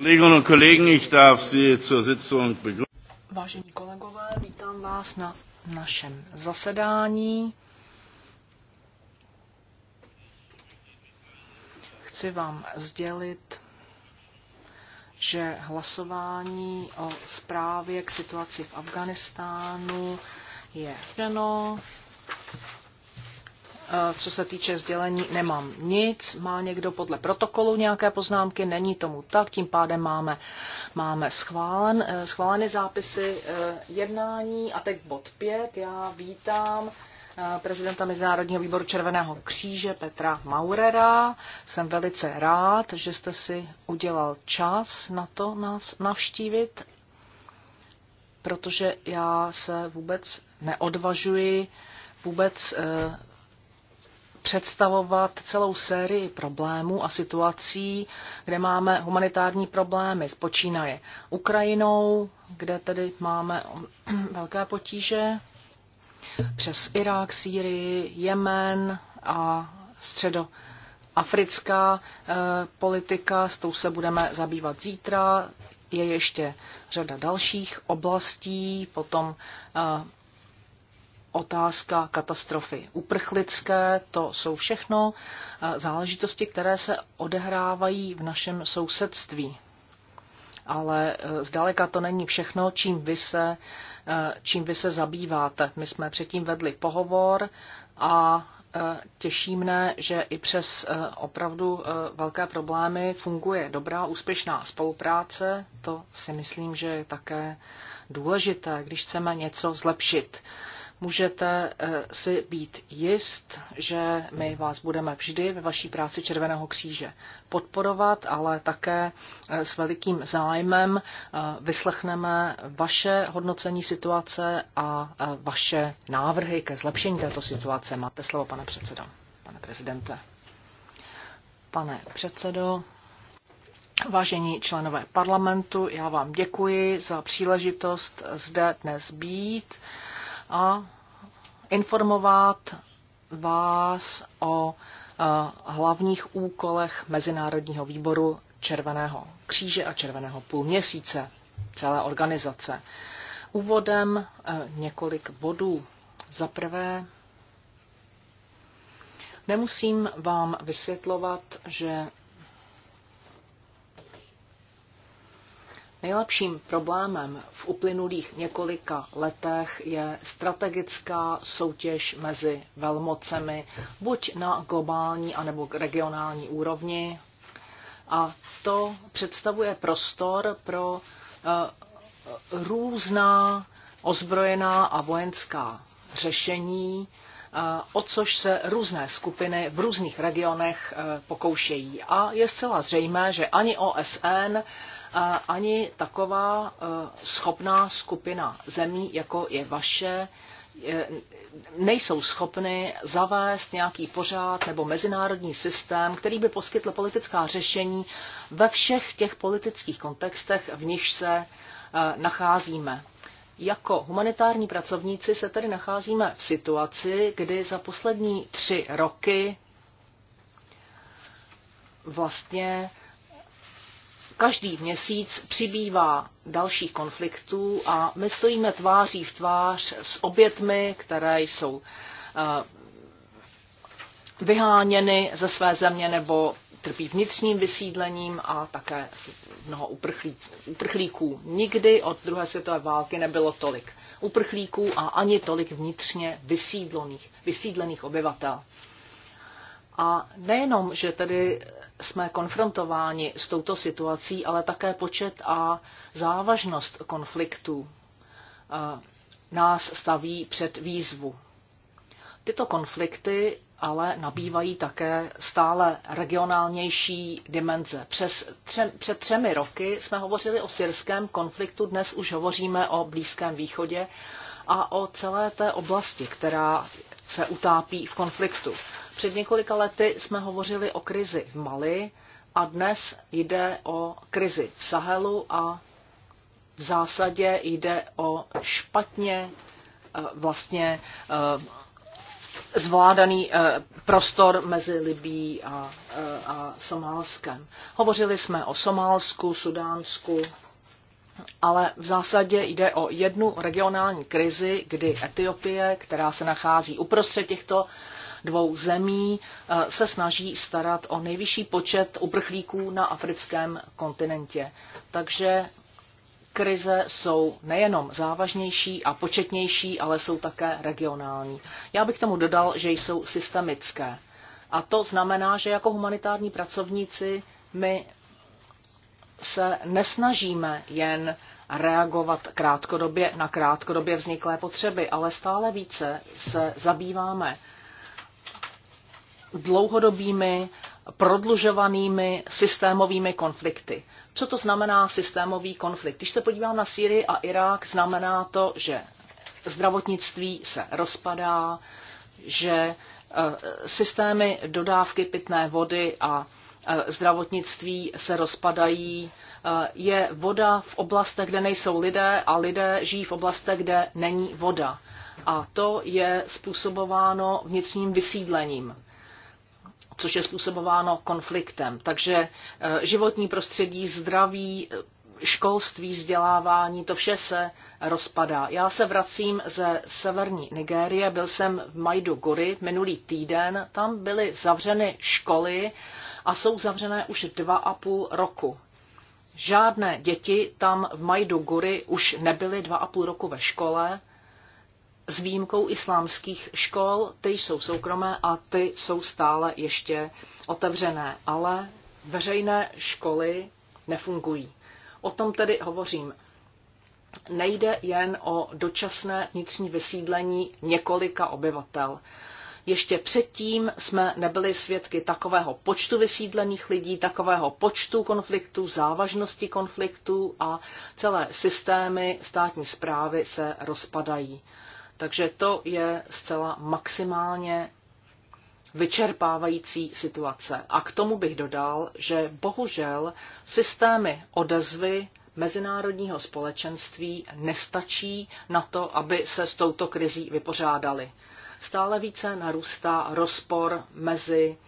Vážení kolegové, vítám vás na našem zasedání. Chci vám sdělit, že hlasování o zprávě k situaci v Afganistánu je deno co se týče sdělení, nemám nic. Má někdo podle protokolu nějaké poznámky? Není tomu tak, tím pádem máme, máme schválen, eh, schváleny zápisy eh, jednání. A teď bod 5. Já vítám eh, prezidenta Mezinárodního výboru Červeného kříže Petra Maurera. Jsem velice rád, že jste si udělal čas na to nás navštívit, protože já se vůbec neodvažuji vůbec představovat celou sérii problémů a situací, kde máme humanitární problémy. Spočínaje Ukrajinou, kde tedy máme velké potíže, přes Irák, Sýrii, Jemen a středo africká e, eh, politika, s tou se budeme zabývat zítra. Je ještě řada dalších oblastí, potom e, otázka katastrofy uprchlické, to jsou všechno eh, záležitosti, které se odehrávají v našem sousedství. Ale eh, zdaleka to není všechno, čím vy se, eh, čím vy se zabýváte. My jsme předtím vedli pohovor a těší mne, že i přes opravdu velké problémy funguje dobrá, úspěšná spolupráce. To si myslím, že je také důležité, když chceme něco zlepšit. Můžete eh, si být jist, že my vás budeme vždy ve vaší práci Červeného kříže podporovat, ale také eh, s velikým zájmem eh, vyslechneme vaše hodnocení situace a vaše návrhy ke zlepšení této situace. Máte slovo, pane předsedo, pane prezidente. Pane předsedo, Vážení členové parlamentu, já vám děkuji za příležitost zde dnes být a informovat vás o eh, hlavních úkolech Mezinárodního výboru Červeného kříže a Červeného půlměsíce celé organizace. Úvodem eh, několik bodů. Za prvé, nemusím vám vysvětlovat, že Nejlepším problémem v uplynulých několika letech je strategická soutěž mezi velmocemi, buď na globální anebo regionální úrovni. A to představuje prostor pro eh, různá ozbrojená a vojenská řešení, eh, o což se různé skupiny v různých regionech eh, pokoušejí. A je zcela zřejmé, že ani OSN E, ani taková e, schopná skupina zemí, jako je vaše, e, nejsou schopny zavést nějaký pořád nebo mezinárodní systém, který by poskytl politická řešení ve všech těch politických kontextech, v nichž se nacházíme. Jako humanitární pracovníci se tedy nacházíme v situaci, kdy za poslední tři roky vlastně Každý měsíc přibývá dalších konfliktů a my stojíme tváří v tvář s obětmi, které jsou eh, vyháněny ze své země nebo trpí vnitřním vysídlením a také mnoho uprchlíků. Nikdy od druhé světové války nebylo tolik uprchlíků a ani tolik vnitřně vysídlených, vysídlených obyvatel. A nejenom, že tedy jsme konfrontováni s touto situací, ale také počet a závažnost konfliktů eh, nás staví před výzvu. Tyto konflikty ale nabývají také stále regionálnější dimenze. Přes tře- před třemi roky jsme hovořili o syrském konfliktu, dnes už hovoříme o Blízkém východě a o celé té oblasti, která se utápí v konfliktu. Před několika lety jsme hovořili o krizi v Mali a dnes jde o krizi v Sahelu a v zásadě jde o špatně eh, vlastně eh, zvládaný eh, prostor mezi Libí a, a Somálskem. Hovořili jsme o Somálsku, Sudánsku, ale v zásadě jde o jednu regionální krizi, kdy Etiopie, která se nachází uprostřed těchto dvou zemí eh, se snaží starat o nejvyšší počet uprchlíků na africkém kontinentě. Takže krize jsou nejenom závažnější a početnější, ale jsou také regionální. Já bych tomu dodal, že jsou systemické. A to znamená, že jako humanitární pracovníci my se nesnažíme jen reagovat krátkodobě na krátkodobě vzniklé potřeby, ale stále více se zabýváme dlouhodobými prodlužovanými systémovými konflikty. Co to znamená systémový konflikt? Když se podívám na Sýrii a Irák, znamená to, že zdravotnictví se rozpadá, že e, systémy dodávky pitné vody a e, zdravotnictví se rozpadají, e, je voda v oblastech, kde nejsou lidé a lidé žijí v oblastech, kde není voda. A to je způsobováno vnitřním vysídlením což je způsobováno konfliktem. Takže eh, životní prostředí, zdraví, školství, vzdělávání, to vše se rozpadá. Já se vracím ze severní Nigérie, byl jsem v Gory minulý týden, tam byly zavřeny školy a jsou zavřené už dva a půl roku. Žádné děti tam v Gory už nebyly dva a půl roku ve škole s výjimkou islámských škol, ty jsou soukromé a ty jsou stále ještě otevřené, ale veřejné školy nefungují. O tom tedy hovořím. Nejde jen o dočasné vnitřní vysídlení několika obyvatel. Ještě předtím jsme nebyli svědky takového počtu vysídlených lidí, takového počtu konfliktů, závažnosti konfliktů a celé systémy státní zprávy se rozpadají. Takže to je zcela maximálně vyčerpávající situace. A k tomu bych dodal, že bohužel systémy odezvy mezinárodního společenství nestačí na to, aby se s touto krizí vypořádali. Stále více narůstá rozpor mezi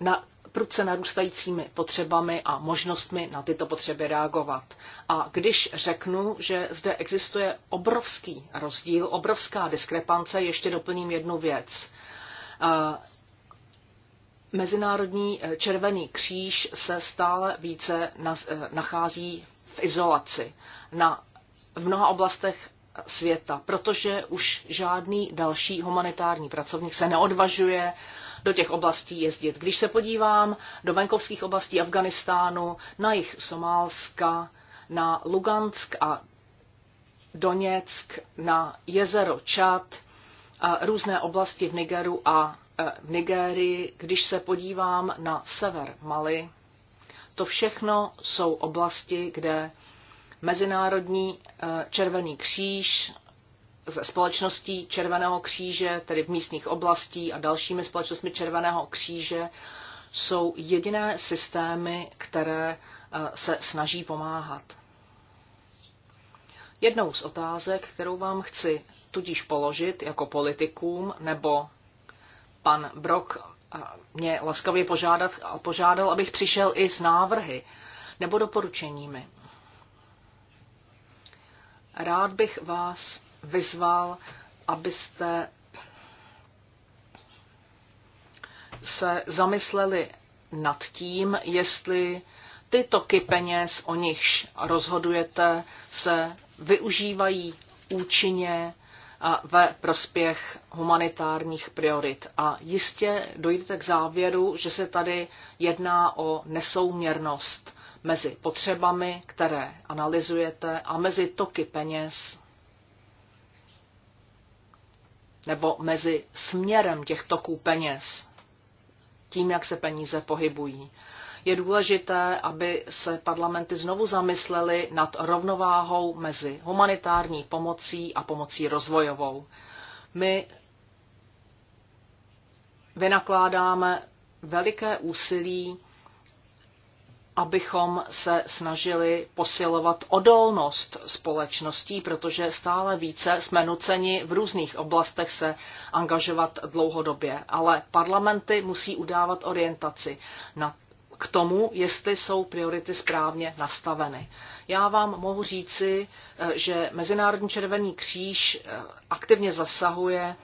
na prudce narůstajícími potřebami a možnostmi na tyto potřeby reagovat. A když řeknu, že zde existuje obrovský rozdíl, obrovská diskrepance, ještě doplním jednu věc. Eh, Mezinárodní eh, červený kříž se stále více eh, nachází v izolaci na, v mnoha oblastech světa, protože už žádný další humanitární pracovník se neodvažuje uh, do těch oblastí jezdit. Když se podívám do venkovských oblastí Afganistánu, na jich Somálska, na Lugansk a Doněck, na jezero Čad, a různé oblasti v Nigeru a e, v Nigérii, když se podívám na sever Mali, to všechno jsou oblasti, kde Mezinárodní e, červený kříž ze společností Červeného kříže, tedy v místních oblastí a dalšími společnostmi Červeného kříže, jsou jediné systémy, které eh, se snaží pomáhat. Jednou z otázek, kterou vám chci tudíž položit jako politikům, nebo pan Brok eh, mě laskavě požádat, požádal, abych přišel i s návrhy nebo doporučeními. Rád bych vás vyzval, abyste se zamysleli nad tím, jestli ty toky peněz, o nichž rozhodujete, se využívají účinně ve prospěch humanitárních priorit. A jistě dojdete k závěru, že se tady jedná o nesouměrnost mezi potřebami, které analyzujete, a mezi toky peněz, nebo mezi směrem těch toků peněz, tím, jak se peníze pohybují. Je důležité, aby se parlamenty znovu zamyslely nad rovnováhou mezi humanitární pomocí a pomocí rozvojovou. My vynakládáme veliké úsilí abychom se snažili posilovat odolnost společností, protože stále více jsme nuceni v různých oblastech se angažovat dlouhodobě. Ale parlamenty musí udávat orientaci na k tomu, jestli jsou priority správně nastaveny. Já vám mohu říci, eh, že Mezinárodní červený kříž eh, aktivně zasahuje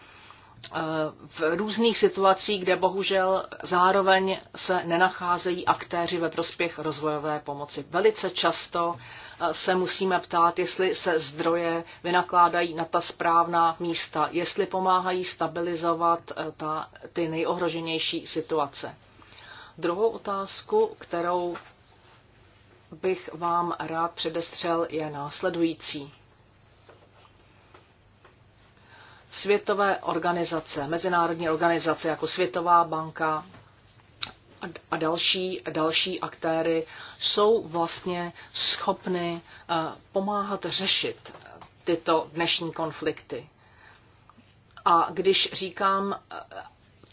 Eh, v různých situacích, kde bohužel zároveň se nenacházejí aktéři ve prospěch rozvojové pomoci. Velice často eh, se musíme ptát, jestli se zdroje vynakládají na ta správná místa, jestli pomáhají stabilizovat eh, ta, ty nejohroženější situace. Druhou otázku, kterou bych vám rád předestřel, je následující světové organizace, mezinárodní organizace jako Světová banka a další, další aktéry jsou vlastně schopny eh, pomáhat řešit tyto dnešní konflikty. A když říkám eh,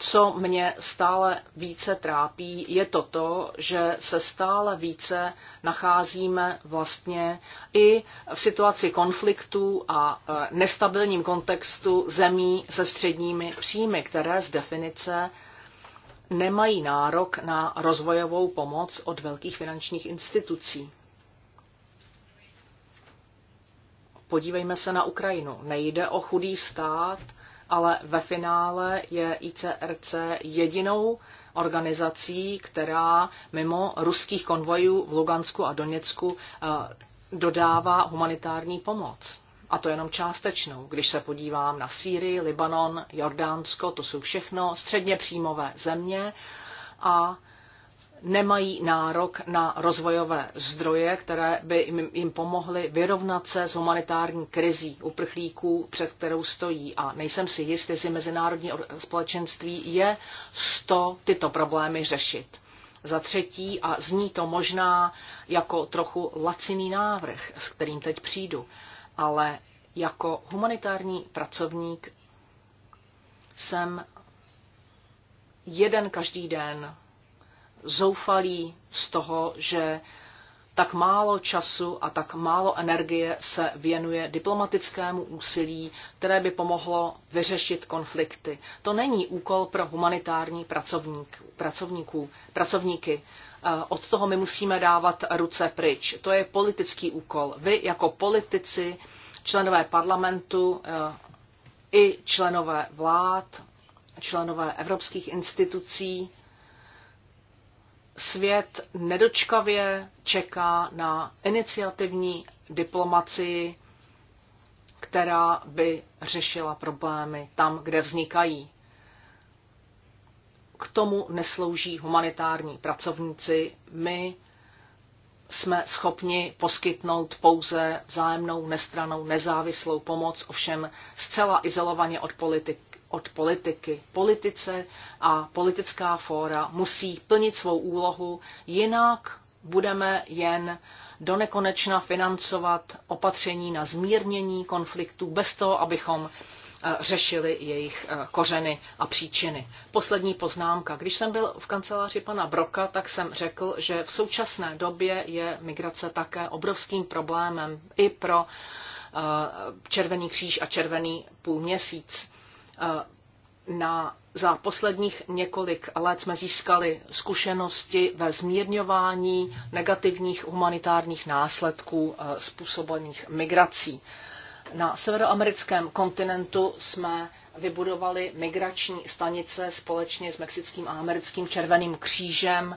co mě stále více trápí, je to to, že se stále více nacházíme vlastně i v situaci konfliktu a e, nestabilním kontextu zemí se středními příjmy, které z definice nemají nárok na rozvojovou pomoc od velkých finančních institucí. Podívejme se na Ukrajinu. Nejde o chudý stát, ale ve finále je ICRC jedinou organizací, která mimo ruských konvojů v Lugansku a Doněcku eh, dodává humanitární pomoc. A to jenom částečnou. Když se podívám na Sýrii, Libanon, Jordánsko, to jsou všechno středně příjmové země a nemají nárok na rozvojové zdroje, které by jim pomohly vyrovnat se s humanitární krizí uprchlíků, před kterou stojí. A nejsem si jist, jestli mezinárodní společenství je to tyto problémy řešit. Za třetí, a zní to možná jako trochu laciný návrh, s kterým teď přijdu, ale jako humanitární pracovník jsem jeden každý den zoufalí z toho, že tak málo času a tak málo energie se věnuje diplomatickému úsilí, které by pomohlo vyřešit konflikty. To není úkol pro humanitární pracovník, pracovníků, pracovníky. Eh, od toho my musíme dávat ruce pryč. To je politický úkol. Vy jako politici, členové parlamentu eh, i členové vlád, členové evropských institucí svět nedočkavě čeká na iniciativní diplomacii, která by řešila problémy tam, kde vznikají. K tomu neslouží humanitární pracovníci. My jsme schopni poskytnout pouze vzájemnou, nestranou, nezávislou pomoc, ovšem zcela izolovaně od politik od politiky. Politice a politická fóra musí plnit svou úlohu, jinak budeme jen do nekonečna financovat opatření na zmírnění konfliktů bez toho, abychom eh, řešili jejich eh, kořeny a příčiny. Poslední poznámka. Když jsem byl v kanceláři pana Broka, tak jsem řekl, že v současné době je migrace také obrovským problémem i pro eh, Červený kříž a Červený půlměsíc na, za posledních několik let jsme získali zkušenosti ve zmírňování negativních humanitárních následků eh, způsobených migrací. Na severoamerickém kontinentu jsme vybudovali migrační stanice společně s Mexickým a americkým Červeným křížem,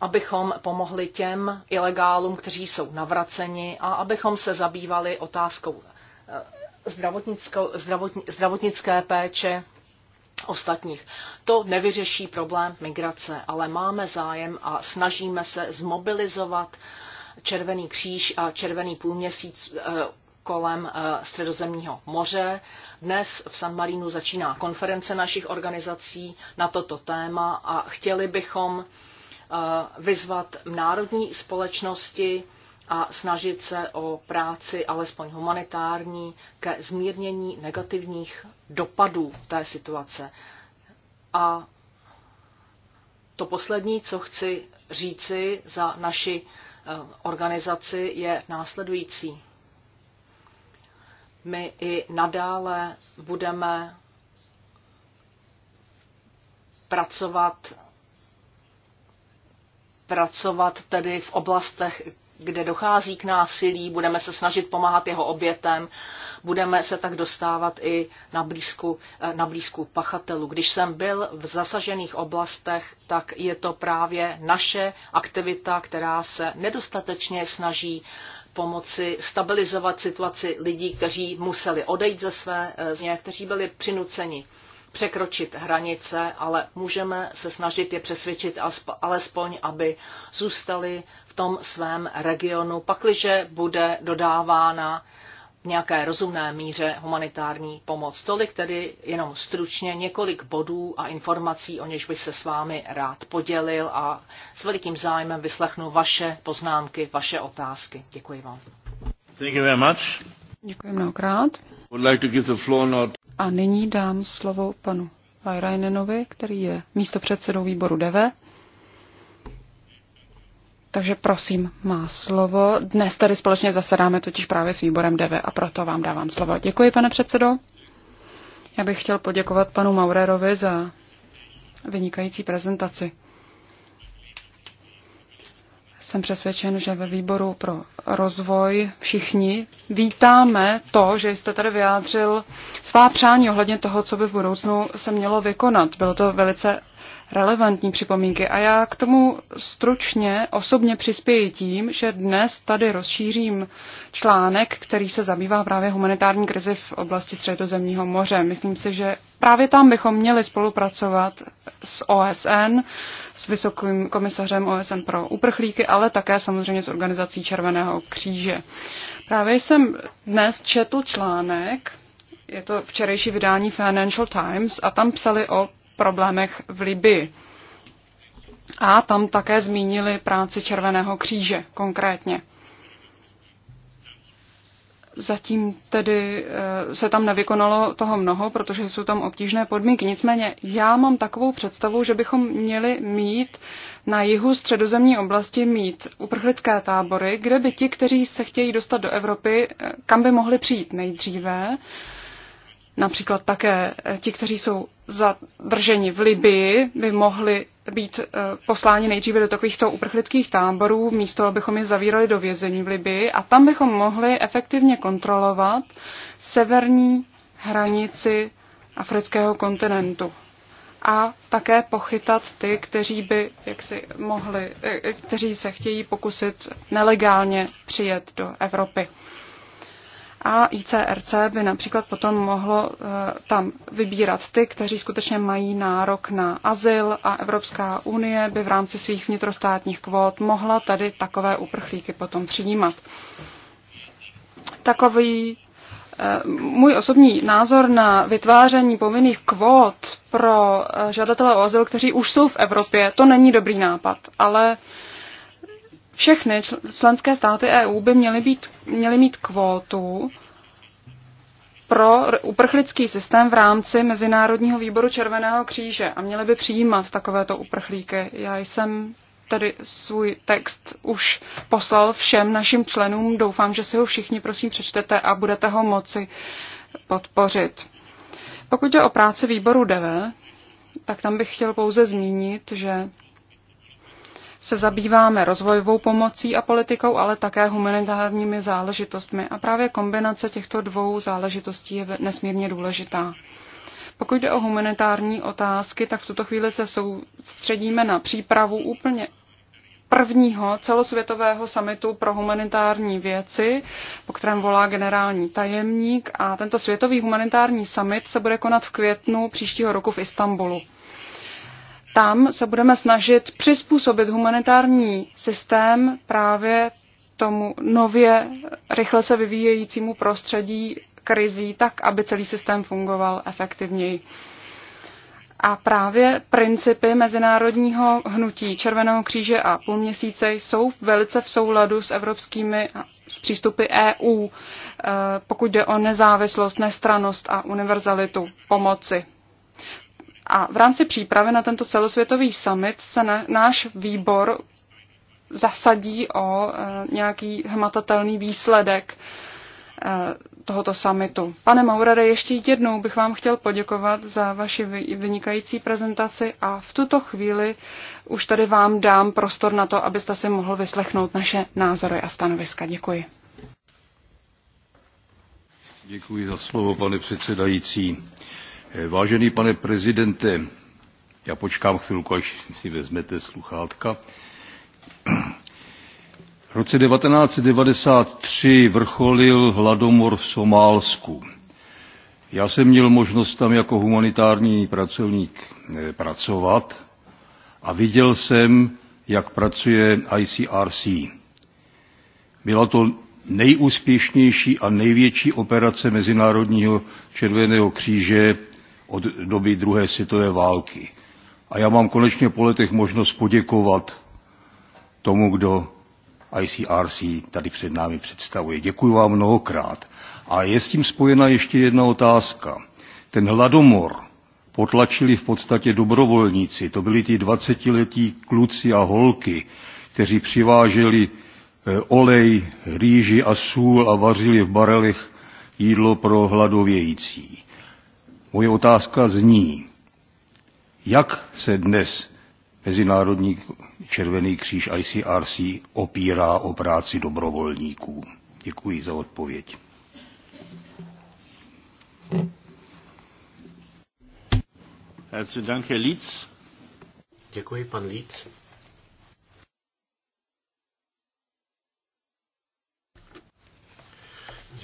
abychom pomohli těm ilegálům, kteří jsou navraceni a abychom se zabývali otázkou zdravotnické, zdravotnické péče ostatních. To nevyřeší problém migrace, ale máme zájem a snažíme se zmobilizovat Červený kříž a Červený půlměsíc eh, kolem eh, Středozemního moře. Dnes v San Marínu začíná konference našich organizací na toto téma a chtěli bychom eh, vyzvat národní společnosti, a snažit se o práci alespoň humanitární ke zmírnění negativních dopadů té situace. A to poslední, co chci říci za naši eh, organizaci, je následující. My i nadále budeme pracovat pracovat tedy v oblastech, kde dochází k násilí, budeme se snažit pomáhat jeho obětem, budeme se tak dostávat i na blízku, eh, na blízku pachatelů. Když jsem byl v zasažených oblastech, tak je to právě naše aktivita, která se nedostatečně snaží pomoci stabilizovat situaci lidí, kteří museli odejít ze své eh, země, kteří byli přinuceni překročit hranice, ale můžeme se snažit je přesvědčit alespoň, aby zůstali v tom svém regionu, pakliže bude dodávána v nějaké rozumné míře humanitární pomoc. Tolik tedy jenom stručně několik bodů a informací, o něž bych se s vámi rád podělil a s velikým zájmem vyslechnu vaše poznámky, vaše otázky. Děkuji vám. Thank you very much. Děkuji mnohokrát. A nyní dám slovo panu Lajrajnenovi, který je místo předsedou výboru DEVE. Takže prosím, má slovo. Dnes tady společně zasedáme totiž právě s výborem DEVE a proto vám dávám slovo. Děkuji, pane předsedo. Já bych chtěl poděkovat panu Maurerovi za vynikající prezentaci jsem přesvědčen, že ve výboru pro rozvoj všichni vítáme to, že jste tady vyjádřil svá přání ohledně toho, co by v budoucnu se mělo vykonat. Bylo to velice relevantní připomínky. A já k tomu stručně osobně přispěji tím, že dnes tady rozšířím článek, který se zabývá právě humanitární krizi v oblasti Středozemního moře. Myslím si, že právě tam bychom měli spolupracovat s OSN, s Vysokým komisařem OSN pro uprchlíky, ale také samozřejmě s organizací Červeného kříže. Právě jsem dnes četl článek, je to včerejší vydání Financial Times a tam psali o problémech v Libii. A tam také zmínili práci Červeného kříže konkrétně. Zatím tedy eh, se tam nevykonalo toho mnoho, protože jsou tam obtížné podmínky. Nicméně já mám takovou představu, že bychom měli mít na jihu středozemní oblasti mít uprchlické tábory, kde by ti, kteří se chtějí dostat do Evropy, eh, kam by mohli přijít nejdříve. Například také eh, ti, kteří jsou zadrženi v Libii, by mohli být eh, posláni nejdříve do takovýchto uprchlických táborů, místo abychom je zavírali do vězení v Libii a tam bychom mohli efektivně kontrolovat severní hranici afrického kontinentu a také pochytat ty, kteří by jaksi mohli, eh, kteří se chtějí pokusit nelegálně přijet do Evropy. A ICRC by například potom mohlo eh, tam vybírat ty, kteří skutečně mají nárok na azyl a Evropská unie by v rámci svých vnitrostátních kvót mohla tady takové uprchlíky potom přijímat. Takový eh, můj osobní názor na vytváření povinných kvót pro eh, žadatele o azyl, kteří už jsou v Evropě, to není dobrý nápad, ale všechny členské státy EU by měly, být, měly mít kvótu pro uprchlický systém v rámci Mezinárodního výboru Červeného kříže a měly by přijímat takovéto uprchlíky. Já jsem tedy svůj text už poslal všem našim členům. Doufám, že si ho všichni prosím přečtete a budete ho moci podpořit. Pokud jde o práci výboru DEVE, tak tam bych chtěl pouze zmínit, že se zabýváme rozvojovou pomocí a politikou, ale také humanitárními záležitostmi. A právě kombinace těchto dvou záležitostí je nesmírně důležitá. Pokud jde o humanitární otázky, tak v tuto chvíli se soustředíme na přípravu úplně prvního celosvětového samitu pro humanitární věci, po kterém volá generální tajemník. A tento světový humanitární summit se bude konat v květnu příštího roku v Istanbulu tam se budeme snažit přizpůsobit humanitární systém právě tomu nově rychle se vyvíjejícímu prostředí krizí, tak aby celý systém fungoval efektivněji. A právě principy mezinárodního hnutí Červeného kříže a půlměsíce jsou velice v souladu s evropskými přístupy EU, eh, pokud jde o nezávislost, nestranost a univerzalitu pomoci. A v rámci přípravy na tento celosvětový summit se na, náš výbor zasadí o e, nějaký hmatatelný výsledek e, tohoto summitu. Pane Maurere, ještě jednou bych vám chtěl poděkovat za vaši vynikající prezentaci a v tuto chvíli už tady vám dám prostor na to, abyste si mohl vyslechnout naše názory a stanoviska. Děkuji. Děkuji za slovo, pane předsedající Eh, vážený pane prezidente, já počkám chvilku, až si vezmete sluchátka. V roce 1993 vrcholil hladomor v Somálsku. Já jsem měl možnost tam jako humanitární pracovník eh, pracovat a viděl jsem, jak pracuje ICRC. Byla to nejúspěšnější a největší operace Mezinárodního červeného kříže od doby druhé světové války. A já mám konečně po letech možnost poděkovat tomu, kdo ICRC tady před námi představuje. Děkuji vám mnohokrát. A je s tím spojena ještě jedna otázka. Ten hladomor potlačili v podstatě dobrovolníci. To byli ti 20-letí kluci a holky, kteří přiváželi eh, olej, rýži a sůl a vařili v barelech jídlo pro hladovějící. Moje otázka zní, jak se dnes Mezinárodní červený kříž ICRC opírá o práci dobrovolníků? Děkuji za odpověď. Herzlichen Dank, Herr Lietz. Děkuji, pan Líc.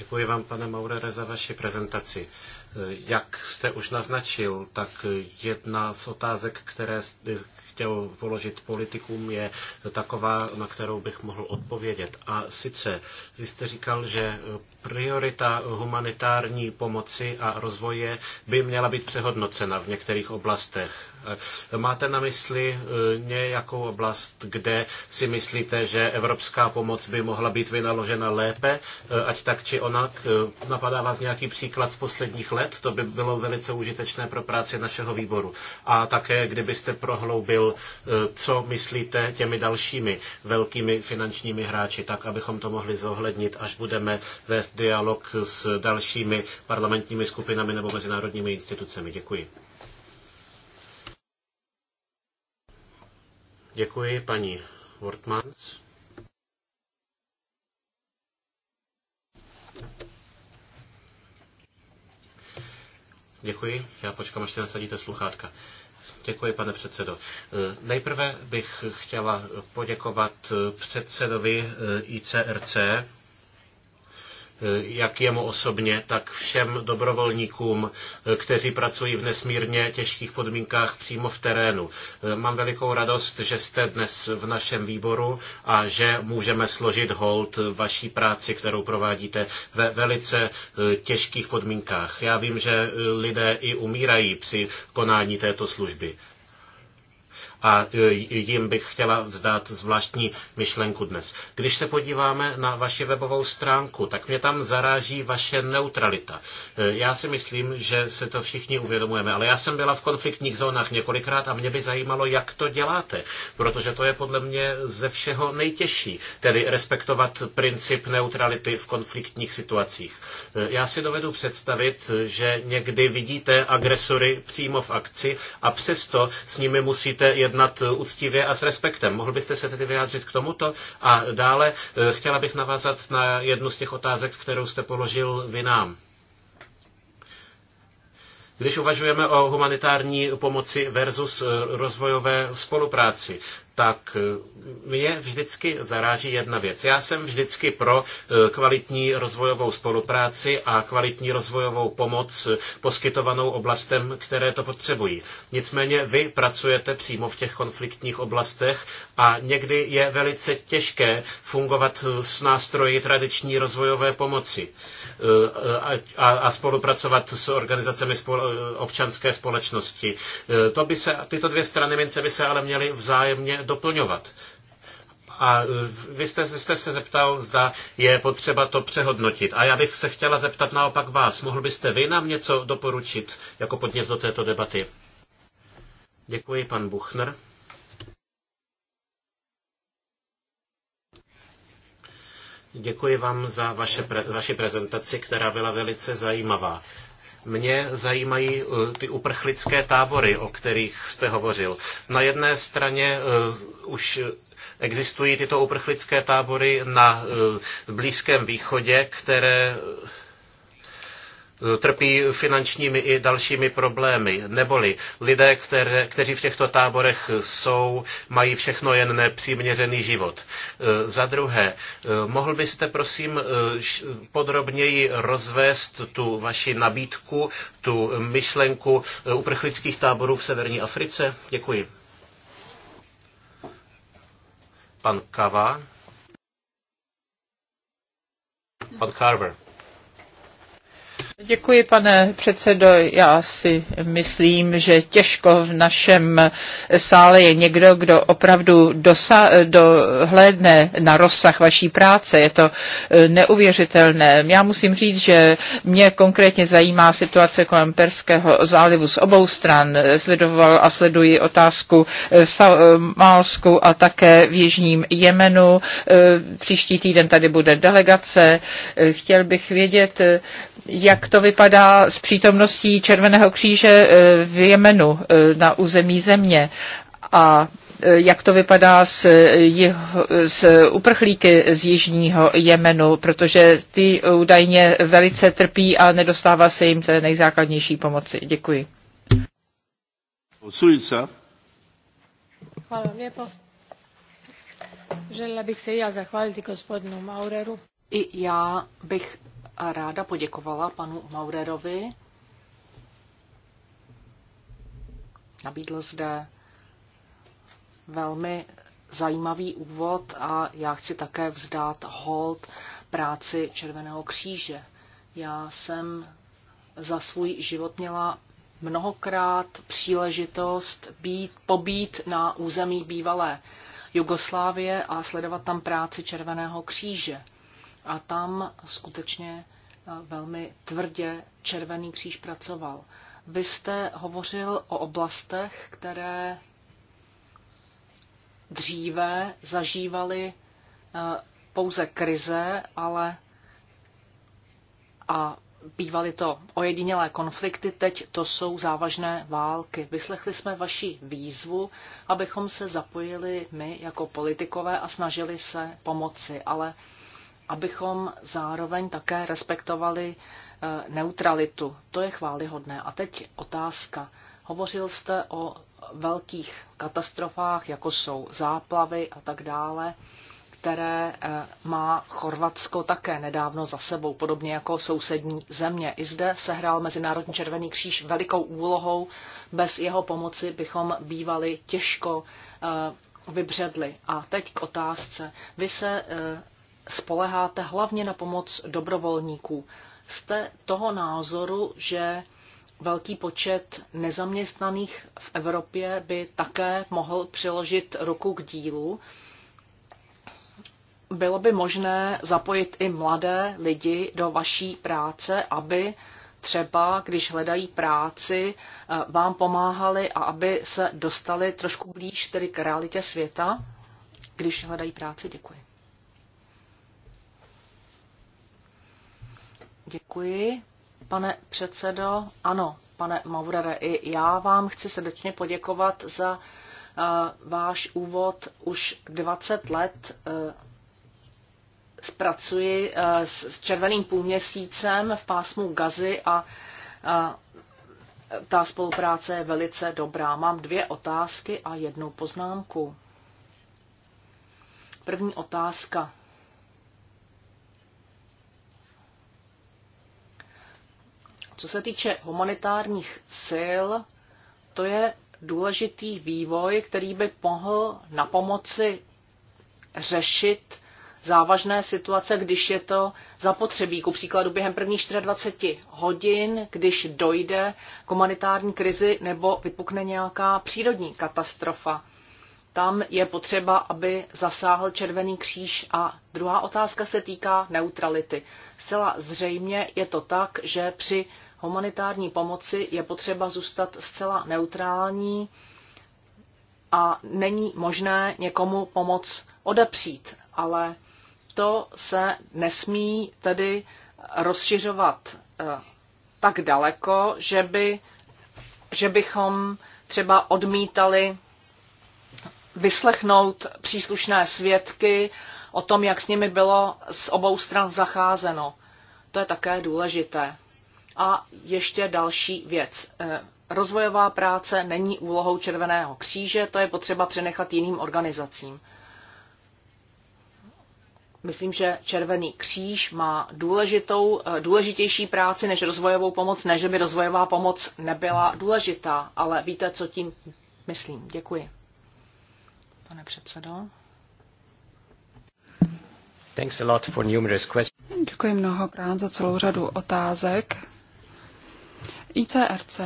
Děkuji vám, pane Maurere, za vaši prezentaci. Jak jste už naznačil, tak jedna z otázek, které, chtěl položit politikům, je taková, na kterou bych mohl odpovědět. A sice, vy jste říkal, že priorita humanitární pomoci a rozvoje by měla být přehodnocena v některých oblastech. Máte na mysli eh, nějakou oblast, kde si myslíte, že evropská pomoc by mohla být vynaložena lépe, eh, ať tak či onak? Eh, napadá vás nějaký příklad z posledních let? To by bylo velice užitečné pro práci našeho výboru. A také, kdybyste prohloubil sdělil, eh, co myslíte těmi dalšími velkými finančními hráči, tak abychom to mohli zohlednit, až budeme vést dialog s dalšími parlamentními skupinami nebo mezinárodními institucemi. Děkuji. Děkuji, paní Wortmans. Děkuji, já počkám, až si nasadíte sluchátka. Děkuji, pane předsedo. E, nejprve bych chtěla poděkovat e, předsedovi e, ICRC, Eh, jak jemu osobně, tak všem dobrovolníkům, eh, kteří pracují v nesmírně těžkých podmínkách přímo v terénu. Eh, mám velikou radost, že jste dnes v našem výboru a že můžeme složit hold vaší práci, kterou provádíte ve velice těžkých podmínkách. Já vím, že lidé i umírají při konání této služby a e, jim bych chtěla vzdát zvláštní myšlenku dnes. Když se podíváme na vaši webovou stránku, tak mě tam zaráží vaše neutralita. E, já si myslím, že se to všichni uvědomujeme, ale já jsem byla v konfliktních zónách několikrát a mě by zajímalo, jak to děláte, protože to je podle mě ze všeho nejtěžší, tedy respektovat princip neutrality v konfliktních situacích. E, já si dovedu představit, že někdy vidíte agresory přímo v akci a přesto s nimi musíte jednat jednat úctivě a s respektem. Mohl byste se tedy vyjádřit k tomuto? A dále eh, chtěla bych navázat na jednu z těch otázek, kterou jste položil vy nám. Když uvažujeme o humanitární pomoci versus eh, rozvojové spolupráci, tak eh, mě vždycky zaráží jedna věc. Já jsem vždycky pro eh, kvalitní rozvojovou spolupráci a kvalitní rozvojovou pomoc eh, poskytovanou oblastem, které to potřebují. Nicméně vy pracujete přímo v těch konfliktních oblastech a někdy je velice těžké fungovat s nástroji tradiční rozvojové pomoci a, spolupracovat s organizacemi občanské společnosti. To by se, tyto dvě strany mince by se ale měly vzájemně doplňovat. A e, vy jste, vy jste se zeptal, zda je potřeba to přehodnotit. A já bych se chtěla zeptat naopak vás. Mohl byste vy nám něco doporučit jako podnět do této debaty? Děkuji, pan Buchner. Děkuji vám za vaše pre, vaši prezentaci, která byla velice zajímavá. Mě zajímají eh, ty uprchlické tábory, o kterých jste hovořil. Na jedné straně eh, už existují tyto uprchlické tábory na eh, Blízkém východě, které Eh, trpí finančními i dalšími problémy. Neboli lidé, které, kteří v těchto táborech jsou, mají všechno jen nepřiměřený život. Eh, za druhé, eh, mohl byste prosím podrobněji rozvést tu vaši nabídku, tu myšlenku uprchlických táborů v severní Africe? Děkuji. Pan Kava. Pan Carver. Děkuji, pane předsedo. Já si myslím, že těžko v našem sále je někdo, kdo opravdu dosa- dohlédne na rozsah vaší práce. Je to eh, neuvěřitelné. Já musím říct, že mě konkrétně zajímá situace kolem Perského zálivu z obou stran. Sledoval a sleduji otázku eh, v eh, Málsku a také v Jižním Jemenu. Příští týden tady bude delegace. Chtěl bych vědět, jak jak to vypadá s přítomností Červeného kříže eh, v Jemenu eh, na území země a eh, jak to vypadá s, jeho, s uprchlíky z jižního Jemenu, protože ty údajně velice trpí a nedostává se jim té nejzákladnější pomoci. Děkuji. Sulica. Hvala vam bych se i zachválit zahvaliti gospodinu Maureru. I já bych a ráda poděkovala panu Maurerovi. Nabídl zde velmi zajímavý úvod a já chci také vzdát hold práci Červeného kříže. Já jsem za svůj život měla mnohokrát příležitost být, pobít na území bývalé Jugoslávie a sledovat tam práci Červeného kříže. A tam skutečně eh, velmi tvrdě Červený kříž pracoval. Vy jste hovořil o oblastech, které dříve zažívaly eh, pouze krize, ale a bývaly to ojedinělé konflikty, teď to jsou závažné války. Vyslechli jsme vaši výzvu, abychom se zapojili my jako politikové a snažili se pomoci, ale abychom zároveň také respektovali eh, neutralitu. To je chválihodné. A teď otázka. Hovořil jste o velkých katastrofách, jako jsou záplavy a tak dále, které eh, má Chorvatsko také nedávno za sebou, podobně jako sousední země. I zde sehrál Mezinárodní červený kříž velikou úlohou. Bez jeho pomoci bychom bývali těžko eh, vybředli. A teď k otázce. Vy se spoleháte hlavně na pomoc dobrovolníků. Jste toho názoru, že velký počet nezaměstnaných v Evropě by také mohl přiložit ruku k dílu. Bylo by možné zapojit i mladé lidi do vaší práce, aby třeba, když hledají práci, eh, vám pomáhali a aby se dostali trošku blíž tedy k realitě světa, když hledají práci. Děkuji. Děkuji, pane předsedo. Ano, pane Maurere, i já vám chci srdečně poděkovat za uh, váš úvod. Už 20 let uh, eh, zpracuji uh, eh, s, s červeným půlměsícem v pásmu Gazy a uh, ta spolupráce je velice dobrá. Mám dvě otázky a jednu poznámku. První otázka. Co se týče humanitárních sil, to je důležitý vývoj, který by mohl na pomoci řešit závažné situace, když je to zapotřebí. Ku příkladu během prvních 24 hodin, když dojde k humanitární krizi nebo vypukne nějaká přírodní katastrofa. Tam je potřeba, aby zasáhl Červený kříž. A druhá otázka se týká neutrality. Zcela zřejmě je to tak, že při humanitární pomoci je potřeba zůstat zcela neutrální a není možné někomu pomoc odepřít, ale to se nesmí tedy rozšiřovat eh, tak daleko, že, by, že bychom třeba odmítali vyslechnout příslušné svědky o tom, jak s nimi bylo z obou stran zacházeno. To je také důležité. A ještě další věc. Eh, rozvojová práce není úlohou Červeného kříže, to je potřeba přenechat jiným organizacím. Myslím, že Červený kříž má důležitou, eh, důležitější práci než rozvojovou pomoc, ne že by rozvojová pomoc nebyla důležitá, ale víte, co tím myslím. Děkuji. Pane předsedo. Thanks a lot for numerous questions. Děkuji mnohokrát za celou řadu otázek. ICRC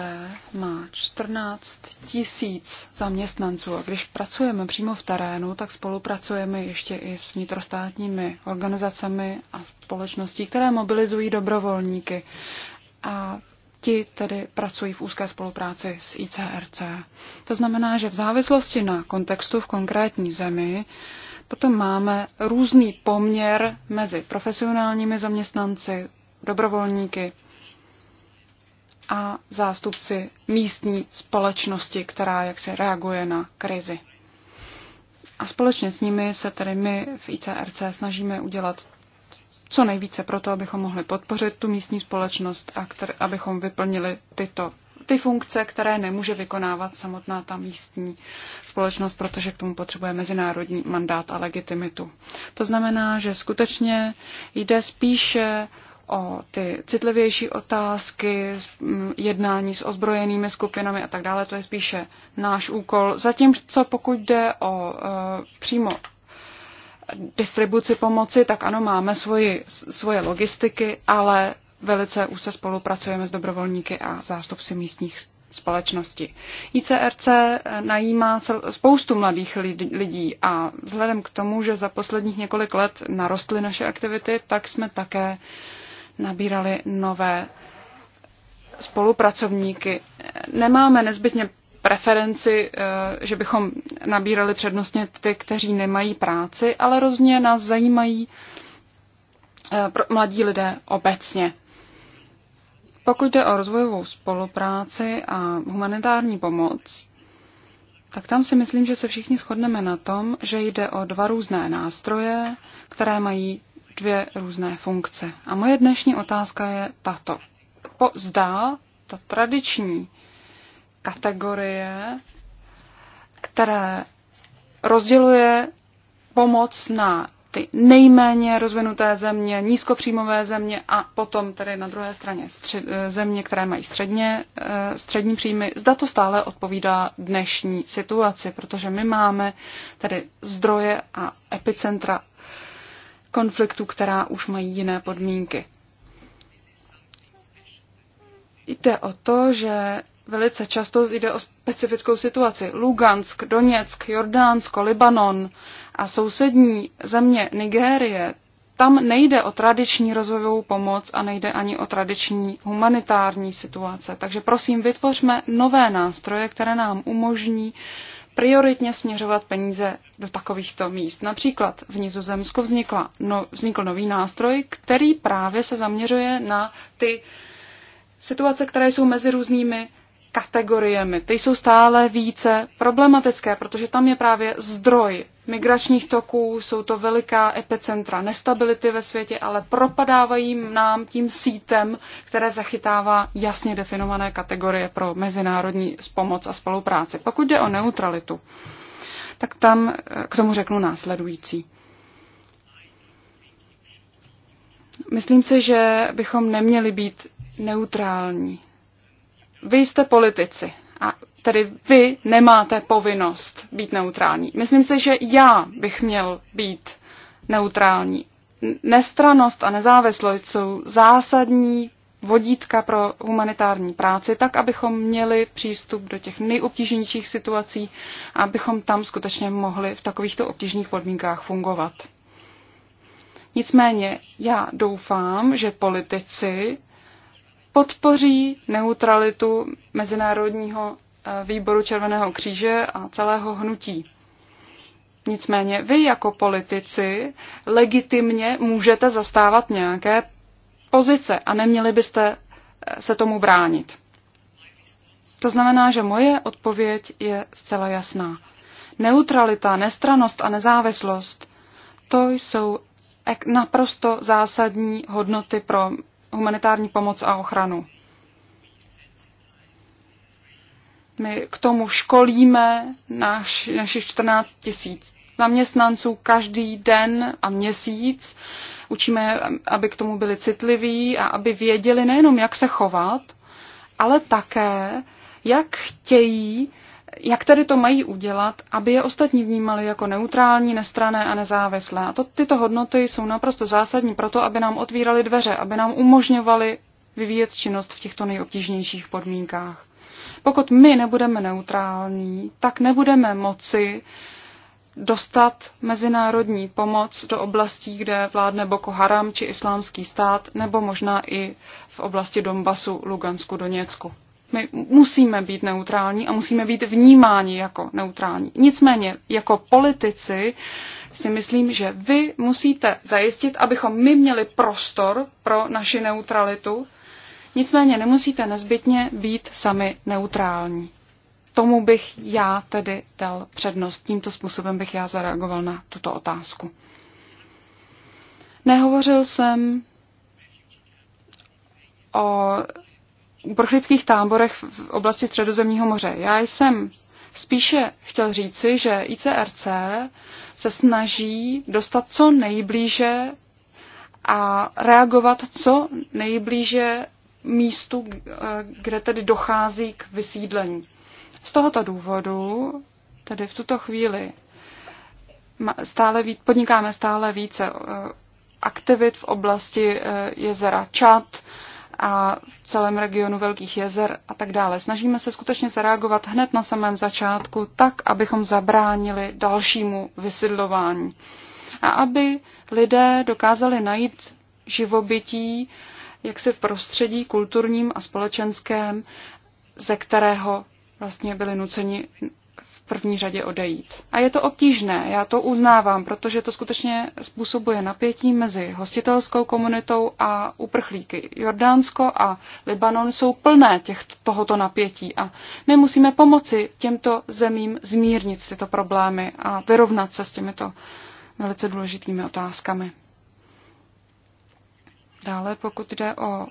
má 14 tisíc zaměstnanců a když pracujeme přímo v terénu, tak spolupracujeme ještě i s vnitrostátními organizacemi a společností, které mobilizují dobrovolníky. A ti tedy pracují v úzké spolupráci s ICRC. To znamená, že v závislosti na kontextu v konkrétní zemi potom máme různý poměr mezi profesionálními zaměstnanci, dobrovolníky, a zástupci místní společnosti, která jak se reaguje na krizi. A společně s nimi se tedy my v ICRC snažíme udělat co nejvíce proto, abychom mohli podpořit tu místní společnost a kter- abychom vyplnili tyto ty funkce, které nemůže vykonávat samotná ta místní společnost, protože k tomu potřebuje mezinárodní mandát a legitimitu. To znamená, že skutečně jde spíše o ty citlivější otázky, mm, jednání s ozbrojenými skupinami a tak dále, to je spíše náš úkol. Zatímco pokud jde o e, přímo distribuci pomoci, tak ano, máme svoji, svoje logistiky, ale velice úzce spolupracujeme s dobrovolníky a zástupci místních společnosti. ICRC e, najímá cel, spoustu mladých lidí a vzhledem k tomu, že za posledních několik let narostly naše aktivity, tak jsme také uh, nabírali nové spolupracovníky. Nemáme nezbytně preferenci, eh, že bychom nabírali přednostně ty, kteří nemají práci, ale rozhodně nás zajímají eh, mladí lidé obecně. Pokud jde o rozvojovou spolupráci a humanitární pomoc, tak tam si myslím, že se všichni shodneme na tom, že jde o dva různé nástroje, které mají dvě různé funkce. A moje dnešní otázka je tato. Po, zdá ta tradiční kategorie, které rozděluje pomoc na ty nejméně rozvinuté země, nízkopříjmové země a potom tedy na druhé straně střed, eh, země, které mají středně, eh, střední příjmy. Zda to stále odpovídá dnešní situaci, protože my máme tedy zdroje a epicentra konfliktu, která už mají jiné podmínky. Jde o to, že velice často jde o specifickou situaci. Lugansk, Doněck, Jordánsko, Libanon a sousední země Nigérie, tam nejde o tradiční rozvojovou pomoc a nejde ani o tradiční humanitární situace. Takže prosím, vytvořme nové nástroje, které nám umožní uh, prioritně směřovat peníze do takovýchto míst. Například v Nizozemsku vznikla, no, vznikl nový nástroj, který právě se zaměřuje na ty situace, které jsou mezi různými kategoriemi. Ty jsou stále více problematické, protože tam je právě zdroj migračních toků, jsou to veliká epicentra nestability ve světě, ale propadávají nám tím sítem, které zachytává jasně definované kategorie pro mezinárodní pomoc a spolupráci. Pokud jde o neutralitu, tak tam eh, k tomu řeknu následující. Myslím si, že bychom neměli být neutrální vy jste politici a tedy vy nemáte povinnost být neutrální. Myslím si, že já bych měl být neutrální. Nestranost a nezávislost jsou zásadní vodítka pro humanitární práci, tak abychom měli přístup do těch nejobtížnějších situací, a abychom tam skutečně mohli v takovýchto obtížných podmínkách fungovat. Nicméně já doufám, že politici podpoří neutralitu Mezinárodního eh, výboru Červeného kříže a celého hnutí. Nicméně vy jako politici legitimně můžete zastávat nějaké pozice a neměli byste eh, se tomu bránit. To znamená, že moje odpověď je zcela jasná. Neutralita, nestranost a nezávislost, to jsou naprosto zásadní hodnoty pro humanitární pomoc a ochranu. My k tomu školíme naš, našich 14 tisíc zaměstnanců každý den a měsíc. Učíme, aby k tomu byli citliví a aby věděli nejenom, jak se chovat, ale také, jak chtějí jak tedy to mají udělat, aby je ostatní vnímali jako neutrální, nestrané a nezávislé. A to, tyto hodnoty jsou naprosto zásadní pro to, aby nám otvíraly dveře, aby nám umožňovaly vyvíjet činnost v těchto nejobtížnějších podmínkách. Pokud my nebudeme neutrální, tak nebudeme moci dostat mezinárodní pomoc do oblastí, kde vládne Boko Haram či islámský stát, nebo možná i v oblasti Donbasu, Lugansku, Doněcku. My musíme být neutrální a musíme být vnímáni jako neutrální. Nicméně, jako politici si myslím, že vy musíte zajistit, abychom my měli prostor pro naši neutralitu. Nicméně nemusíte nezbytně být sami neutrální. Tomu bych já tedy dal přednost. Tímto způsobem bych já zareagoval na tuto otázku. Nehovořil jsem o uprchlických táborech v oblasti Středozemního moře. Já jsem spíše chtěl říci, že ICRC se snaží dostat co nejblíže a reagovat co nejblíže místu, eh, kde tedy dochází k vysídlení. Z tohoto důvodu, tedy v tuto chvíli, stále víc, podnikáme stále více eh, aktivit v oblasti eh, jezera Čad, a v celém regionu Velkých jezer a tak dále. Snažíme se skutečně zareagovat hned na samém začátku, tak, abychom zabránili dalšímu vysidlování. A aby lidé dokázali najít živobytí jaksi v prostředí kulturním a společenském, ze kterého vlastně byli nuceni první řadě odejít. A je to obtížné, já to uznávám, protože to skutečně způsobuje napětí mezi hostitelskou komunitou a uprchlíky. Jordánsko a Libanon jsou plné těch, tohoto napětí a my musíme pomoci těmto zemím zmírnit tyto problémy a vyrovnat se s těmito velice důležitými otázkami. Dále, pokud jde o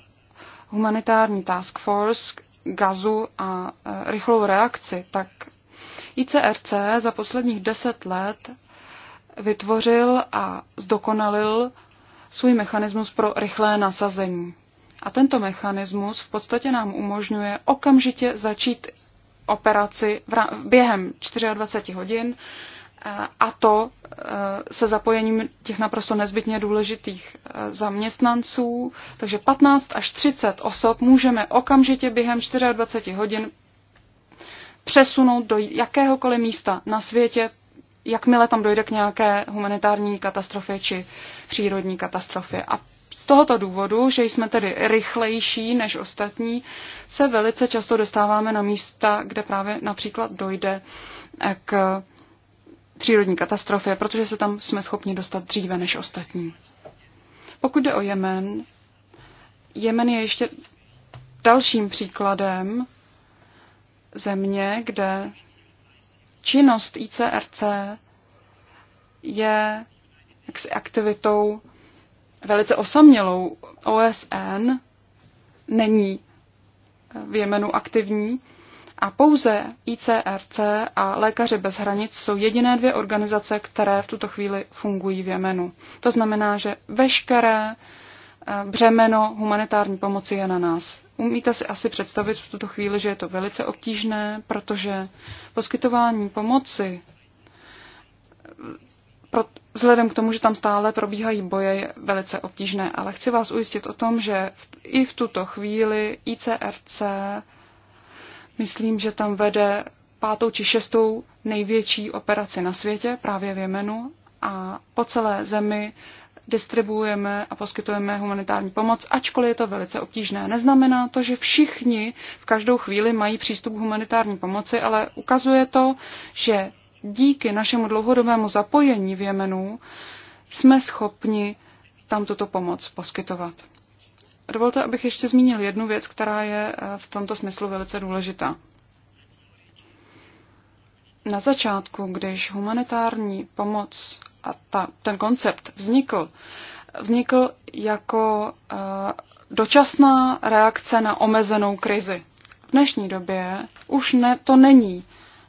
humanitární task force, gazu a e, rychlou reakci, tak ICRC za posledních deset let vytvořil a zdokonalil svůj mechanismus pro rychlé nasazení. A tento mechanismus v podstatě nám umožňuje okamžitě začít operaci v během 24 hodin eh, a to eh, se zapojením těch naprosto nezbytně důležitých eh, zaměstnanců. Takže 15 až 30 osob můžeme okamžitě během 24 hodin přesunout do jakéhokoliv místa na světě, jakmile tam dojde k nějaké humanitární katastrofě či přírodní katastrofě. A z tohoto důvodu, že jsme tedy rychlejší než ostatní, se velice často dostáváme na místa, kde právě například dojde eh, k přírodní katastrofě, protože se tam jsme schopni dostat dříve než ostatní. Pokud jde o Jemen, Jemen je ještě dalším příkladem země, kde činnost ICRC je jaksi aktivitou velice osamělou. OSN není eh, v Jemenu aktivní a pouze ICRC a Lékaři bez hranic jsou jediné dvě organizace, které v tuto chvíli fungují v Jemenu. To znamená, že veškeré eh, břemeno humanitární pomoci je na nás Umíte si asi představit v tuto chvíli, že je to velice obtížné, protože poskytování pomoci pro, vzhledem k tomu, že tam stále probíhají boje, je velice obtížné. Ale chci vás ujistit o tom, že v, i v tuto chvíli ICRC, myslím, že tam vede pátou či šestou největší operaci na světě, právě v Jemenu, a po celé zemi distribuujeme a poskytujeme humanitární pomoc, ačkoliv je to velice obtížné. Neznamená to, že všichni v každou chvíli mají přístup k humanitární pomoci, ale ukazuje to, že díky našemu dlouhodobému zapojení v Jemenu jsme schopni tam tuto pomoc poskytovat. Dovolte, abych ještě zmínil jednu věc, která je eh, v tomto smyslu velice důležitá. Na začátku, když humanitární pomoc a ta, ten koncept vznikl, vznikl jako uh, dočasná reakce na omezenou krizi. V dnešní době už ne, to není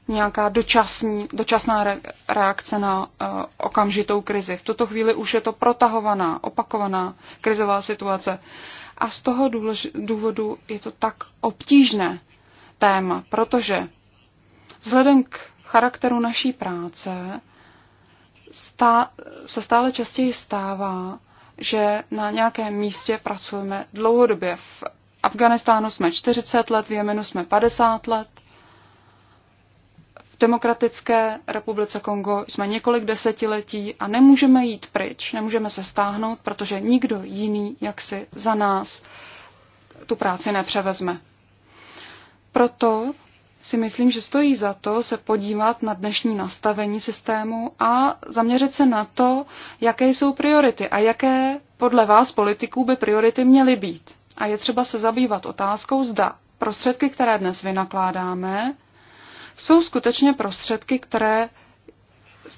nějaká dočasní, dočasná re, reakce na uh, okamžitou krizi. V tuto chvíli už je to protahovaná, opakovaná krizová situace. A z toho důlež, důvodu je to tak obtížné téma, protože vzhledem k charakteru naší práce stá, se stále častěji stává, že na nějakém místě pracujeme dlouhodobě. V Afganistánu jsme 40 let, v Jemenu jsme 50 let, v Demokratické republice Kongo jsme několik desetiletí a nemůžeme jít pryč, nemůžeme se stáhnout, protože nikdo jiný jaksi za nás tu práci nepřevezme. Proto si myslím, že stojí za to se podívat na dnešní nastavení systému a zaměřit se na to, jaké jsou priority a jaké podle vás politiků by priority měly být. A je třeba se zabývat otázkou, zda prostředky, které dnes vynakládáme, jsou skutečně prostředky, které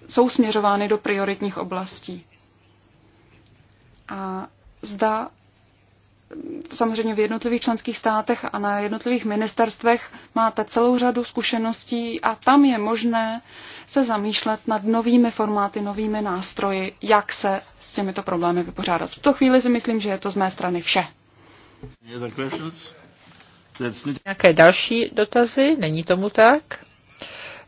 jsou směřovány do prioritních oblastí. A zda samozřejmě v jednotlivých členských státech a na jednotlivých ministerstvech máte celou řadu zkušeností a tam je možné se zamýšlet nad novými formáty, novými nástroji, jak se s těmito problémy vypořádat. V tuto chvíli si myslím, že je to z mé strany vše. Nějaké další dotazy? Není tomu tak?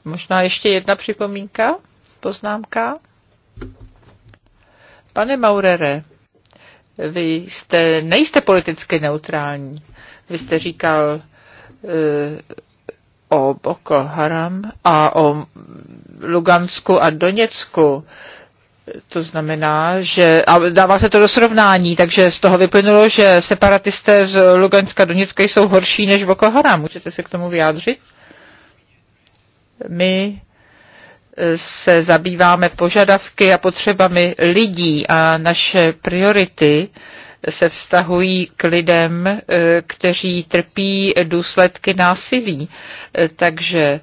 Možná ještě jedna připomínka, poznámka. Pane Maurere, vy jste, nejste politicky neutrální. Vy jste říkal uh, o Boko Haram a o Lugansku a Doněcku. To znamená, že a dává se to do srovnání, takže z toho vyplynulo, že separatisté z Luganska a Doněcka jsou horší než Boko Haram. Můžete se k tomu vyjádřit? My se zabýváme požadavky a potřebami lidí a naše priority se vztahují k lidem, eh, kteří trpí důsledky násilí. Eh, takže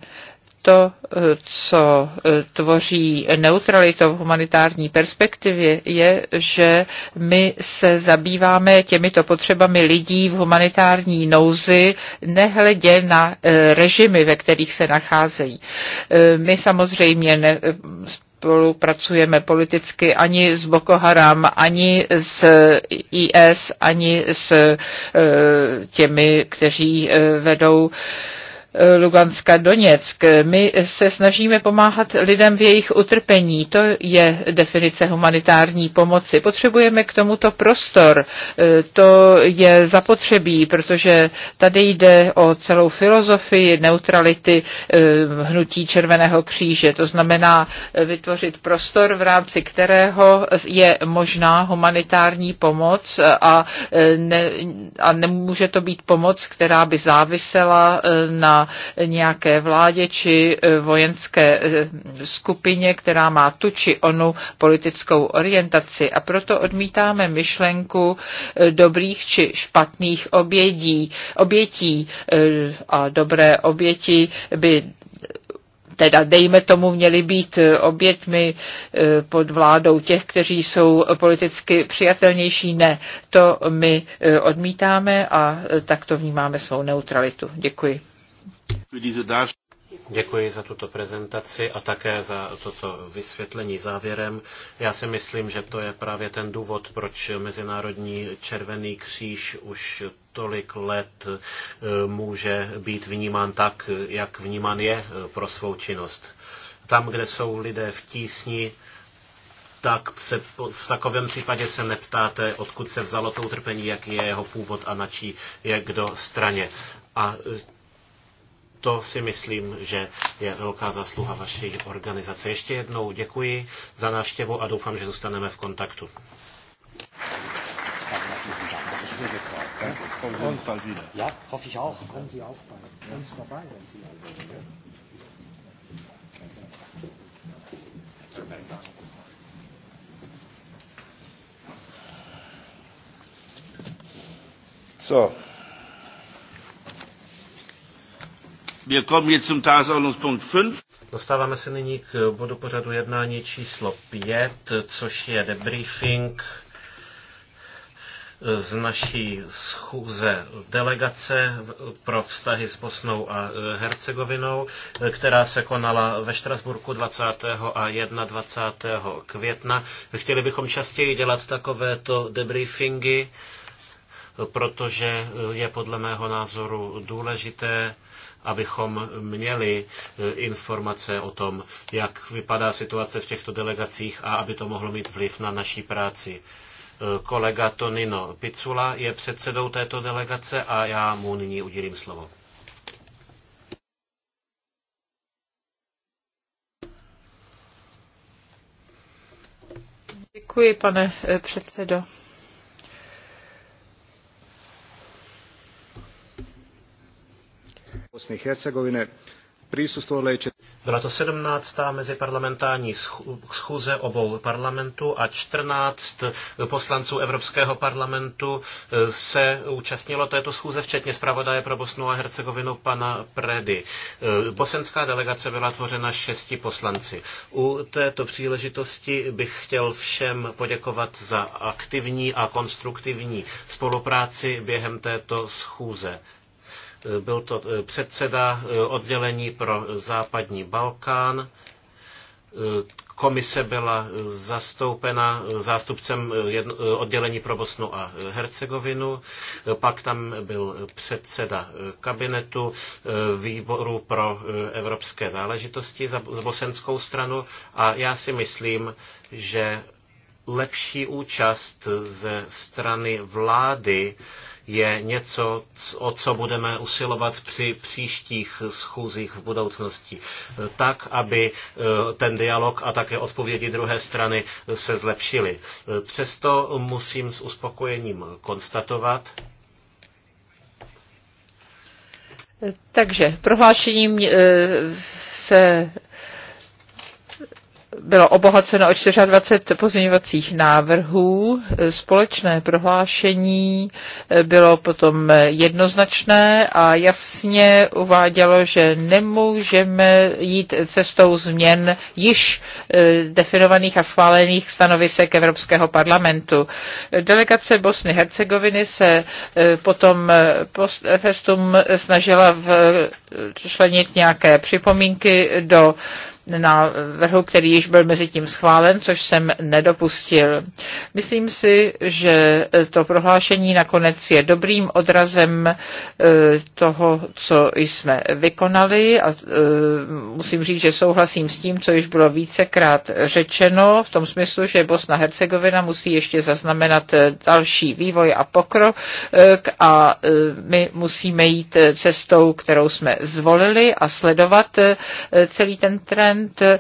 to, eh, co eh, tvoří neutralitu v humanitární perspektivě, je, že my se zabýváme těmito potřebami lidí v humanitární nouzi, nehledě na eh, režimy, ve kterých se nacházejí. My samozřejmě ne, spolupracujeme politicky ani s Boko Haram, ani s IS, ani s těmi, kteří vedou Luganska, Doněck. My se snažíme pomáhat lidem v jejich utrpení. To je definice humanitární pomoci. Potřebujeme k tomuto prostor. E, to je zapotřebí, protože tady jde o celou filozofii neutrality e, hnutí Červeného kříže. To znamená e, vytvořit prostor, v rámci kterého je možná humanitární pomoc a, ne, a nemůže to být pomoc, která by závisela na nějaké vládě či eh, vojenské eh, skupině, která má tu či onu politickou orientaci. A proto odmítáme myšlenku eh, dobrých či špatných obědí, obětí a dobré oběti by teda dejme tomu měli být oběťmi pod vládou těch, kteří jsou politicky přijatelnější. Ne, to my odmítáme a tak to vnímáme svou neutralitu. Děkuji. Děkuji za tuto prezentaci a také za toto vysvětlení závěrem. Já si myslím, že to je právě ten důvod, proč Mezinárodní červený kříž už tolik let eh, může být vnímán tak, jak vnímán je eh, pro svou činnost. Tam, kde jsou lidé v tísni, tak se, v takovém případě se neptáte, odkud se vzalo to utrpení, jaký je jeho původ a na čí je kdo straně. A eh, to si myslím, že je velká zasluha vaší organizace. Ještě jednou děkuji za návštěvu a doufám, že zůstaneme v kontaktu. So. Dostáváme se nyní k bodu pořadu jednání číslo 5, což je debriefing z naší schůze delegace pro vztahy s Bosnou a Hercegovinou, která se konala ve Štrasburku 20. a 21. května. Chtěli bychom častěji dělat takovéto debriefingy, protože je podle mého názoru důležité abychom měli e, informace o tom, jak vypadá situace v těchto delegacích a aby to mohlo mít vliv na naší práci. E, kolega Tonino Picula je předsedou této delegace a já mu nyní udělím slovo. Děkuji, pane e, předsedo. Bosny Hercegovine prisustvovala je... Byla to 17. meziparlamentární schůze obou parlamentů a 14 poslanců Evropského parlamentu eh, se účastnilo této schůze, včetně zpravodaje pro Bosnu a Hercegovinu pana Predy. Eh, bosenská delegace byla tvořena šesti poslanci. U této příležitosti bych chtěl všem poděkovat za aktivní a konstruktivní spolupráci během této schůze. Eh, byl to eh, předseda eh, oddělení pro západní Balkán. Komise byla zastoupena zástupcem oddělení pro Bosnu a Hercegovinu, pak tam byl předseda kabinetu výboru pro evropské záležitosti za bosenskou stranu a já si myslím, že lepší účast ze strany vlády je něco, o co budeme usilovat při příštích schůzích v budoucnosti, tak, aby e, ten dialog a také odpovědi druhé strany se zlepšily. E, přesto musím s uspokojením konstatovat, takže prohlášením e, se bylo obohaceno o 24 pozměňovacích návrhů. Společné prohlášení eh, bylo potom jednoznačné a jasně uvádělo, že nemůžeme jít cestou změn již eh, definovaných a schválených stanovisek Evropského parlamentu. Delegace Bosny Hercegoviny se eh, potom post festum snažila členit nějaké připomínky do návrhu, který již byl mezi tím schválen, což jsem nedopustil. Myslím si, že to prohlášení nakonec je dobrým odrazem e, toho, co jsme vykonali a e, musím říct, že souhlasím s tím, co již bylo vícekrát řečeno v tom smyslu, že Bosna Hercegovina musí ještě zaznamenat e, další vývoj a pokrok a my musíme jít cestou, kterou jsme zvolili a sledovat celý ten trend moment eh,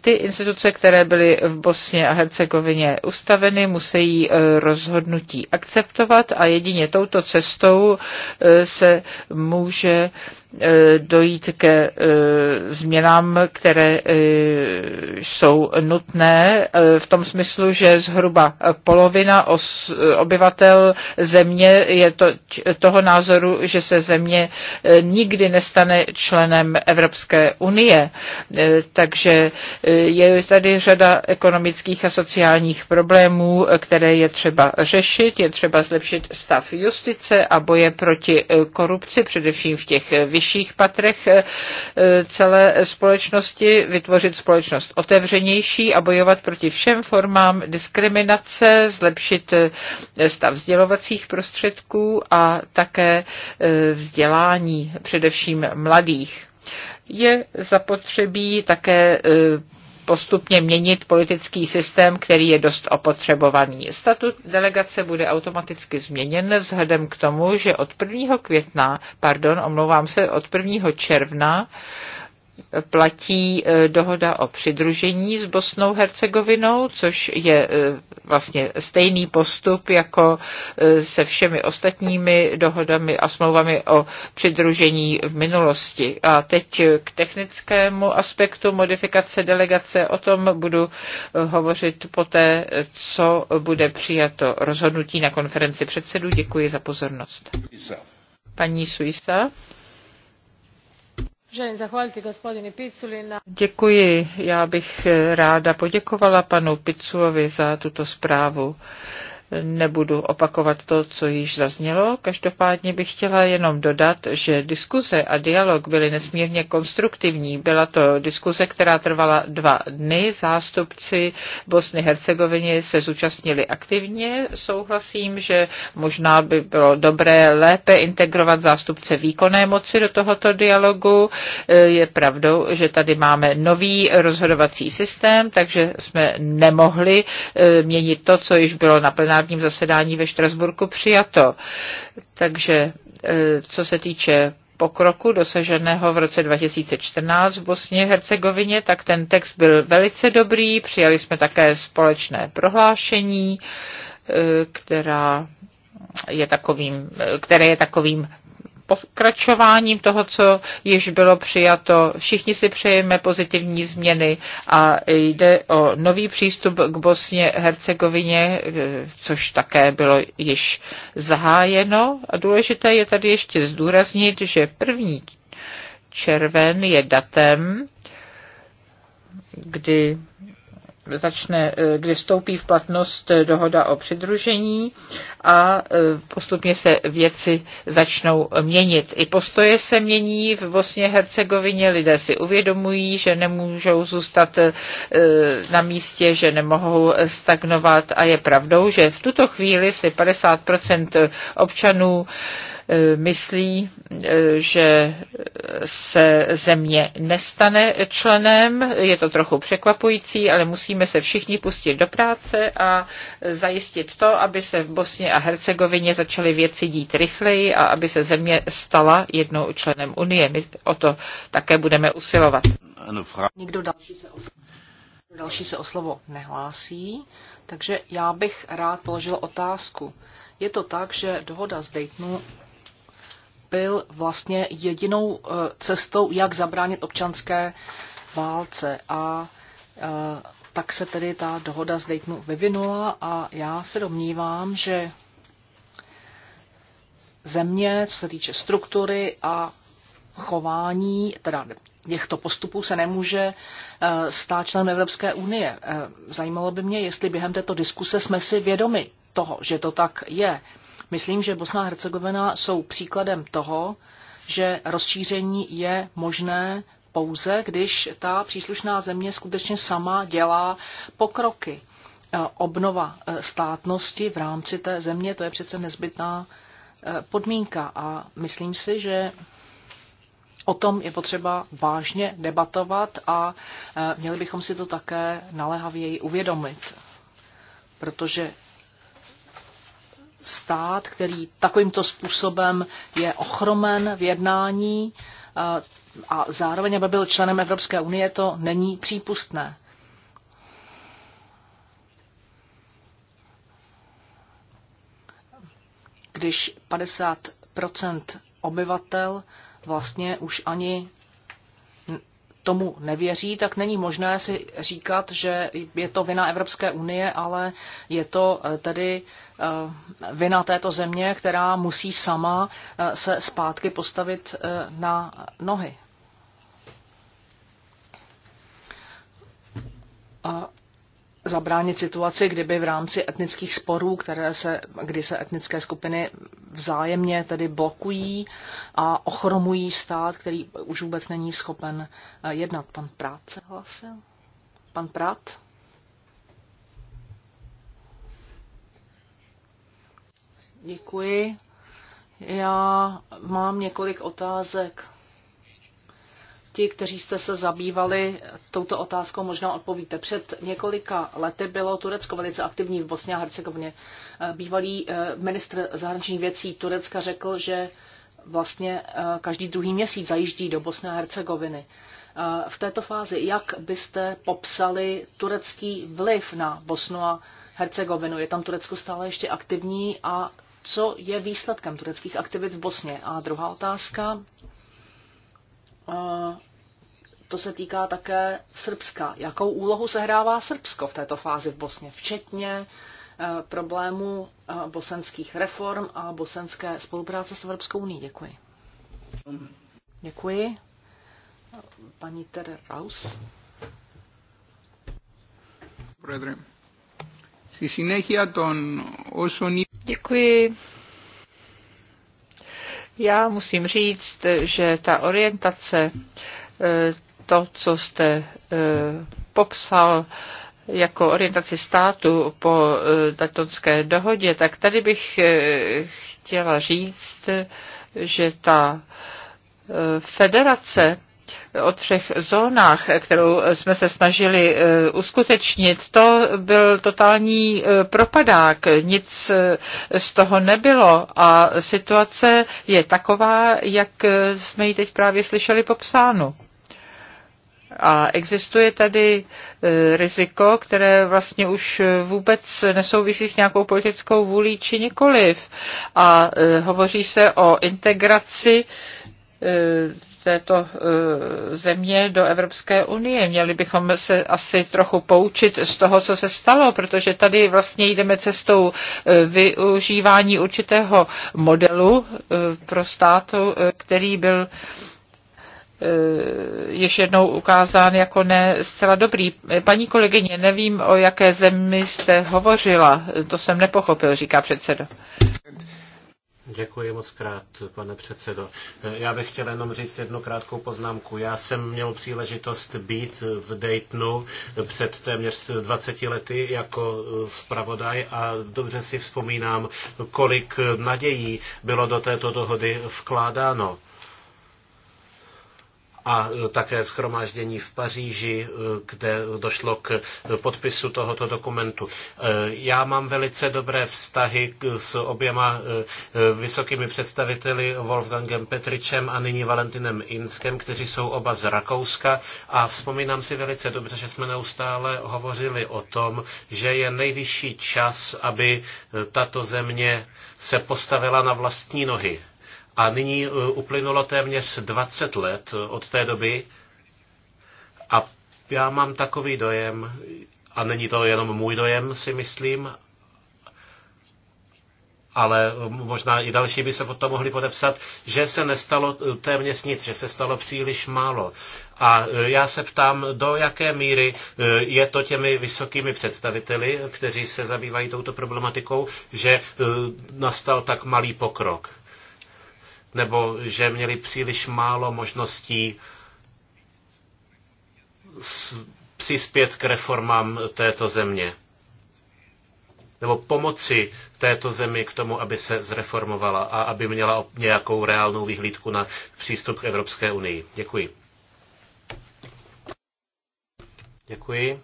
ty instituce, které byly v Bosně a Hercegovině ustaveny, musí eh, rozhodnutí akceptovat a jedině touto cestou eh, se může E, dojít ke e, změnám, které e, jsou nutné v tom smyslu, že zhruba polovina obyvatel země je to, toho názoru, že se země nikdy nestane členem Evropské unie. Takže je tady řada ekonomických a sociálních problémů, které je třeba řešit. Je třeba zlepšit stav justice a boje proti korupci, především v těch vyšších nižších patrech eh, eh, celé společnosti, vytvořit společnost otevřenější a bojovat proti všem formám diskriminace, zlepšit eh, stav vzdělovacích prostředků a také vzdělání především mladých je zapotřebí také postupně měnit politický systém, který je dost opotřebovaný. Statut delegace bude automaticky změněn vzhledem k tomu, že od 1. května, pardon, omlouvám se, od 1. června platí e, dohoda o přidružení s Bosnou Hercegovinou, což je e, vlastně stejný postup jako e, se všemi ostatními dohodami a smlouvami o přidružení v minulosti. A teď k technickému aspektu modifikace delegace. O tom budu hovořit poté, co bude přijato rozhodnutí na konferenci předsedů. Děkuji za pozornost. Paní Suisa. Děkuji. Já bych ráda poděkovala panu Piculovi za tuto zprávu. Nebudu opakovat to, co již zaznělo. Každopádně bych chtěla jenom dodat, že diskuze a dialog byly nesmírně konstruktivní. Byla to diskuze, která trvala dva dny. Zástupci Bosny Hercegoviny se zúčastnili aktivně. Souhlasím, že možná by bylo dobré lépe integrovat zástupce výkonné moci do tohoto dialogu. Je pravdou, že tady máme nový rozhodovací systém, takže jsme nemohli eh, měnit to, co již bylo na mimořádním zasedání ve Štrasburku přijato. Takže e, co se týče pokroku dosaženého v roce 2014 v Bosně Hercegovině, tak ten text byl velice dobrý. Přijali jsme také společné prohlášení, e, která je takovým, e, které je takovým pokračováním toho, co již bylo přijato. Všichni si přejeme pozitivní změny a jde o nový přístup k Bosně Hercegovině, což také bylo již zahájeno. A důležité je tady ještě zdůraznit, že první červen je datem, kdy začne, eh, kdy vstoupí v platnost eh, dohoda o přidružení a eh, postupně se věci začnou měnit. I postoje se mění v Bosně Hercegovině, lidé si uvědomují, že nemůžou zůstat na místě, že nemohou stagnovat a je pravdou, že v tuto chvíli si 50% občanů E, myslí, e, že se země nestane členem. Je to trochu překvapující, ale musíme se všichni pustit do práce a zajistit to, aby se v Bosně a Hercegovině začaly věci dít rychleji a aby se země stala jednou členem Unie. My o to také budeme usilovat. Nikdo další se o, další se o slovo nehlásí, takže já bych rád položil otázku. Je to tak, že dohoda z Daytonu byl vlastně jedinou eh, cestou, jak zabránit občanské válce. A eh, tak se tedy ta dohoda z Daytonu vyvinula a já se domnívám, že země, co se týče struktury a chování, teda těchto postupů se nemůže eh, stát členem Evropské unie. Zajímalo by mě, jestli během této diskuse jsme si vědomi toho, že to tak je. Myslím, že Bosna a Hercegovina jsou příkladem toho, že rozšíření je možné pouze, když ta příslušná země skutečně sama dělá pokroky. E, obnova e, státnosti v rámci té země, to je přece nezbytná e, podmínka a myslím si, že O tom je potřeba vážně debatovat a měli bychom si to také naléhavěji uvědomit, protože stát, který takovýmto způsobem je ochromen v jednání a zároveň, aby byl členem Evropské unie, to není přípustné. Když 50 obyvatel vlastně už ani tomu nevěří, tak není možné si říkat, že je to vina Evropské unie, ale je to eh, tedy eh, vina této země, která musí sama eh, se zpátky postavit na nohy. A zabránit situaci, kdyby v rámci etnických sporů, které se, kdy se etnické skupiny vzájemně tedy blokují a ochromují stát, který už vůbec není schopen eh, jednat. Pan Prát se hlasil. Pan Prát? Děkuji. Já mám několik otázek Ti, kteří jste se zabývali touto otázkou, možná odpovíte. Před několika lety bylo Turecko velice aktivní v Bosně a Hercegovině. Eh, bývalý eh, ministr zahraničních věcí Turecka řekl, že vlastně eh, každý druhý měsíc zajíždí do Bosny a Hercegoviny. V této fázi, jak byste popsali turecký vliv na Bosnu a Hercegovinu? Je tam Turecko stále ještě aktivní a co je výsledkem tureckých aktivit v Bosně? A druhá otázka, to se týká také Srbska. Jakou úlohu sehrává Srbsko v této fázi v Bosně, včetně eh, problémů eh, bosenských reform a bosenské spolupráce s Evropskou unii? Děkuji. Děkuji. Paní Tere Raus. Děkuji. Já musím říct, že ta orientace, eh, to, co jste eh, popsal, jako orientaci státu po eh, datonské dohodě, tak tady bych chtěla říct, že ta federace o třech zónách, kterou jsme se snažili eh, uskutečnit, to byl totální eh, propadák. Nic eh, z toho nebylo a situace je taková, jak jsme ji teď právě slyšeli popsánu. A existuje tady riziko, které vlastně už vůbec nesouvisí s nějakou politickou vůlí či nikoliv. A hovoří se o integraci této e, země do Evropské unie. Měli bychom se asi trochu poučit z toho, co se stalo, protože tady vlastně jdeme cestou e, využívání určitého modelu e, pro státu, který byl ještě jednou ukázán jako ne zcela dobrý. Paní kolegyně, nevím, o jaké zemi jste hovořila. To jsem nepochopil, říká předseda. Děkuji moc krát, pane předsedo. Já bych chtěl jenom říct jednu krátkou poznámku. Já jsem měl příležitost být v Daytonu před téměř 20 lety jako zpravodaj a dobře si vzpomínám, kolik nadějí bylo do této dohody vkládáno a e, také schromáždění v Paříži, e, kde došlo k e, podpisu tohoto dokumentu. Já mám velice dobré vztahy s oběma vysokými představiteli Wolfgangem Petričem a nyní Valentinem Inskem, kteří jsou oba z Rakouska a vzpomínám si velice dobře, že jsme neustále hovořili o tom, že je nejvyšší čas, aby tato země se postavila na vlastní nohy a nyní eh, uplynulo téměř 20 let eh, od té doby a já mám takový dojem, a není to jenom můj dojem, si myslím, ale eh, možná i další by se pod to mohli podepsat, že se nestalo téměř nic, že se stalo příliš málo. A já se ptám, do jaké míry je to těmi vysokými představiteli, kteří se zabývají touto problematikou, že nastal tak malý pokrok nebo že měli příliš málo možností přispět k reformám této země nebo pomoci této zemi k tomu, aby se zreformovala a aby měla nějakou reálnou vyhlídku na přístup k Evropské unii. Děkuji. Děkuji.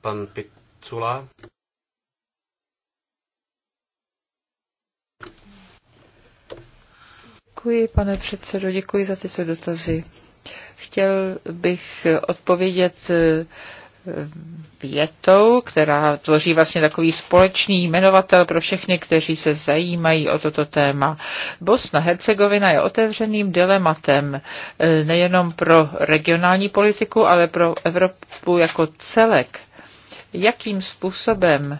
Pan Picula. Děkuji, pane předsedo, děkuji za tyto dotazy. Chtěl bych odpovědět eh, větou, která tvoří vlastně takový společný jmenovatel pro všechny, kteří se zajímají o toto téma. Bosna Hercegovina je otevřeným dilematem eh, nejenom pro regionální politiku, ale pro Evropu jako celek. Jakým způsobem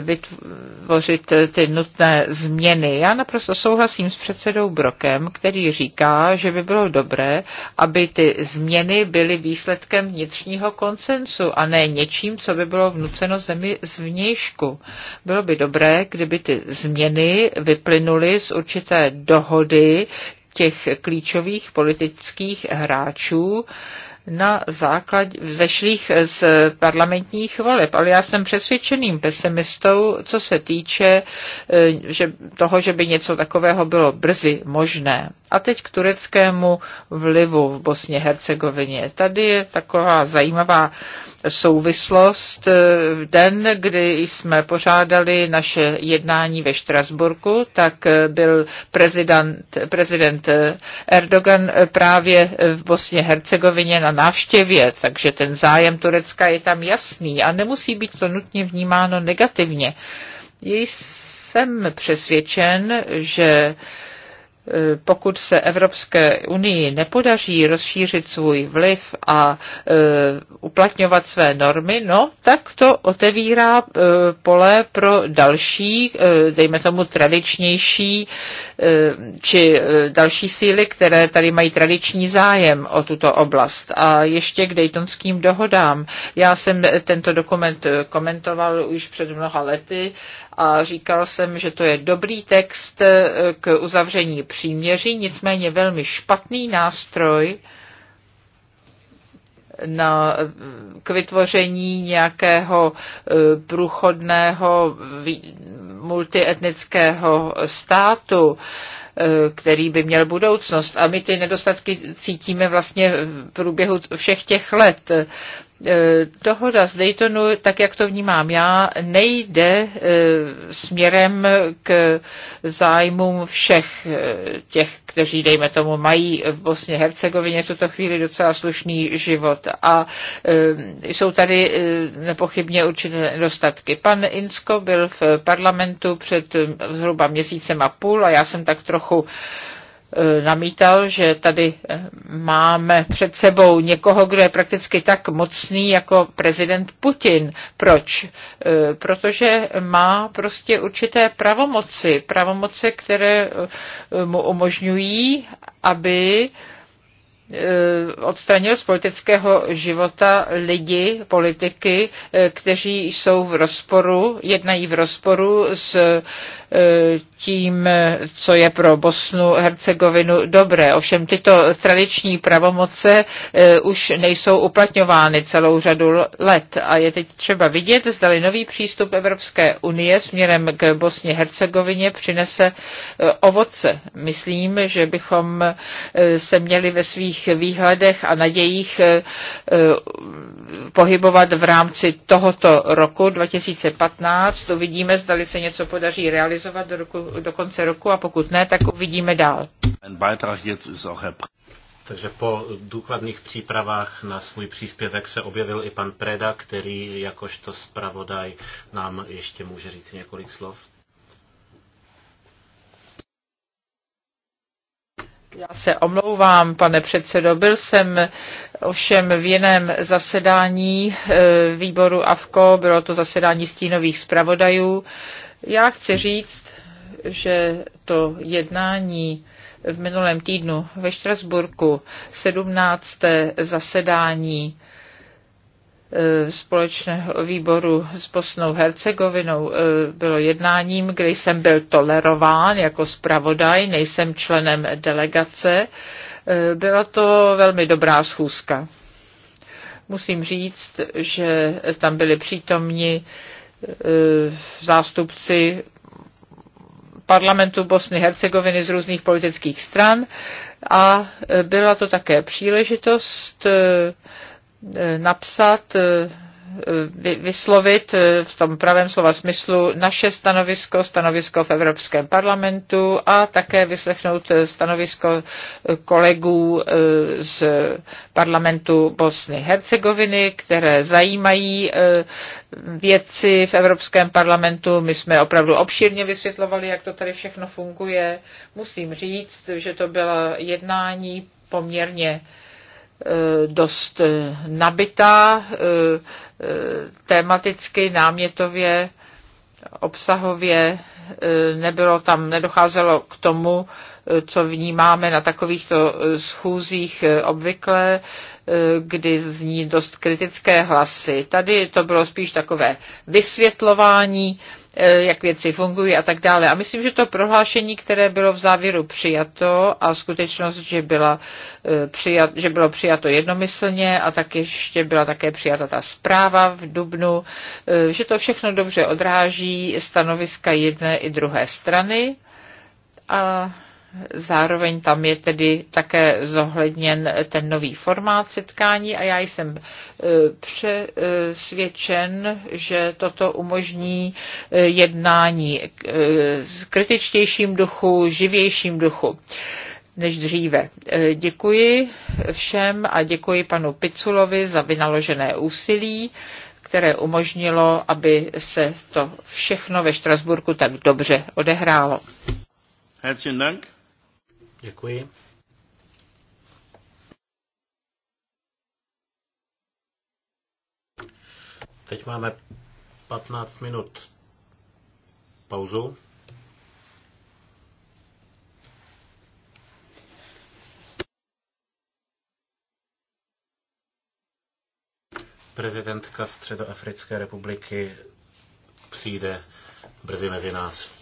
vytvořit ty nutné změny. Já naprosto souhlasím s předsedou Brokem, který říká, že by bylo dobré, aby ty změny byly výsledkem vnitřního koncensu a ne něčím, co by bylo vnuceno zemi zvnějšku. Bylo by dobré, kdyby ty změny vyplynuly z určité dohody těch klíčových politických hráčů, na základě vzešlých z parlamentních voleb. Ale já jsem přesvědčeným pesimistou, co se týče e, že toho, že by něco takového bylo brzy možné. A teď k tureckému vlivu v Bosně Hercegovině. Tady je taková zajímavá souvislost. E, den, kdy jsme pořádali naše jednání ve Štrasburku, tak e, byl prezident, prezident Erdogan právě v Bosně Hercegovině na na návštěvě, takže ten zájem Turecka je tam jasný a nemusí být to nutně vnímáno negativně. jsem přesvědčen, že pokud se Evropské unii nepodaří rozšířit svůj vliv a e, uplatňovat své normy, no, tak to otevírá e, pole pro další, e, dejme tomu tradičnější, e, či e, další síly, které tady mají tradiční zájem o tuto oblast. A ještě k Daytonským dohodám. Já jsem tento dokument komentoval už před mnoha lety a říkal jsem, že to je dobrý text eh, k uzavření příměří, nicméně velmi špatný nástroj na, eh, k vytvoření nějakého eh, průchodného multietnického státu který by měl budoucnost. A my ty nedostatky cítíme vlastně v průběhu všech těch let. E, dohoda z Daytonu, tak jak to vnímám já, nejde e, směrem k zájmům všech e, těch, kteří, dejme tomu, mají v Bosně Hercegovině v tuto chvíli docela slušný život. A jsou tady nepochybně určité nedostatky. Pan Insko byl v parlamentu před zhruba měsícem a půl a já jsem tak trochu Eh, namítal, že tady eh, máme před sebou někoho, kdo je prakticky tak mocný jako prezident Putin. Proč? Eh, protože má prostě určité pravomoci, pravomoci, které mu umožňují, aby odstranil z politického života lidi, politiky, kteří jsou v rozporu, jednají v rozporu s tím, co je pro Bosnu Hercegovinu dobré. Ovšem tyto tradiční pravomoce eh, už nejsou uplatňovány celou řadu let a je teď třeba vidět, zdali nový přístup Evropské unie směrem k Bosně Hercegovině přinese eh, ovoce. Myslím, že bychom eh, se měli ve svých výhledech a nadějích pohybovat v rámci tohoto roku 2015. Uvidíme, zdali se něco podaří realizovat realizovat do, roku, do konce roku a pokud ne, tak uvidíme dál. Takže po důkladných přípravách na svůj příspěvek se objevil i pan Preda, který jakožto zpravodaj nám ještě může říct několik slov. Já se omlouvám, pane předsedo, byl jsem ovšem v jiném zasedání eh, výboru AFKO, bylo to zasedání stínových zpravodajů já chci říct, že to jednání v minulém týdnu ve Štrasburku, 17. zasedání eh, společného výboru s Bosnou Hercegovinou eh, bylo jednáním, kde jsem byl tolerován jako zpravodaj, nejsem členem delegace. Eh, byla to velmi dobrá schůzka. Musím říct, že tam byli přítomni Eh, zástupci parlamentu Bosny Hercegoviny z různých politických stran a eh, byla to také příležitost eh, napsat vyslovit eh, v tom pravém slova smyslu naše stanovisko, stanovisko v Evropském parlamentu a také vyslechnout eh, stanovisko eh, kolegů z parlamentu Bosny Hercegoviny, které zajímají věci v Evropském parlamentu. My jsme opravdu obšírně vysvětlovali, jak to tady všechno funguje. Musím říct, že to byla jednání poměrně Eh, dost eh, nabitá eh, tematicky, námětově, obsahově, nebylo tam, nedocházelo k tomu, co vnímáme na takovýchto schůzích obvykle, kdy zní dost kritické hlasy. Tady to bylo spíš takové vysvětlování, jak věci fungují a tak dále. A myslím, že to prohlášení, které bylo v závěru přijato a skutečnost, že, byla přijat, že bylo přijato jednomyslně a tak ještě byla také přijata ta zpráva v Dubnu, že to všechno dobře odráží stanoviska jedné i druhé strany. A Zároveň tam je tedy také zohledněn ten nový formát setkání a já jsem e, přesvědčen, že toto umožní e, jednání e, s kritičtějším duchu, živějším duchu než dříve. Děkuji všem a děkuji panu Piculovi za vynaložené úsilí které umožnilo, aby se to všechno ve Štrasburku tak dobře odehrálo. Herzlichen Dank. Děkuji. Teď máme 15 minut pauzu. Prezidentka Středoafrické republiky přijde brzy mezi nás.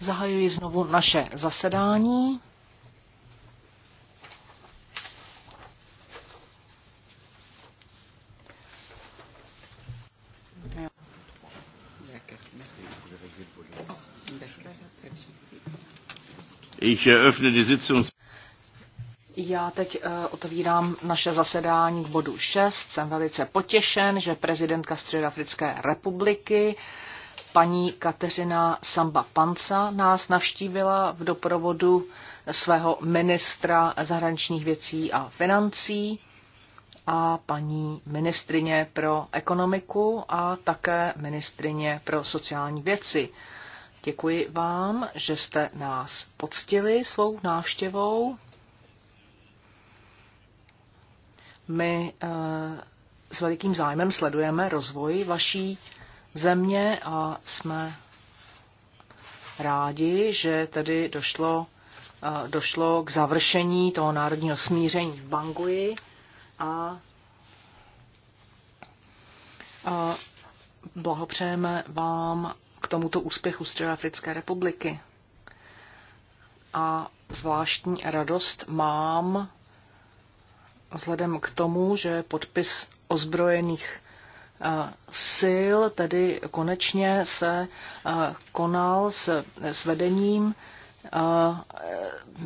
Zahajuji znovu naše zasedání. Ich eröffne die Sitzung. Já teď eh, otevírám naše zasedání k bodu 6. Jsem velice potěšen, že prezidentka Středoafrické republiky Paní Kateřina Samba Panca nás navštívila v doprovodu svého ministra zahraničních věcí a financí a paní ministrině pro ekonomiku a také ministrině pro sociální věci. Děkuji vám, že jste nás poctili svou návštěvou. My eh, s velikým zájmem sledujeme rozvoj vaší země a jsme rádi, že tedy došlo, eh, došlo k završení toho národního smíření v Bangui a, a blahopřejeme vám k tomuto úspěchu Středoafrické republiky. A zvláštní radost mám vzhledem k tomu, že podpis ozbrojených sil, tedy konečně se konal s, s vedením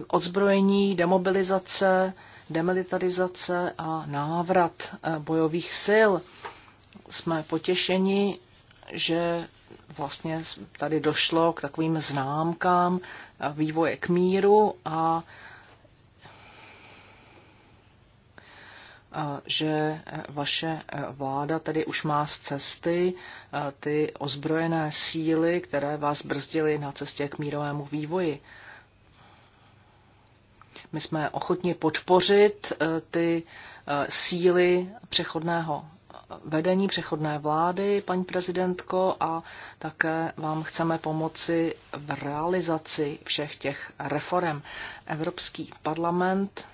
odzbrojení, demobilizace, demilitarizace a návrat bojových sil. Jsme potěšeni, že vlastně tady došlo k takovým známkám vývoje k míru a že vaše vláda tedy už má z cesty e, ty ozbrojené síly, které vás brzdily na cestě k mírovému vývoji. My jsme ochotni podpořit e, ty e, síly přechodného vedení přechodné vlády, paní prezidentko, a také vám chceme pomoci v realizaci všech těch reform. Evropský parlament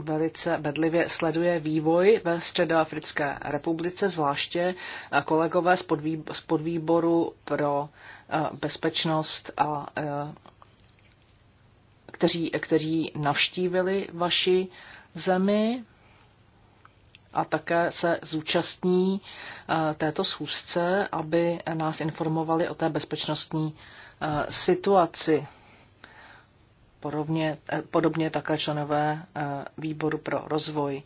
velice bedlivě sleduje vývoj ve Středoafrické republice, zvláště eh, kolegové z podvýboru pro eh, bezpečnost a eh, kteří, kteří navštívili vaši zemi a také se zúčastní této schůzce, aby nás informovali o té bezpečnostní situaci podobně, eh, podobně také členové eh, výboru pro rozvoj.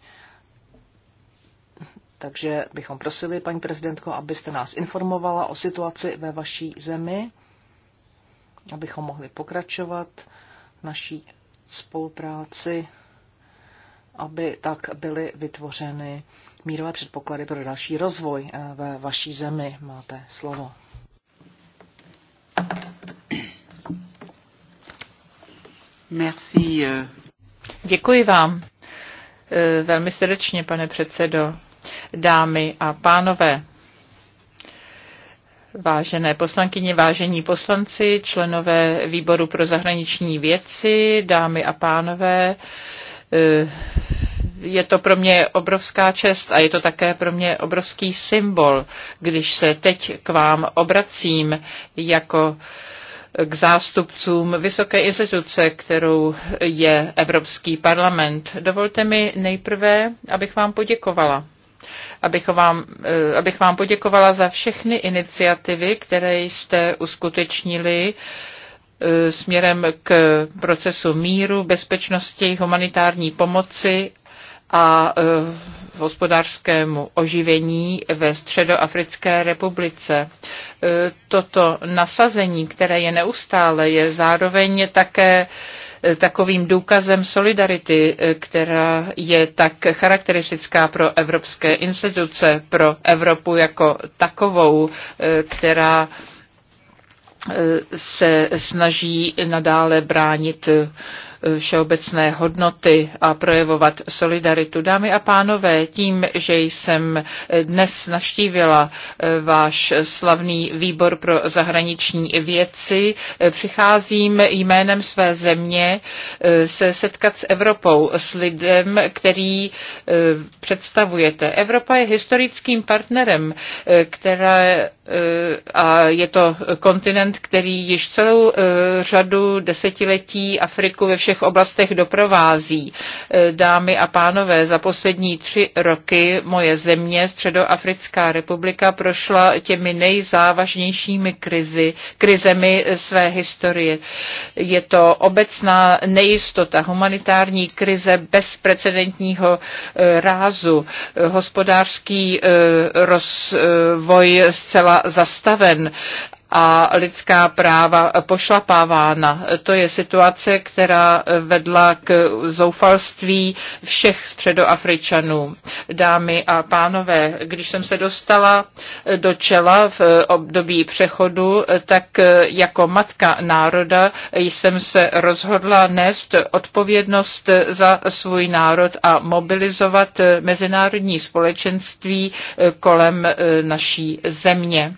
Takže bychom prosili, paní prezidentko, abyste nás informovala o situaci ve vaší zemi, abychom mohli pokračovat naší spolupráci, aby tak byly vytvořeny mírové předpoklady pro další rozvoj eh, ve vaší zemi. Máte slovo. Merci. Eh. Děkuji vám eh, velmi srdečně, pane předsedo, dámy a pánové. Vážené poslankyně, vážení poslanci, členové výboru pro zahraniční věci, dámy a pánové, eh, je to pro mě obrovská čest a je to také pro mě obrovský symbol, když se teď k vám obracím jako k zástupcům vysoké instituce, kterou je Evropský parlament. Dovolte mi nejprve, abych vám poděkovala. Abych vám, eh, abych vám poděkovala za všechny iniciativy, které jste uskutečnili eh, směrem k procesu míru, bezpečnosti, humanitární pomoci a eh, hospodářskému oživení ve Středoafrické republice. Eh, toto nasazení, které je neustále, je zároveň také eh, takovým důkazem solidarity, která je tak charakteristická pro evropské instituce, pro Evropu jako takovou, která se snaží nadále bránit všeobecné hodnoty a projevovat solidaritu. Dámy a pánové, tím, že jsem dnes naštívila eh, váš slavný výbor pro zahraniční věci, eh, přicházím jménem své země eh, se setkat s Evropou, s lidem, který představujete. Evropa je historickým partnerem, které Eh, a je to kontinent, který již celou eh, řadu desetiletí Afriku ve všech oblastech doprovází. Eh, dámy a pánové, za poslední tři roky moje země, Středoafrická republika, prošla těmi nejzávažnějšími krizi, krizemi své historie. Je to obecná nejistota, humanitární krize bezprecedentního rázu, hospodářský rozvoj zcela zastaven a lidská práva pošlapávána. To je situace, která vedla k zoufalství všech středoafričanů. Dámy a pánové, když jsem se dostala do čela v období přechodu, tak jako matka národa jsem se rozhodla nést odpovědnost za svůj národ a mobilizovat mezinárodní společenství kolem naší země.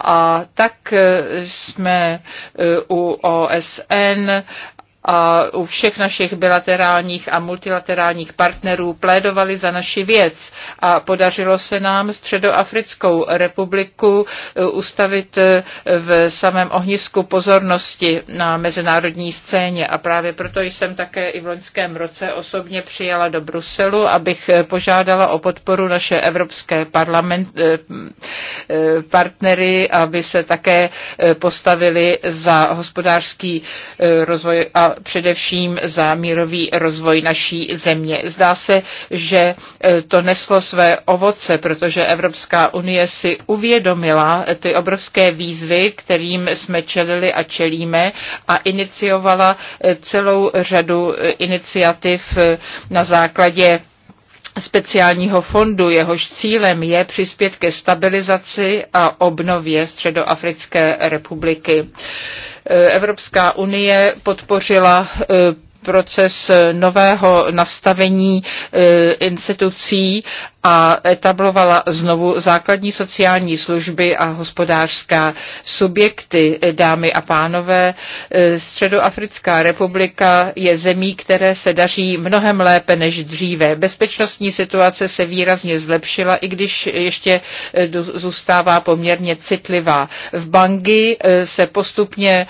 A tak eh, jsme eh, u OSN a u všech našich bilaterálních a multilaterálních partnerů plédovali za naši věc a podařilo se nám Středoafrickou republiku e, ustavit e, v samém ohnisku pozornosti na mezinárodní scéně a právě proto jsem také i v loňském roce osobně přijela do Bruselu, abych e, požádala o podporu naše evropské parlament, partnery, aby se také postavili za hospodářský rozvoj a především za mírový rozvoj naší země. Zdá se, že e, to neslo své ovoce, protože Evropská unie si uvědomila e, ty obrovské výzvy, kterým jsme čelili a čelíme a iniciovala e, celou řadu iniciativ na základě speciálního fondu, jehož cílem je přispět ke stabilizaci a obnově Středoafrické republiky. Evropská unie podpořila eh, proces eh, nového nastavení eh, institucí a etablovala znovu základní sociální služby a hospodářská subjekty. Eh, dámy a pánové, Středoafrická republika je zemí, které se daří mnohem lépe než dříve. Bezpečnostní situace se výrazně zlepšila, i když ještě zůstává poměrně citlivá. V Bangi se postupně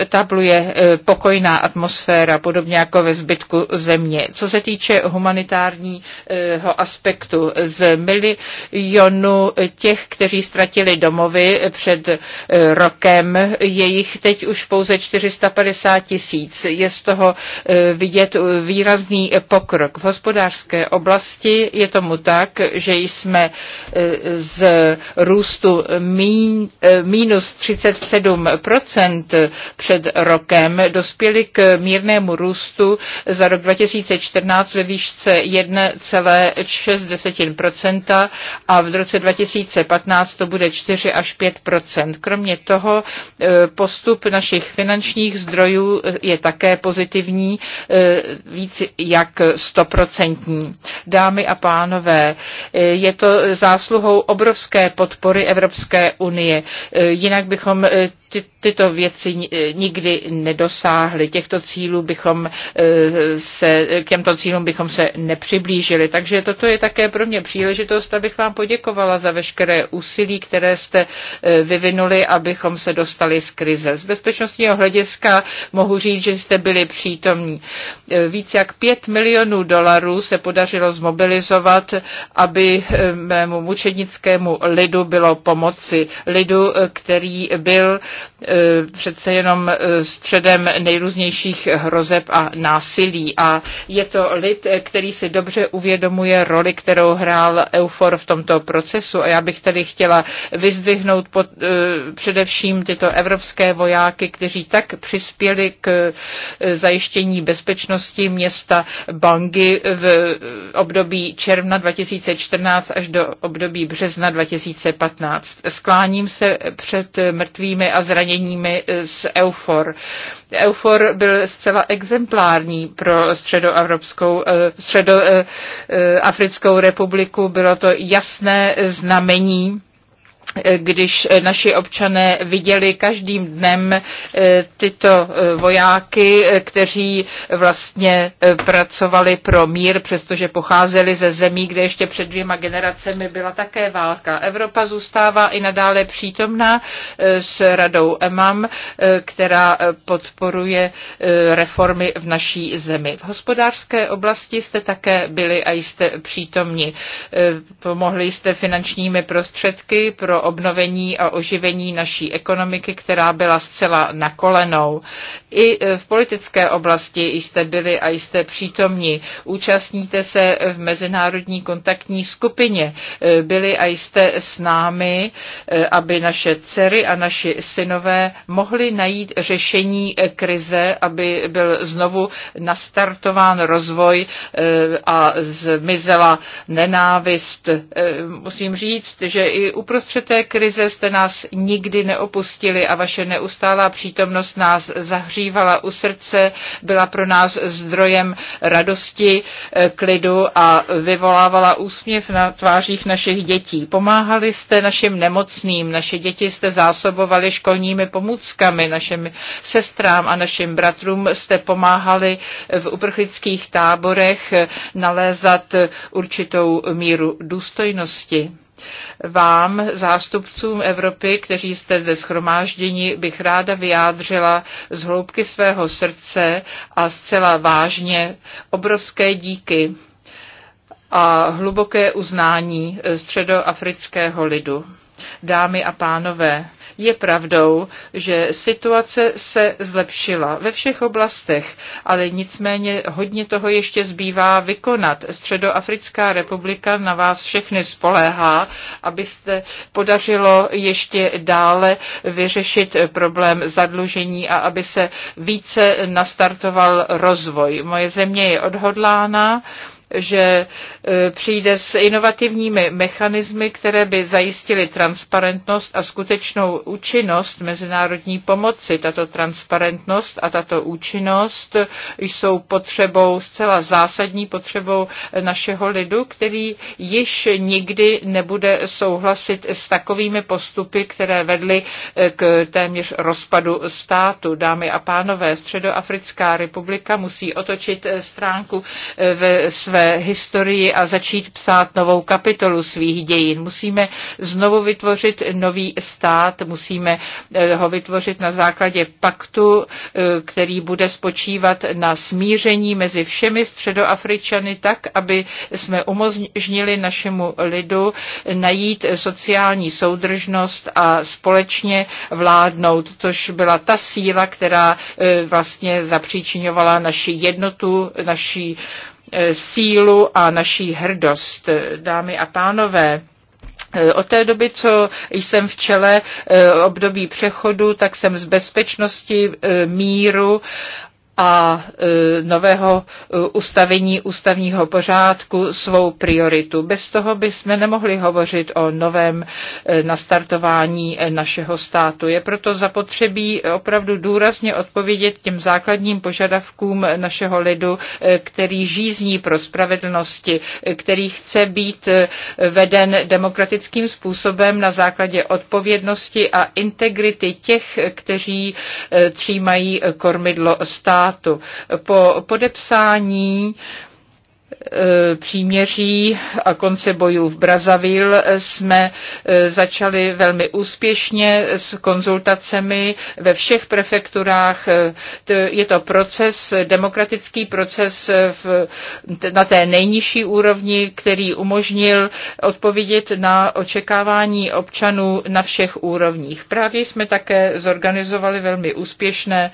etabluje pokojná atmosféra eura, podobně jako ve zbytku země. Co se týče humanitárního aspektu, z milionu těch, kteří ztratili domovy před rokem, je jich teď už pouze 450 tisíc. Je z toho vidět výrazný pokrok. V hospodářské oblasti je tomu tak, že jsme z růstu mínus minus 37 před rokem dospěli k mírnému reálnému růstu za rok 2014 ve výšce 1,6 a v roce 2015 to bude 4 až 5 Kromě toho e, postup našich finančních zdrojů je také pozitivní, e, víc jak 100 Dámy a pánové, e, je to zásluhou obrovské podpory Evropské unie. Jinak bychom ty, tyto věci eh, nikdy nedosáhly. Těchto cílů bychom eh, se, k těmto cílům bychom se nepřiblížili. Takže toto je také pro mě příležitost, abych vám poděkovala za veškeré úsilí, které jste eh, vyvinuli, abychom se dostali z krize. Z bezpečnostního hlediska mohu říct, že jste byli přítomní. Víc jak 5 milionů dolarů se podařilo zmobilizovat, aby mému mučednickému lidu bylo pomoci. Lidu, který byl E, přece jenom e, středem nejrůznějších hrozeb a násilí. A je to lid, e, který si dobře uvědomuje roli, kterou hrál Eufor v tomto procesu. A já bych tady chtěla vyzdvihnout pod, především tyto evropské vojáky, kteří tak přispěli k zajištění bezpečnosti města Bangi v období června 2014 až do období března 2015. Skláním se před mrtvými a zraněními eh, z EUFOR. EUFOR byl zcela exemplární pro středoevropskou, eh, středoafrickou republiku, bylo to jasné znamení když naši občané viděli každým dnem e, tyto e, vojáky, e, kteří vlastně pracovali pro mír, přestože pocházeli ze zemí, kde ještě před dvěma generacemi byla také válka. Evropa zůstává i nadále přítomná s radou EMAM, která podporuje reformy v naší zemi. V hospodářské oblasti jste také byli a jste přítomni. Pomohli jste finančními prostředky pro pro obnovení a oživení naší ekonomiky, která byla zcela na kolenou. I e, v politické oblasti jste byli a jste přítomní. Účastníte se v mezinárodní kontaktní skupině. E, byli a jste s námi, e, aby naše dcery a naši synové mohli najít řešení krize, aby byl znovu nastartován rozvoj a zmizela nenávist. Musím říct, že i uprostřed té krize jste nás nikdy neopustili a vaše neustálá přítomnost nás zahřívala u srdce, byla pro nás zdrojem radosti, eh, klidu a vyvolávala úsměv na tvářích našich dětí. Pomáhali jste našim nemocným, naše děti jste zásobovali školními pomůckami, našim sestrám a našim bratrům jste pomáhali v uprchlických táborech nalézat určitou míru důstojnosti. Vám, zástupcům Evropy, kteří jste zde schromážděni, bych ráda vyjádřila z hloubky svého srdce a zcela vážně obrovské díky a hluboké uznání středoafrického lidu. Dámy a pánové, je pravdou, že situace se zlepšila ve všech oblastech, ale nicméně hodně toho ještě zbývá vykonat. Středoafrická republika na vás všechny spoléhá, abyste podařilo ještě dále vyřešit problém zadlužení a aby se více nastartoval rozvoj. Moje země je odhodlána že e, přijde s inovativními mechanismy, které by zajistily transparentnost a skutečnou účinnost mezinárodní pomoci. Tato transparentnost a tato účinnost jsou potřebou, zcela zásadní potřebou našeho lidu, který již nikdy nebude souhlasit s takovými postupy, které vedly e, k téměř rozpadu státu. Dámy a pánové, Středoafrická republika musí otočit e, stránku ve své historii a začít psát novou kapitolu svých dějin. Musíme znovu vytvořit nový stát, musíme eh, ho vytvořit na základě paktu, eh, který bude spočívat na smíření mezi všemi středoafričany tak, aby jsme umožnili našemu lidu najít sociální soudržnost a společně vládnout, což byla ta síla, která eh, vlastně zapříčinovala naši jednotu, naší Eh, sílu a naší hrdost. Dámy a pánové, eh, od té doby, co jsem v čele eh, období přechodu, tak jsem z bezpečnosti, míru a e, nového e, ustavení ústavního pořádku svou prioritu. Bez toho bychom nemohli hovořit o novém e, nastartování našeho státu. Je proto zapotřebí opravdu důrazně odpovědět těm základním požadavkům našeho lidu, který žízní pro spravedlnosti, který chce být veden demokratickým způsobem na základě odpovědnosti a integrity těch, kteří třímají kormidlo státu státu. Po podepsání E, příměří a konce bojů v Brazavil jsme e, začali velmi úspěšně s konzultacemi ve všech prefekturách. E, je to proces, demokratický proces v, na té nejnižší úrovni, který umožnil odpovědět na očekávání občanů na všech úrovních. Právě jsme také zorganizovali velmi úspěšné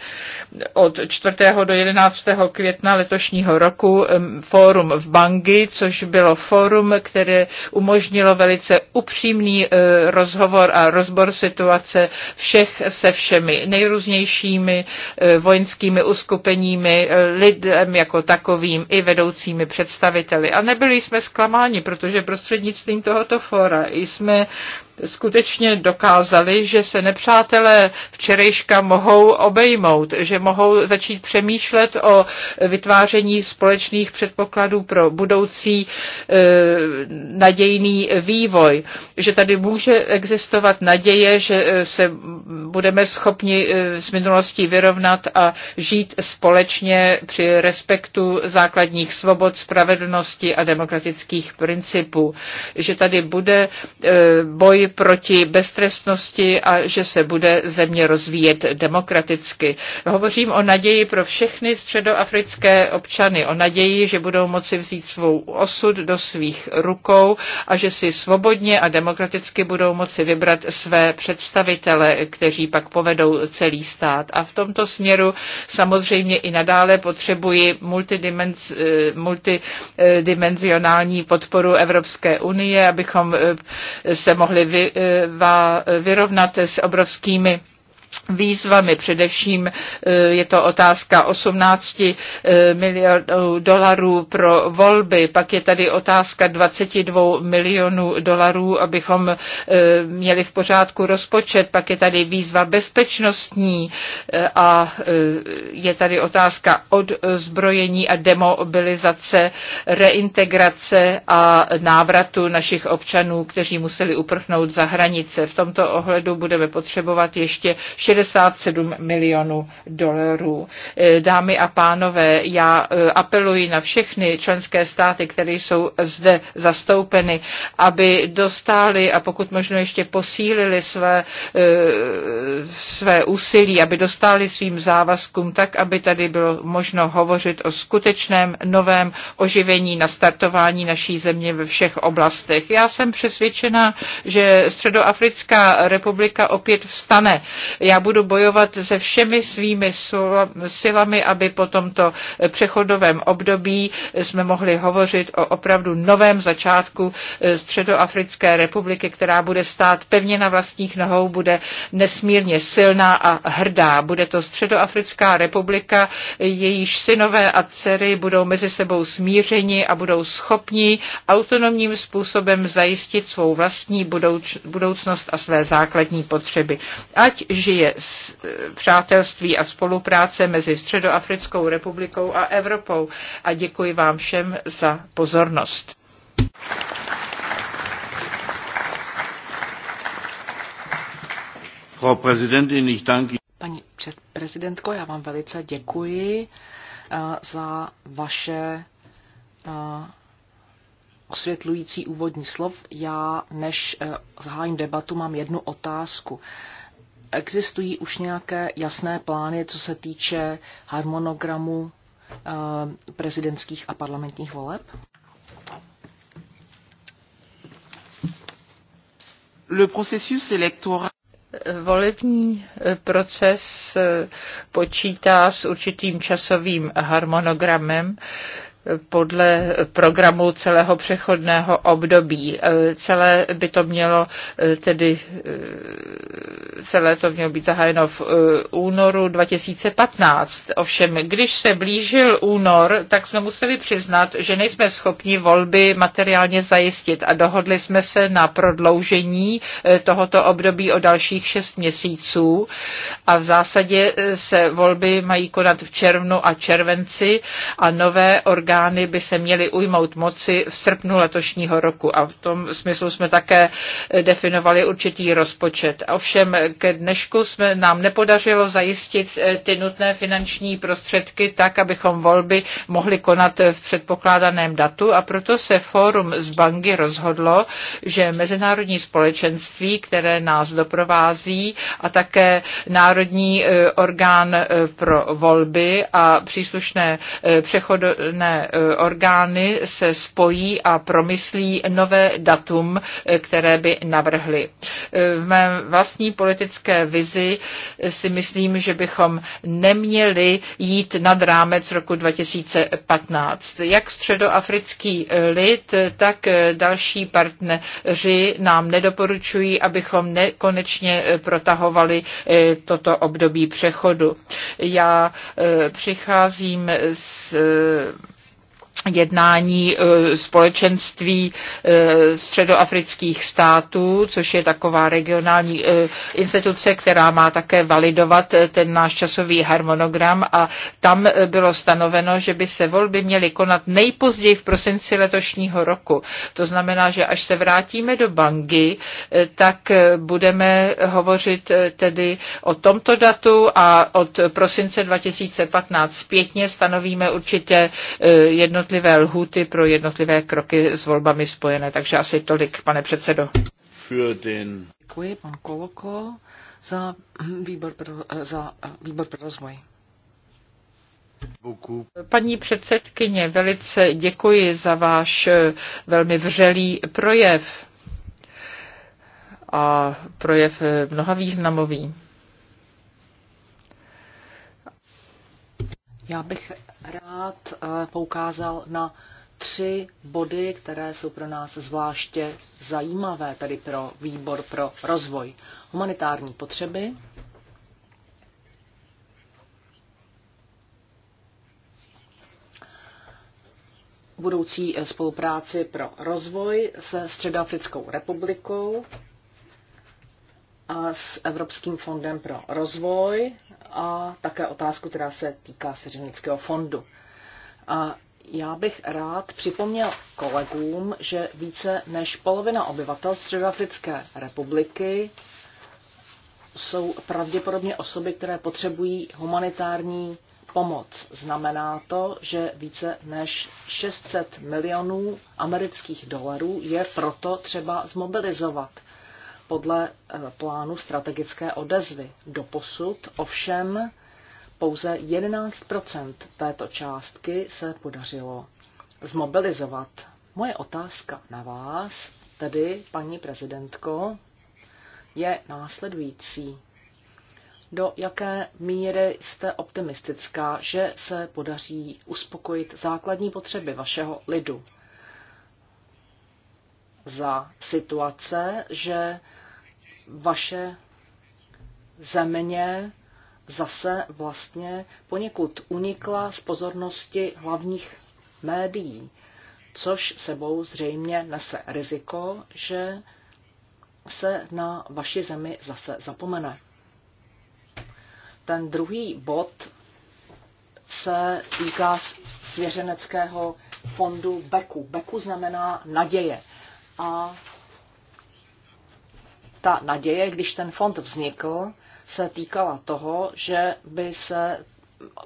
od 4. do 11. května letošního roku fórum v Bangi, což bylo fórum, které umožnilo velice upřímný eh, rozhovor a rozbor situace všech se všemi nejrůznějšími eh, vojenskými uskupeními, eh, lidem jako takovým i vedoucími představiteli. A nebyli jsme zklamáni, protože prostřednictvím tohoto fóra jsme skutečně dokázali, že se nepřátelé včerejška mohou obejmout, že mohou začít přemýšlet o vytváření společných předpokladů pro budoucí e, nadějný vývoj, že tady může existovat naděje, že e, se budeme schopni e, z minulosti vyrovnat a žít společně při respektu základních svobod, spravedlnosti a demokratických principů, že tady bude boj proti beztrestnosti a že se bude země rozvíjet demokraticky. Hovořím o naději pro všechny středoafrické občany, o naději, že budou moci vzít svou osud do svých rukou a že si svobodně a demokraticky budou moci vybrat své představitele, kteří pak povedou celý stát. A v tomto směru samozřejmě i nadále potřebuji eh, multidimenzionální podporu Evropské unie, abychom eh, se mohli vy vyrovnat s obrovskými výzvami. Především eh, je to otázka 18 eh, milionů dolarů pro volby, pak je tady otázka 22 milionů dolarů, abychom eh, měli v pořádku rozpočet, pak je tady výzva bezpečnostní a je tady otázka odzbrojení a demobilizace, reintegrace a návratu našich občanů, kteří museli uprchnout za hranice. V tomto ohledu budeme potřebovat ještě 67 milionů dolarů. Eh, dámy a pánové, já eh, apeluji na všechny členské státy, které jsou zde zastoupeny, aby dostali a pokud možno ještě posílili své, eh, své úsilí, aby dostali svým závazkům tak, aby tady bylo možno hovořit o skutečném novém oživení, nastartování naší země ve všech oblastech. Já jsem přesvědčena, že Středoafrická republika opět vstane. Já já budu bojovat se všemi svými silami, aby po tomto přechodovém období jsme mohli hovořit o opravdu novém začátku eh, Středoafrické republiky, která bude stát pevně na vlastních nohou, bude nesmírně silná a hrdá. Bude to Středoafrická republika, jejíž synové a dcery budou mezi sebou smířeni a budou schopni autonomním způsobem zajistit svou vlastní budoucnost a své základní potřeby. Ať žije je přátelství a spolupráce mezi Středoafrickou republikou a Evropou. A děkuji vám všem za pozornost. Paní prezidentko, já vám velice děkuji eh, za vaše eh, osvětlující úvodní slov. Já, než eh, zahájím debatu, mám jednu otázku. Existují už nějaké jasné plány, co se týče harmonogramu eh, prezidentských a parlamentních voleb? Le processus électoral volební eh, proces eh, počítá s určitým časovým harmonogramem, podle programu celého přechodného období. Celé by to mělo tedy, celé to mělo být zahájeno v únoru 2015. Ovšem, když se blížil únor, tak jsme museli přiznat, že nejsme schopni volby materiálně zajistit a dohodli jsme se na prodloužení eh, tohoto období o dalších šest měsíců a v zásadě eh, se volby mají konat v červnu a červenci a nové orgány orgány by se měly ujmout moci v srpnu letošního roku a v tom smyslu jsme také definovali určitý rozpočet. Ovšem ke dnešku jsme, nám nepodařilo zajistit eh, ty nutné finanční prostředky tak, abychom volby mohli konat v předpokládaném datu a proto se fórum z Bangy rozhodlo, že mezinárodní společenství, které nás doprovází a také národní eh, orgán eh, pro volby a příslušné přechodné Eh, orgány se spojí a promyslí nové datum, eh, které by navrhly. Eh, v mé vlastní politické vizi si myslím, že bychom neměli jít nad rámec roku 2015. Jak středoafrický lid, tak další partneři nám nedoporučují, abychom nekonečně protahovali toto období přechodu. Já přicházím s jednání e, společenství e, středoafrických států, což je taková regionální e, instituce, která má také validovat ten náš časový harmonogram a tam bylo stanoveno, že by se volby měly konat nejpozději v prosinci letošního roku. To znamená, že až se vrátíme do Bangy, tak budeme hovořit tedy o tomto datu a od prosince 2015 zpětně stanovíme určitě jednotlivé jednotlivé lhuty pro jednotlivé kroky s volbami spojené. Takže asi tolik, pane předsedo. Děkuji, pan Koloko, za výbor pro, za výbor pro rozvoj. Paní předsedkyně, velice děkuji za váš eh, velmi vřelý projev a projev eh, mnoha významový. Já bych rád eh, poukázal na tři body, které jsou pro nás zvláště zajímavé, tedy pro výbor pro rozvoj. Humanitární potřeby, budoucí eh, spolupráci pro rozvoj se Středoafrickou republikou s Evropským fondem pro rozvoj a také otázku, která se týká Svěřenického fondu. A já bych rád připomněl kolegům, že více než polovina obyvatel Středoafrické republiky jsou pravděpodobně osoby, které potřebují humanitární pomoc. Znamená to, že více než 600 milionů amerických dolarů je proto třeba zmobilizovat podle eh, plánu strategické odezvy. Doposud ovšem pouze 11 této částky se podařilo zmobilizovat. Moje otázka na vás, tedy paní prezidentko, je následující. Do jaké míry jste optimistická, že se podaří uspokojit základní potřeby vašeho lidu? za situace, že vaše země zase vlastně poněkud unikla z pozornosti hlavních médií, což sebou zřejmě nese riziko, že se na vaši zemi zase zapomene. Ten druhý bod se týká svěřeneckého fondu Beku. Beku znamená naděje a ta naděje, když ten fond vznikl, se týkala toho, že by se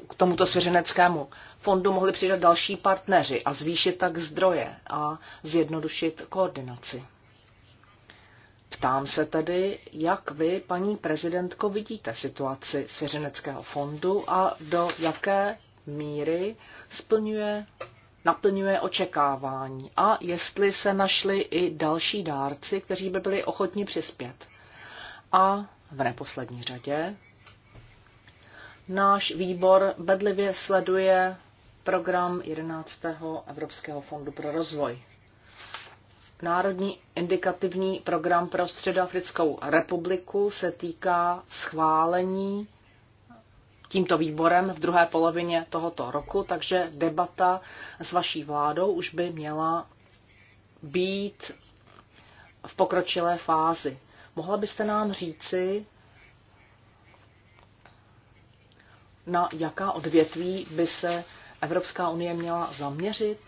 k tomuto svěřeneckému fondu mohli přidat další partneři a zvýšit tak zdroje a zjednodušit koordinaci. Ptám se tedy, jak vy, paní prezidentko, vidíte situaci svěřeneckého fondu a do jaké míry splňuje naplňuje očekávání a jestli se našli i další dárci, kteří by byli ochotni přispět. A v neposlední řadě náš výbor bedlivě sleduje program 11. Evropského fondu pro rozvoj. Národní indikativní program pro Středoafrickou republiku se týká schválení tímto výborem v druhé polovině tohoto roku, takže debata s vaší vládou už by měla být v pokročilé fázi. Mohla byste nám říci, na jaká odvětví by se Evropská unie měla zaměřit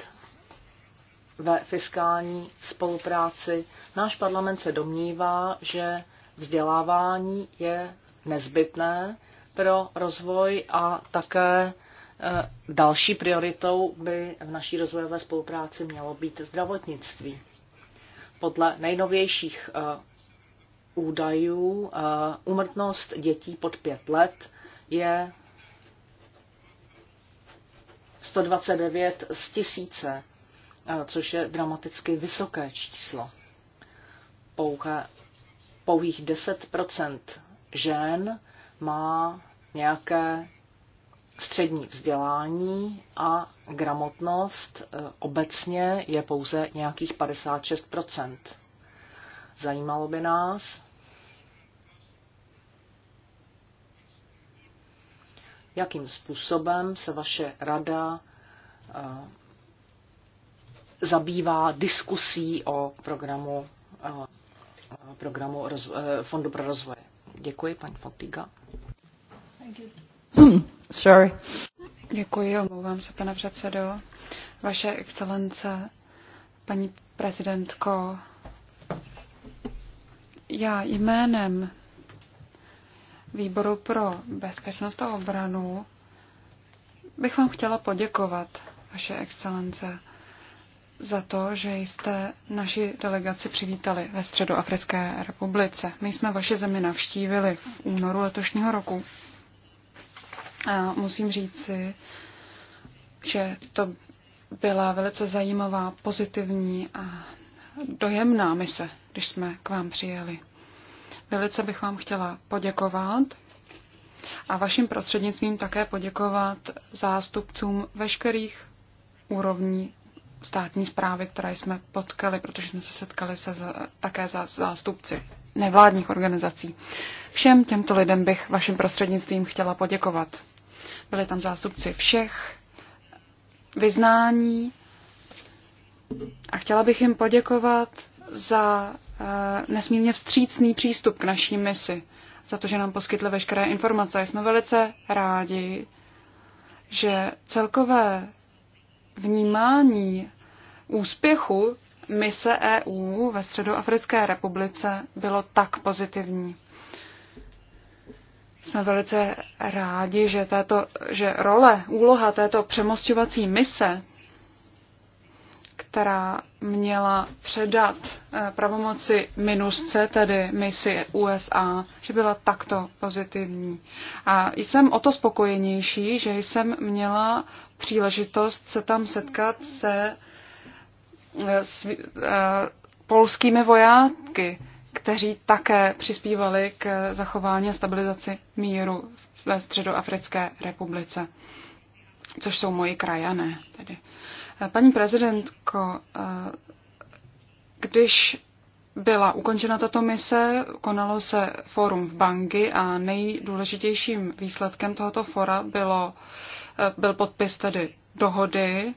ve fiskální spolupráci. Náš parlament se domnívá, že vzdělávání je nezbytné pro rozvoj a také e, další prioritou by v naší rozvojové spolupráci mělo být zdravotnictví. Podle nejnovějších e, údajů umrtnost e, dětí pod pět let je 129 z tisíce, což je dramaticky vysoké číslo. Pouhé, pouhých 10 žen má nějaké střední vzdělání a gramotnost e, obecně je pouze nějakých 56 Zajímalo by nás, jakým způsobem se vaše rada e, zabývá diskusí o programu, e, programu Fondu pro rozvoj. Děkuji, paní Fontiga. Hmm, sorry. Děkuji, omlouvám se, pane předsedo. Vaše excelence, paní prezidentko, já jménem Výboru pro bezpečnost a obranu bych vám chtěla poděkovat, vaše excelence, za to, že jste naši delegaci přivítali ve Středoafrické republice. My jsme vaše zemi navštívili v únoru letošního roku a musím říci, že to byla velice zajímavá, pozitivní a dojemná mise, když jsme k vám přijeli. Velice bych vám chtěla poděkovat a vaším prostřednictvím také poděkovat zástupcům veškerých úrovní státní zprávy, které jsme potkali, protože jsme se setkali se za, také za zástupci nevládních organizací. Všem těmto lidem bych vaším prostřednictvím chtěla poděkovat byli tam zástupci všech vyznání a chtěla bych jim poděkovat za eh, nesmírně vstřícný přístup k naší misi, za to, že nám poskytli veškeré informace. Jsme velice rádi, že celkové vnímání úspěchu mise EU ve Středoafrické republice bylo tak pozitivní jsme velice rádi, že, tato, že role, úloha této přemostovací mise, která měla předat eh, pravomoci minusce, tedy misi USA, že byla takto pozitivní. A jsem o to spokojenější, že jsem měla příležitost se tam setkat se eh, s, eh, polskými vojátky kteří také přispívali k zachování a stabilizaci míru ve Středoafrické republice, což jsou moji krajané. Tedy. Paní prezidentko, eh, když byla ukončena tato mise, konalo se fórum v Bangi a nejdůležitějším výsledkem tohoto fora bylo, eh, byl podpis tedy dohody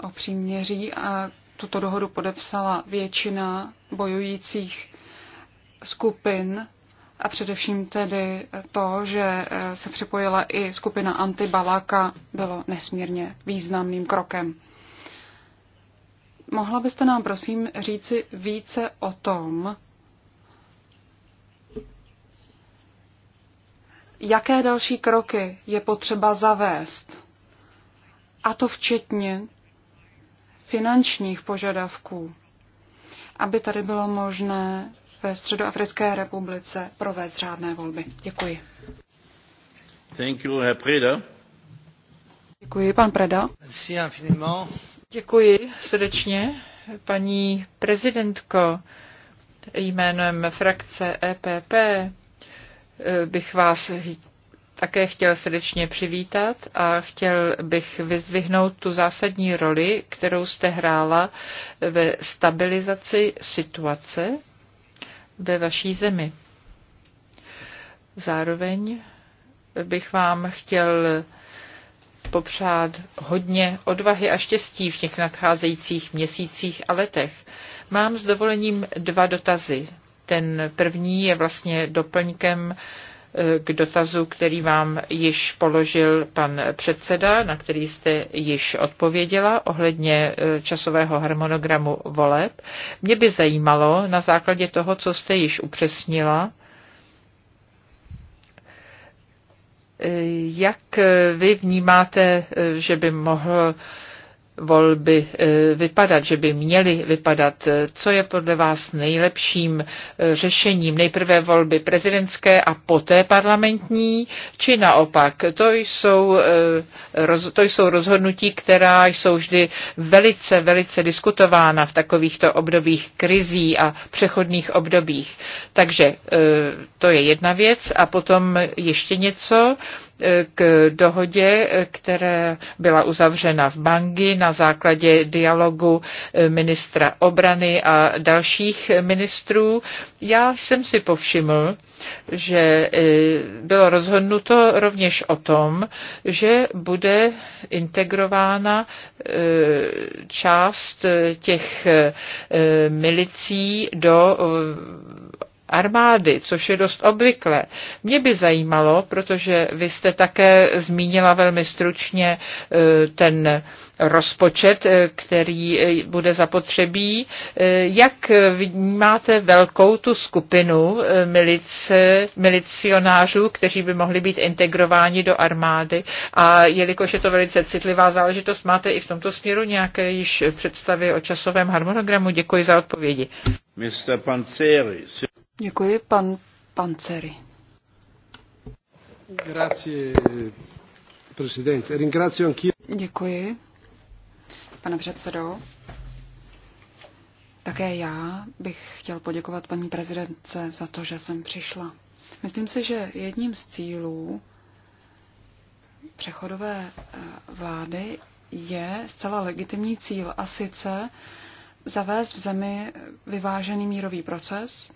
o příměří a tuto dohodu podepsala většina bojujících skupin a především tedy to, že eh, se připojila i skupina Antibalaka, bylo nesmírně významným krokem. Mohla byste nám prosím říci více o tom, jaké další kroky je potřeba zavést, a to včetně finančních požadavků, aby tady bylo možné ve Středoafrické republice provést řádné volby. Děkuji. Thank you, Herr Preda. Děkuji, pan Preda. Merci infiniment. Děkuji srdečně, paní prezidentko, jménem frakce EPP eh, bych vás také chtěl srdečně přivítat a chtěl bych vyzdvihnout tu zásadní roli, kterou jste hrála ve stabilizaci situace ve vaší zemi. Zároveň bych vám chtěl popřát hodně odvahy a štěstí v těch nadcházejících měsících a letech. Mám s dovolením dva dotazy. Ten první je vlastně doplňkem Eh, k dotazu, který vám již položil pan předseda, na který jste již odpověděla ohledně eh, časového harmonogramu voleb. Mě by zajímalo na základě toho, co jste již upřesnila, eh, jak vy vnímáte, že by mohl volby eh, vypadat, že by měly vypadat? Co je podle vás nejlepším eh, řešením? Nejprve volby prezidentské a poté parlamentní, či naopak? To jsou, eh, to jsou rozhodnutí, která jsou vždy velice, velice diskutována v takovýchto obdobích krizí a přechodných obdobích. Takže to je jedna věc. A potom ještě něco k dohodě, která byla uzavřena v Bangi na základě dialogu ministra obrany a dalších ministrů. Já jsem si povšiml, že e, bylo rozhodnuto rovněž o tom, že bude integrována e, část těch e, milicí do armády, což je dost obvyklé. Mě by zajímalo, protože vy jste také zmínila velmi stručně e, ten rozpočet, e, který e, bude zapotřebí. Jak vnímáte velkou tu skupinu milice, milicionářů, kteří by mohli být integrováni do armády? A jelikož je to velice citlivá záležitost, máte i v tomto směru nějaké již představy o časovém harmonogramu? Děkuji za odpovědi. Mr. Panceri, Děkuji, pan Panceri. Děkuji, pane předsedo. Také já bych chtěl poděkovat paní prezidentce za to, že jsem přišla. Myslím si, že jedním z cílů přechodové eh, vlády je zcela legitimní cíl a sice zavést v zemi vyvážený mírový proces,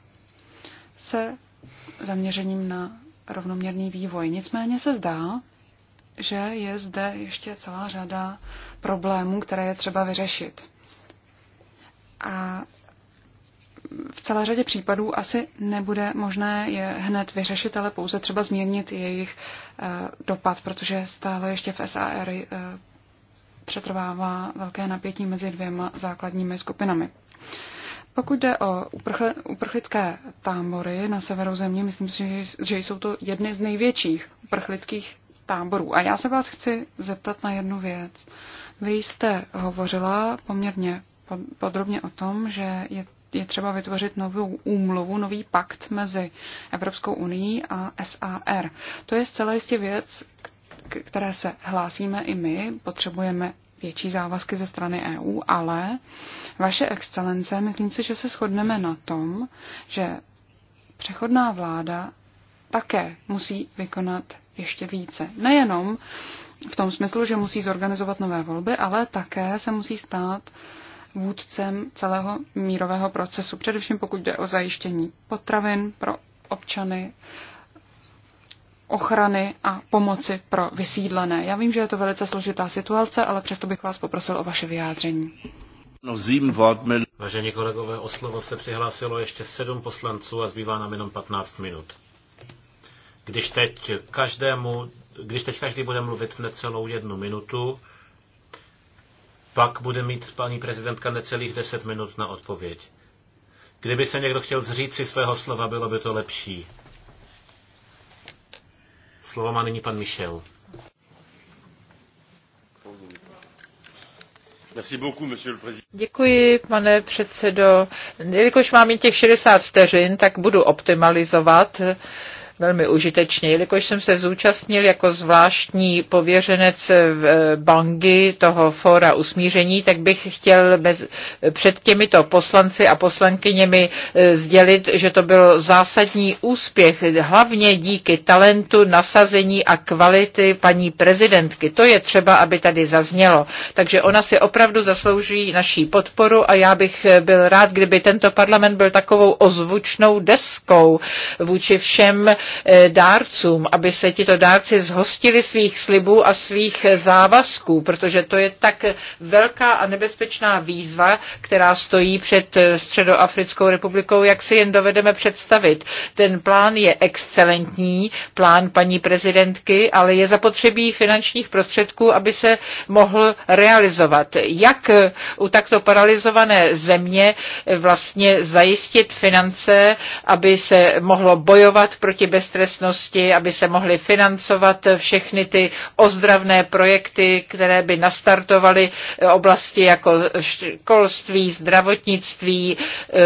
se zaměřením na rovnoměrný vývoj. Nicméně se zdá, že je zde ještě celá řada problémů, které je třeba vyřešit. A v celé řadě případů asi nebude možné je hned vyřešit, ale pouze třeba změnit jejich eh, dopad, protože stále ještě v SAR eh, přetrvává velké napětí mezi dvěma základními skupinami. Pokud jde o uprchlické tábory na severu země, myslím si, že jsou to jedny z největších uprchlických táborů. A já se vás chci zeptat na jednu věc. Vy jste hovořila poměrně podrobně o tom, že je, je třeba vytvořit novou úmluvu, nový pakt mezi Evropskou unii a SAR. To je zcela jistě věc, které se hlásíme i my. Potřebujeme větší závazky ze strany EU, ale vaše excelence, myslím si, že se shodneme na tom, že přechodná vláda také musí vykonat ještě více. Nejenom v tom smyslu, že musí zorganizovat nové volby, ale také se musí stát vůdcem celého mírového procesu, především pokud jde o zajištění potravin pro občany, ochrany a pomoci pro vysídlené. Já vím, že je to velice složitá situace, ale přesto bych vás poprosil o vaše vyjádření. No, Vážení kolegové, o slovo se přihlásilo ještě sedm poslanců a zbývá nám jenom 15 minut. Když teď, každému, když teď každý bude mluvit necelou jednu minutu, pak bude mít paní prezidentka necelých 10 minut na odpověď. Kdyby se někdo chtěl zříci svého slova, bylo by to lepší. Slovo má nyní pan Michel. Děkuji, pane předsedo. Jelikož mám jen těch 60 vteřin, tak budu optimalizovat velmi užitečně, jelikož jsem se zúčastnil jako zvláštní pověřenec v eh, Bangi toho fóra usmíření, tak bych chtěl bez, před těmito poslanci a poslankyněmi eh, sdělit, že to byl zásadní úspěch, hlavně díky talentu, nasazení a kvality paní prezidentky. To je třeba, aby tady zaznělo. Takže ona si opravdu zaslouží naší podporu a já bych eh, byl rád, kdyby tento parlament byl takovou ozvučnou deskou vůči všem Eh, dárcům, aby se tito dárci zhostili svých slibů a svých závazků, protože to je tak velká a nebezpečná výzva, která stojí před eh, Středoafrickou republikou, jak si jen dovedeme představit. Ten plán je excelentní, plán paní prezidentky, ale je zapotřebí finančních prostředků, aby se mohl realizovat. Jak eh, u takto paralizované země vlastně zajistit finance, aby se mohlo bojovat proti beztrestnosti, aby se mohly financovat všechny ty ozdravné projekty, které by nastartovaly oblasti jako školství, zdravotnictví, eh,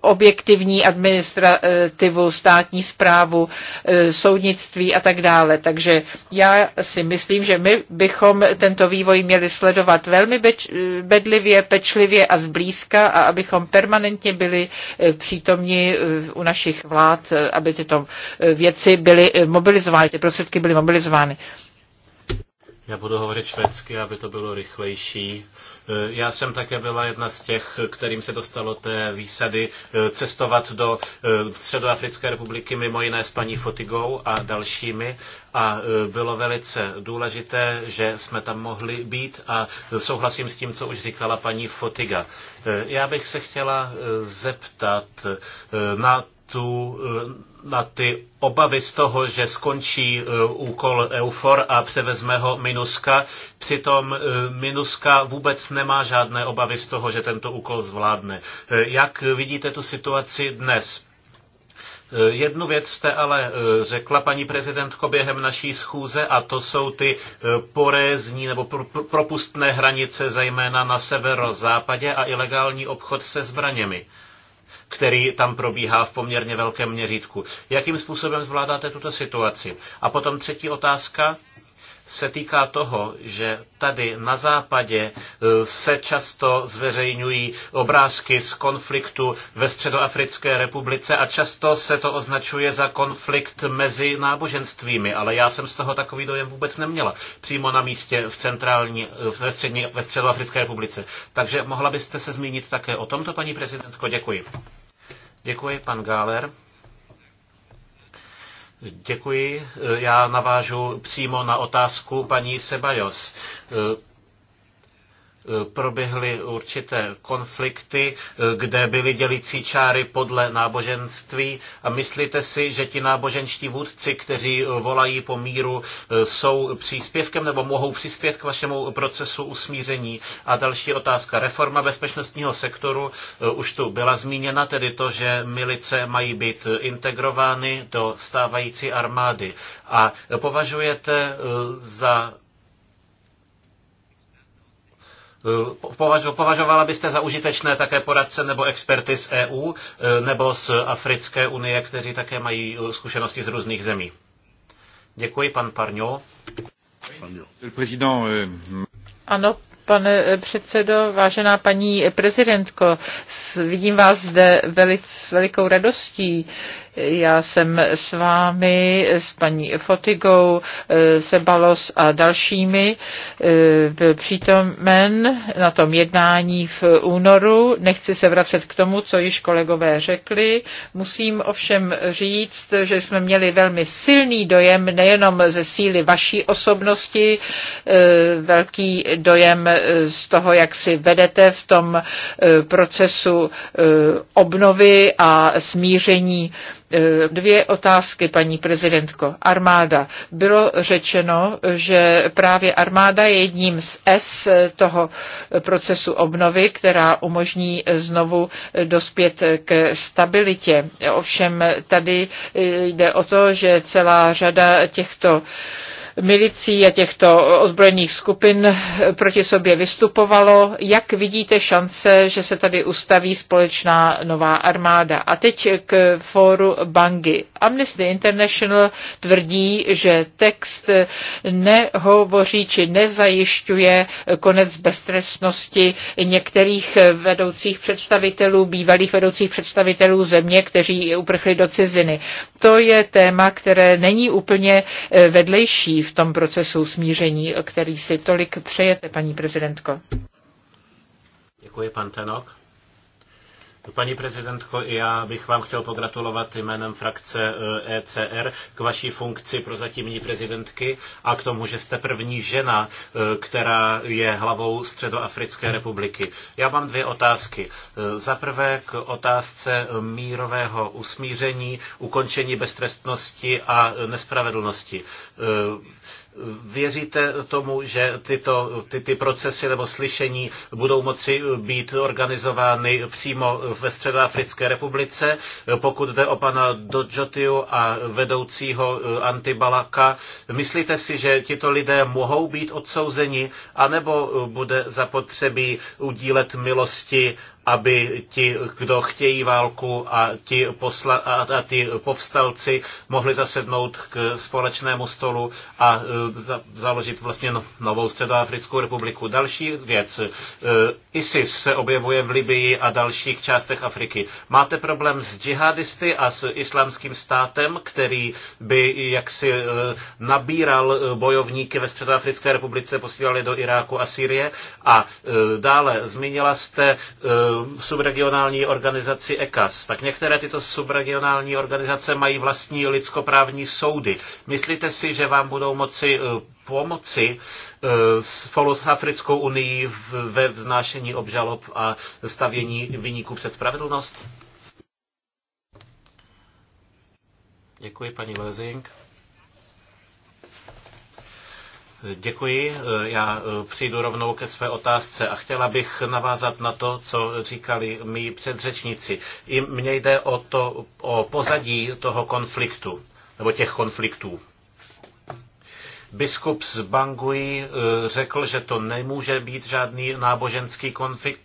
objektivní administrativu, státní zprávu, eh, soudnictví a tak dále. Takže já si myslím, že my bychom tento vývoj měli sledovat velmi bedlivě, pečlivě a zblízka a abychom permanentně byli eh, přítomni u našich vlád, aby tyto věci byly eh, mobilizovány, ty prostředky byly mobilizovány. Já budu hovořit švédsky, aby to bylo rychlejší. Eh, já jsem také byla jedna z těch, kterým se dostalo té výsady eh, cestovat do Středoafrické republiky, mimo jiné s paní Fotigou a dalšími. A bylo velice důležité, že jsme tam mohli být a souhlasím s tím, co už říkala paní Fotiga. Já bych se chtěla zeptat na tu eh, na ty obavy z toho, že skončí eh, úkol EUFOR a převezme ho Minuska. Přitom eh, Minuska vůbec nemá žádné obavy z toho, že tento úkol zvládne. Jak vidíte tu situaci dnes? Jednu věc jste ale řekla, paní prezidentko, během naší schůze, a to jsou ty porézní nebo propustné hranice, zejména na severozápadě a ilegální obchod se zbraněmi který tam probíhá v poměrně velkém měřítku. Jakým způsobem zvládáte tuto situaci? A potom třetí otázka se týká toho, že tady na západě e, se často zveřejňují obrázky z konfliktu ve Středoafrické republice a často se to označuje za konflikt mezi náboženstvími, ale já jsem z toho takový dojem vůbec neměla přímo na místě v centrální, e, ve, střední, ve Středoafrické republice. Takže mohla byste se zmínit také o tomto, paní prezidentko? Děkuji. Děkuji, pan Gáler. Děkuji. Já navážu přímo na otázku paní Sebajos proběhly určité konflikty, kde byly dělící čáry podle náboženství a myslíte si, že ti náboženští vůdci, kteří volají po míru, jsou příspěvkem nebo mohou přispět k vašemu procesu usmíření? A další otázka. Reforma bezpečnostního sektoru eh, už tu byla zmíněna, tedy to, že milice mají být integrovány do stávající armády. A považujete eh, za Eh, považovala byste za užitečné také poradce nebo experty z EU eh, nebo z Africké unie, kteří také mají eh, zkušenosti z různých zemí? Děkuji, pan Parňo. Ano, Pane předsedo, vážená paní prezidentko, vidím vás zde velic, s velikou radostí. Já jsem s vámi, s paní Fotigou, eh, Sebalos a dalšími eh, byl přítomen na tom jednání v únoru. Nechci se vracet k tomu, co již kolegové řekli. Musím ovšem říct, že jsme měli velmi silný dojem nejenom ze síly vaší osobnosti, eh, velký dojem z toho, jak si vedete v tom procesu obnovy a smíření Eh, dvě otázky, paní prezidentko. Armáda. Bylo řečeno, že právě armáda je jedním z S toho procesu obnovy, která umožní eh, znovu eh, dospět k stabilitě. Ovšem tady jde o to, že celá řada těchto milicí a těchto ozbrojených skupin proti sobě vystupovalo. Jak vidíte šance, že se tady ustaví společná nová armáda? A teď k fóru Bangi. Amnesty International tvrdí, že text nehovoří či nezajišťuje konec beztrestnosti některých vedoucích představitelů, bývalých vedoucích představitelů země, kteří uprchli do ciziny. To je téma, které není úplně vedlejší v tom procesu smíření, který si tolik přejete, paní prezidentko. Děkuji, pan Tenok. Paní prezidentko, já bych vám chtěl pogratulovat jménem frakce ECR eh, e k vaší funkci prozatímní prezidentky a k tomu, že jste první žena, eh, která je hlavou Středoafrické republiky. Já mám dvě otázky. Eh, za prvé k otázce mírového usmíření, ukončení beztrestnosti a nespravedlnosti. Věříte tomu, že tyto, ty, ty procesy nebo slyšení budou moci být organizovány přímo ve Středoafrické republice? Pokud jde o pana Dodžotiu a vedoucího eh, Antibalaka, myslíte si, že tito lidé mohou být odsouzeni, anebo bude zapotřebí udílet milosti aby ti, kdo chtějí válku a ti, posla, a, a ti povstalci mohli zasednout k společnému stolu a e, za, založit vlastně no, novou středoafrickou republiku. Další věc. E, ISIS se objevuje v Libii a dalších částech Afriky. Máte problém s džihadisty a s islámským státem, který by jaksi e, nabíral bojovníky ve středoafrické republice, posílali do Iráku a Sýrie. A dále zmínila jste Eh, subregionální organizaci ECAS, tak některé tyto subregionální organizace mají vlastní lidskoprávní soudy. Myslíte si, že vám budou moci eh, pomoci eh, s Africkou unii ve vznášení obžalob a stavění vyníků před spravedlnost? Děkuji, paní Lezing. Děkuji. Já e, přijdu rovnou ke své otázce a chtěla bych navázat na to, co říkali mý předřečníci. I mně jde o, to, o pozadí toho konfliktu, nebo těch konfliktů. Biskup z Bangui e, řekl, že to nemůže být žádný náboženský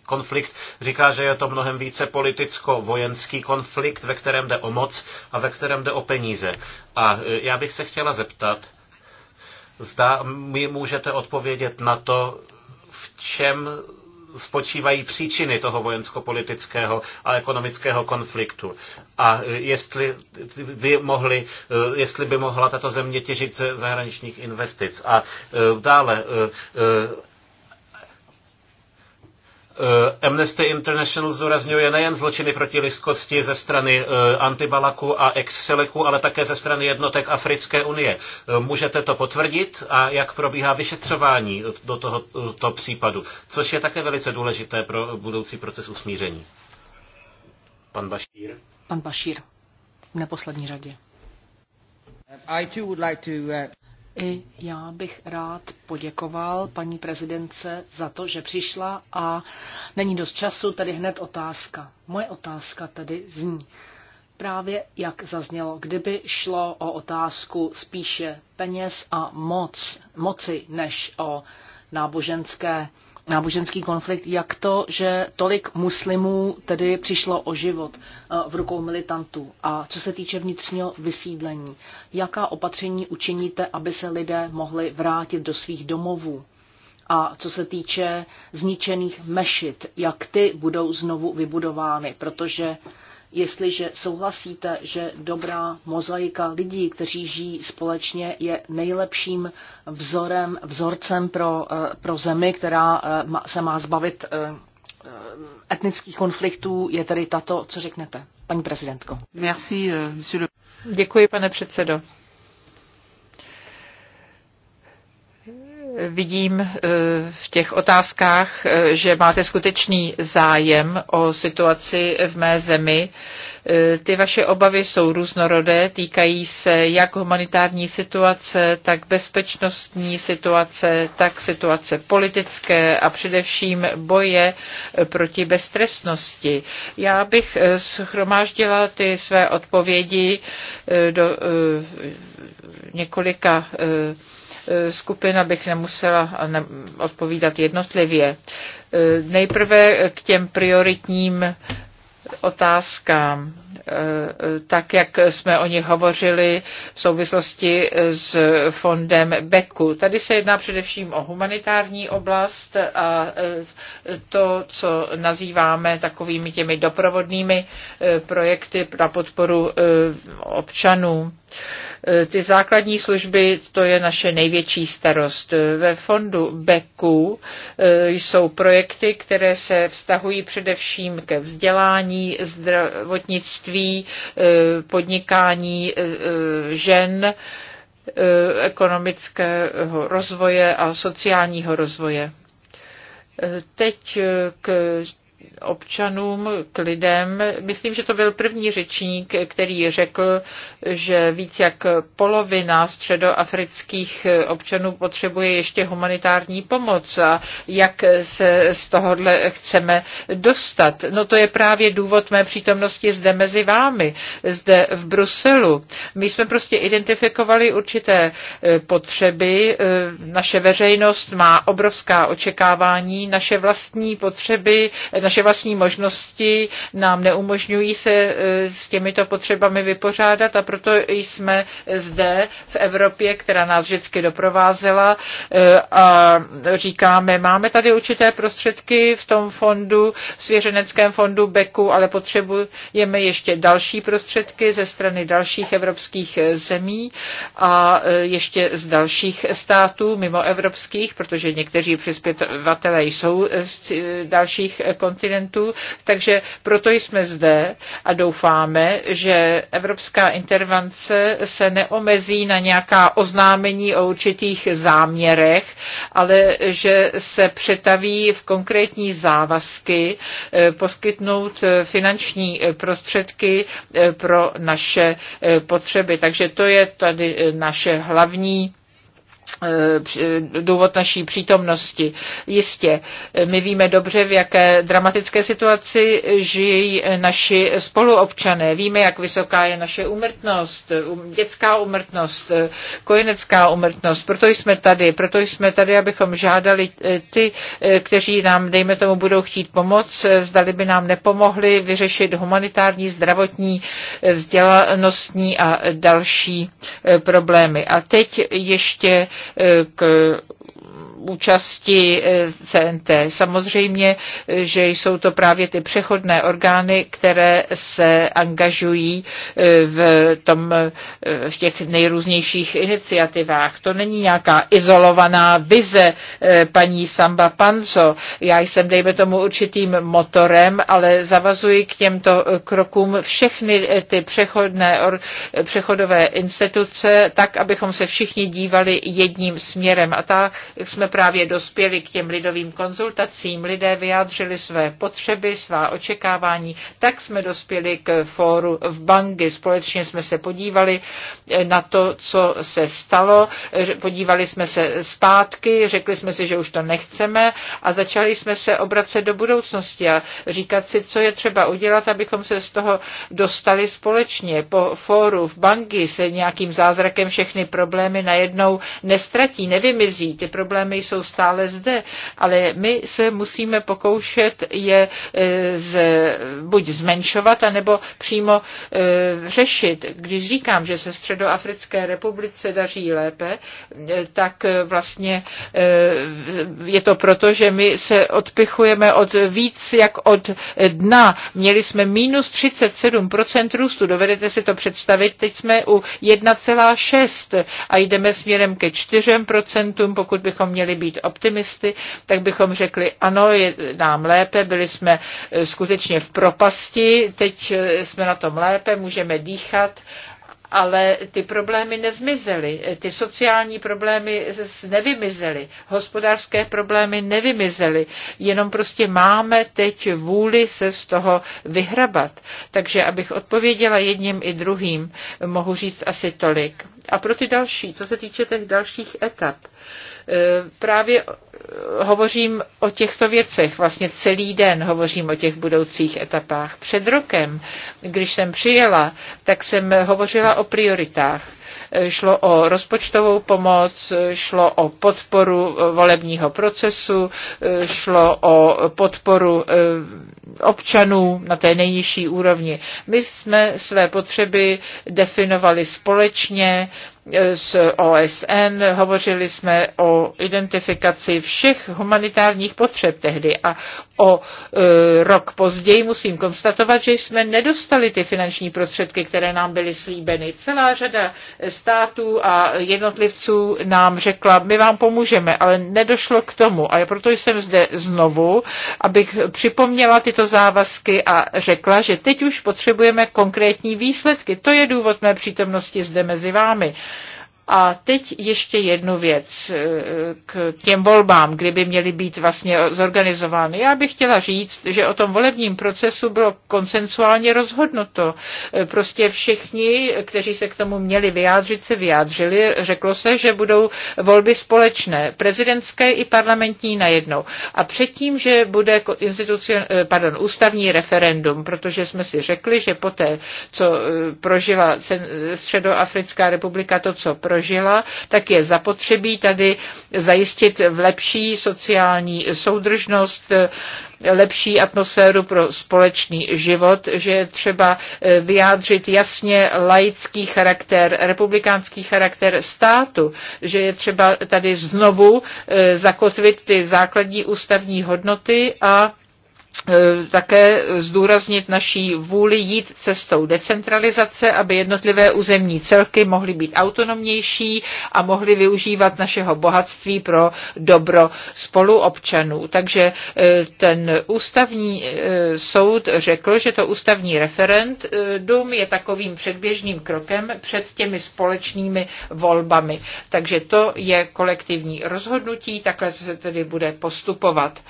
konflikt. Říká, že je to mnohem více politicko-vojenský konflikt, ve kterém jde o moc a ve kterém jde o peníze. A e, já bych se chtěla zeptat, Zda mi můžete odpovědět na to, v čem spočívají příčiny toho vojensko-politického a ekonomického konfliktu. A jestli by, mohli, jestli by mohla tato země těžit ze zahraničních investic. A e, dále, e, e, Eh, Amnesty International zdůrazňuje nejen zločiny proti lidskosti ze strany eh, Antibalaku a ex ale také ze strany jednotek Africké unie. Eh, můžete to potvrdit a jak probíhá vyšetřování do tohoto případu, což je také velice důležité pro budoucí proces usmíření. Pan Bašír. Pan Bašír, v neposlední řadě. I too would like to, uh... I já bych rád poděkoval paní prezidence za to, že přišla a není dost času, tedy hned otázka. Moje otázka tedy zní právě jak zaznělo, kdyby šlo o otázku spíše peněz a moc, moci než o náboženské náboženský konflikt, jak to, že tolik muslimů tedy přišlo o život eh, v rukou militantů. A co se týče vnitřního vysídlení, jaká opatření učiníte, aby se lidé mohli vrátit do svých domovů? A co se týče zničených mešit, jak ty budou znovu vybudovány, protože jestliže souhlasíte, že dobrá mozaika lidí, kteří žijí společně, je nejlepším vzorem, vzorcem pro, eh, pro zemi, která eh, se má zbavit eh, etnických konfliktů, je tedy tato, co řeknete, paní prezidentko. Merci, le... Děkuji, pane předsedo. vidím e, v těch otázkách, e, že máte skutečný zájem o situaci v mé zemi. E, ty vaše obavy jsou různorodé, týkají se jak humanitární situace, tak bezpečnostní situace, tak situace politické a především boje proti beztrestnosti. Já bych schromáždila ty své odpovědi do několika skupin, abych nemusela odpovídat jednotlivě. Eh, nejprve k těm prioritním otázkám, eh, tak jak jsme o nich hovořili v souvislosti s fondem Beku. Tady se jedná především o humanitární oblast a eh, to, co nazýváme takovými těmi doprovodnými projekty na podporu občanů E, ty základní služby, to je naše největší starost. Ve fondu Beku e, jsou projekty, které se vztahují především ke vzdělání, zdravotnictví, e, podnikání žen, ekonomického rozvoje a sociálního rozvoje. Teď k občanům, k lidem. Myslím, že to byl první řečník, který řekl, že víc jak polovina středoafrických občanů potřebuje ještě humanitární pomoc a jak se z tohohle chceme dostat. No to je právě důvod mé přítomnosti zde mezi vámi, zde v Bruselu. My jsme prostě identifikovali určité eh, potřeby. Eh, naše veřejnost má obrovská očekávání, naše vlastní potřeby, naše vlastní možnosti nám neumožňují se e, s těmito potřebami vypořádat a proto jsme zde v Evropě, která nás vždycky doprovázela e, a říkáme, máme tady určité prostředky v tom fondu, v svěřeneckém fondu Beku, ale potřebujeme ještě další prostředky ze strany dalších evropských e, zemí a ještě z dalších států mimo evropských, protože někteří přispěvatelé jsou z dalších kontinentů kontinentu, takže proto jsme zde a doufáme, že evropská intervence se neomezí na nějaká oznámení o určitých záměrech, ale že se přetaví v konkrétní závazky eh, poskytnout finanční prostředky eh, pro naše eh, potřeby. Takže to je tady naše hlavní Eh, důvod naší přítomnosti. Jistě, my víme dobře, v jaké dramatické situaci žijí naši spoluobčané. Víme, jak vysoká je naše umrtnost, um, dětská umrtnost, eh, kojenecká umrtnost. Proto jsme tady, proto jsme tady, abychom žádali eh, ty, kteří nám, dejme tomu, budou chtít pomoc, zdali by nám nepomohli vyřešit humanitární, zdravotní, vzdělanostní a další problémy. A teď ještě Eh, k účasti eh, CNT. Samozřejmě, eh, že jsou to právě ty přechodné orgány, které se angažují eh, v, tom, v těch nejrůznějších iniciativách. To není nějaká izolovaná vize paní Samba Panzo. Já jsem, dejme tomu, určitým motorem, ale zavazuji k těmto krokům všechny ty přechodné, přechodové instituce, tak, abychom se všichni dívali jedním směrem. A tak jsme právě dospěli k těm lidovým konzultacím, lidé vyjádřili své potřeby, svá očekávání, tak jsme dospěli k fóru v Bangi. Společně jsme se podívali eh, na to, co se stalo, podívali jsme se zpátky, řekli jsme si, že už to nechceme a začali jsme se obracet do budoucnosti a říkat si, co je třeba udělat, abychom se z toho dostali společně. Po fóru v Bangi se nějakým zázrakem všechny problémy najednou nestratí, nevymizí. Ty problémy jsou stále zde, ale my se musíme pokoušet je e, z, buď zmenšovat, anebo přímo e, řešit. Když říkám, že se Středoafrické republice daří lépe, e, tak vlastně je to proto, že my se odpichujeme od víc jak od dna. Měli jsme minus 37% růstu, dovedete si to představit, teď jsme u 1,6 a jdeme směrem ke 4%, pokud bychom měli měli být optimisty, tak bychom řekli, ano, je nám lépe, byli jsme eh, skutečně v propasti, teď eh, jsme na tom lépe, můžeme dýchat ale ty problémy nezmizely, eh, ty sociální problémy nevymizely, hospodářské problémy nevymizely, jenom prostě máme teď vůli se z toho vyhrabat. Takže abych odpověděla jedním i druhým, mohu říct asi tolik. A pro ty další, co se týče těch dalších etap, Právě eh, hovořím o těchto věcech, vlastně celý den hovořím o těch budoucích etapách. Před rokem, když jsem přijela, tak jsem hovořila o prioritách. Eh, šlo o rozpočtovou pomoc, eh, šlo o podporu volebního procesu, šlo o podporu občanů na té nejnižší úrovni. My jsme své potřeby definovali společně, E, s OSN, hovořili jsme o identifikaci všech humanitárních potřeb tehdy a o e, rok později musím konstatovat, že jsme nedostali ty finanční prostředky, které nám byly slíbeny. Celá řada států a jednotlivců nám řekla, my vám pomůžeme, ale nedošlo k tomu. A proto jsem zde znovu, abych připomněla tyto závazky a řekla, že teď už potřebujeme konkrétní výsledky. To je důvod mé přítomnosti zde mezi vámi. A teď ještě jednu věc eh, k těm volbám, kdyby měly být vlastně zorganizovány. Já bych chtěla říct, že o tom volebním procesu bylo konsensuálně rozhodnuto. Eh, prostě všichni, kteří se k tomu měli vyjádřit, se vyjádřili. Řeklo se, že budou volby společné, prezidentské i parlamentní najednou. A předtím, že bude eh, pardon, ústavní referendum, protože jsme si řekli, že poté, co prožila Středoafrická republika, to, co prožila, prožila, tak je zapotřebí tady zajistit lepší sociální soudržnost, lepší atmosféru pro společný život, že je třeba eh, vyjádřit jasně laický charakter, republikánský charakter státu, že je třeba tady znovu eh, zakotvit ty základní ústavní hodnoty a Eh, také zdůraznit naší vůli jít cestou decentralizace, aby jednotlivé územní celky mohly být autonomnější a mohly využívat našeho bohatství pro dobro spoluobčanů. Takže eh, ten ústavní eh, soud řekl, že to ústavní referendum je takovým předběžným krokem před těmi společnými volbami. Takže to je kolektivní rozhodnutí, takhle se tedy bude postupovat.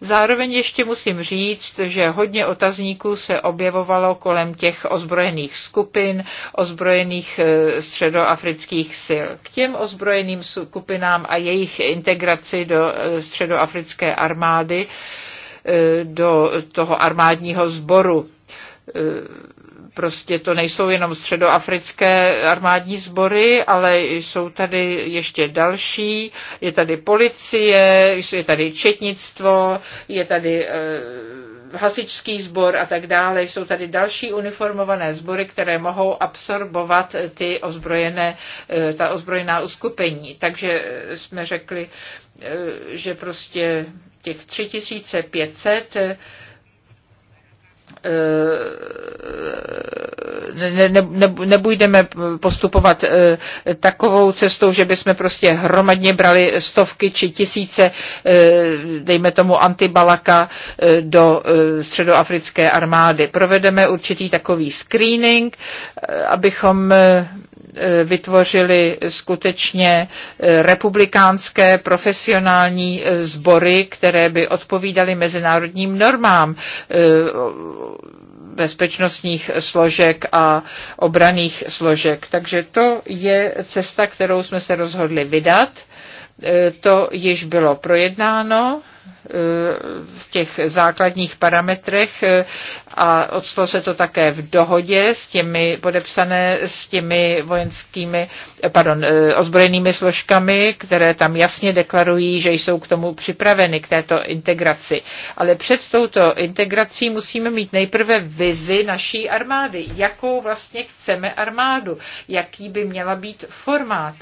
Zároveň ještě musím říct, říct, že hodně otazníků se objevovalo kolem těch ozbrojených skupin, ozbrojených e, středoafrických sil. K těm ozbrojeným skupinám a jejich integraci do e, středoafrické armády, e, do toho armádního sboru Prostě to nejsou jenom středoafrické armádní sbory, ale jsou tady ještě další. Je tady policie, je tady četnictvo, je tady eh, hasičský sbor a tak dále. Jsou tady další uniformované sbory, které mohou absorbovat ty ozbrojené, eh, ta ozbrojená uskupení. Takže eh, jsme řekli, že prostě těch 3500 Eh, ne, ne, nebudeme postupovat eh, takovou cestou, že bychom prostě hromadně brali stovky či tisíce, eh, dejme tomu, antibalaka do středoafrické armády. Provedeme určitý takový screening, abychom vytvořili skutečně republikánské profesionální sbory, které by odpovídaly mezinárodním normám bezpečnostních složek a obraných složek. Takže to je cesta, kterou jsme se rozhodli vydat to již bylo projednáno eh, v těch základních parametrech eh, a odstalo se to také v dohodě s těmi podepsané s těmi vojenskými, eh, pardon, ozbrojenými složkami, které tam jasně deklarují, že jsou k tomu připraveny, k této integraci. Ale před touto integrací musíme mít nejprve vizi naší armády. Jakou vlastně chceme armádu? Jaký by měla být formát?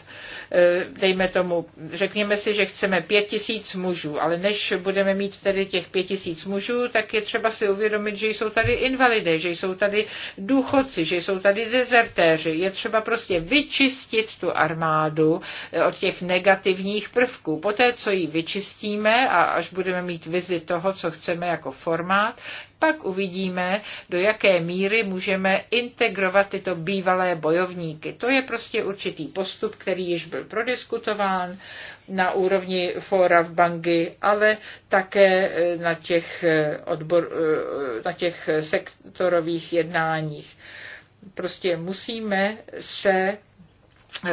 Eh, dejme tomu, řekněme si, že chceme pět tisíc mužů, ale než budeme mít tedy těch pět tisíc mužů, tak je třeba si uvědomit, že jsou tady invalidé, že jsou tady důchodci, že jsou tady dezertéři. Je třeba prostě vyčistit tu armádu eh, od těch negativních prvků. Poté, co ji vyčistíme a až budeme mít vizi toho, co chceme jako formát, pak uvidíme, do jaké míry můžeme integrovat tyto bývalé bojovníky. To je prostě určitý postup, který již byl prodiskutován na úrovni fóra v Bangi, ale také eh, na těch, eh, odbor, eh, na těch sektorových jednáních. Prostě musíme se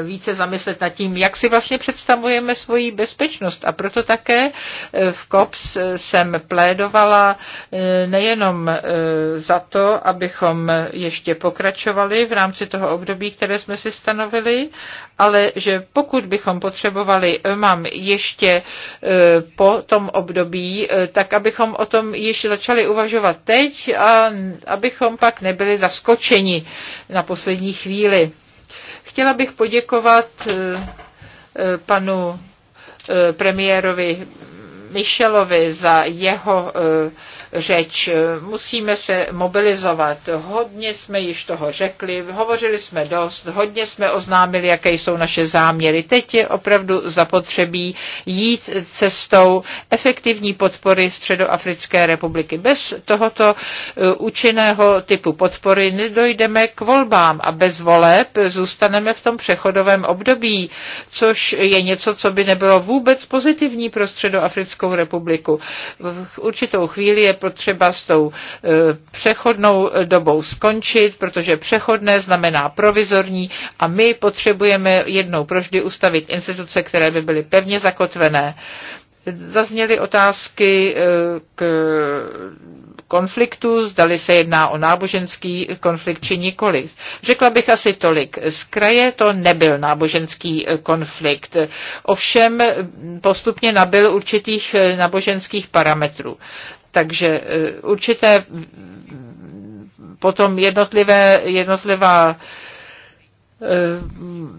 více zamyslet nad tím, jak si vlastně představujeme svoji bezpečnost. A proto také eh, v COPS eh, jsem plédovala eh, nejenom za to, abychom ještě pokračovali v rámci toho období, které jsme si stanovili, ale že pokud bychom potřebovali mám ještě po tom období, tak abychom o tom již začali uvažovat teď a abychom pak nebyli zaskočeni na poslední chvíli. Chtěla bych poděkovat eh, eh, panu eh, premiérovi Michelovi za jeho řeč. Musíme se mobilizovat. Hodně jsme již toho řekli, hovořili jsme dost, hodně jsme oznámili, jaké jsou naše záměry. Teď je opravdu zapotřebí jít cestou efektivní podpory Středoafrické republiky. Bez tohoto uh, účinného typu podpory nedojdeme k volbám a bez voleb zůstaneme v tom přechodovém období, což je něco, co by nebylo vůbec pozitivní pro Středoafrickou republiku. V určitou chvíli je potřeba s tou e, přechodnou dobou skončit, protože přechodné znamená provizorní a my potřebujeme jednou proždy ustavit instituce, které by byly pevně zakotvené. Zazněly otázky e, k konfliktu, zdali se jedná o náboženský konflikt či nikoli? Řekla bych asi tolik. Z kraje to nebyl náboženský e, konflikt, ovšem postupně nabyl určitých náboženských parametrů. Takže e, určité potom jednotlivé, jednotlivá Eh,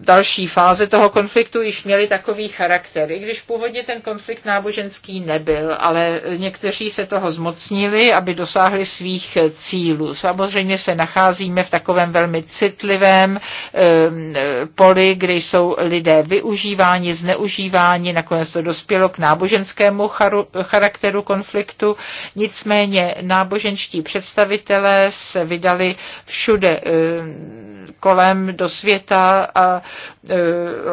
další fáze toho konfliktu již měly takový charakter. I když původně ten konflikt náboženský nebyl, ale někteří se toho zmocnili, aby dosáhli svých cílů. Samozřejmě se nacházíme v takovém velmi citlivém eh, poli, kde jsou lidé využíváni, zneužíváni, nakonec to dospělo k náboženskému charakteru konfliktu. Nicméně náboženští představitelé se vydali všude eh, kolem do světa světa a e,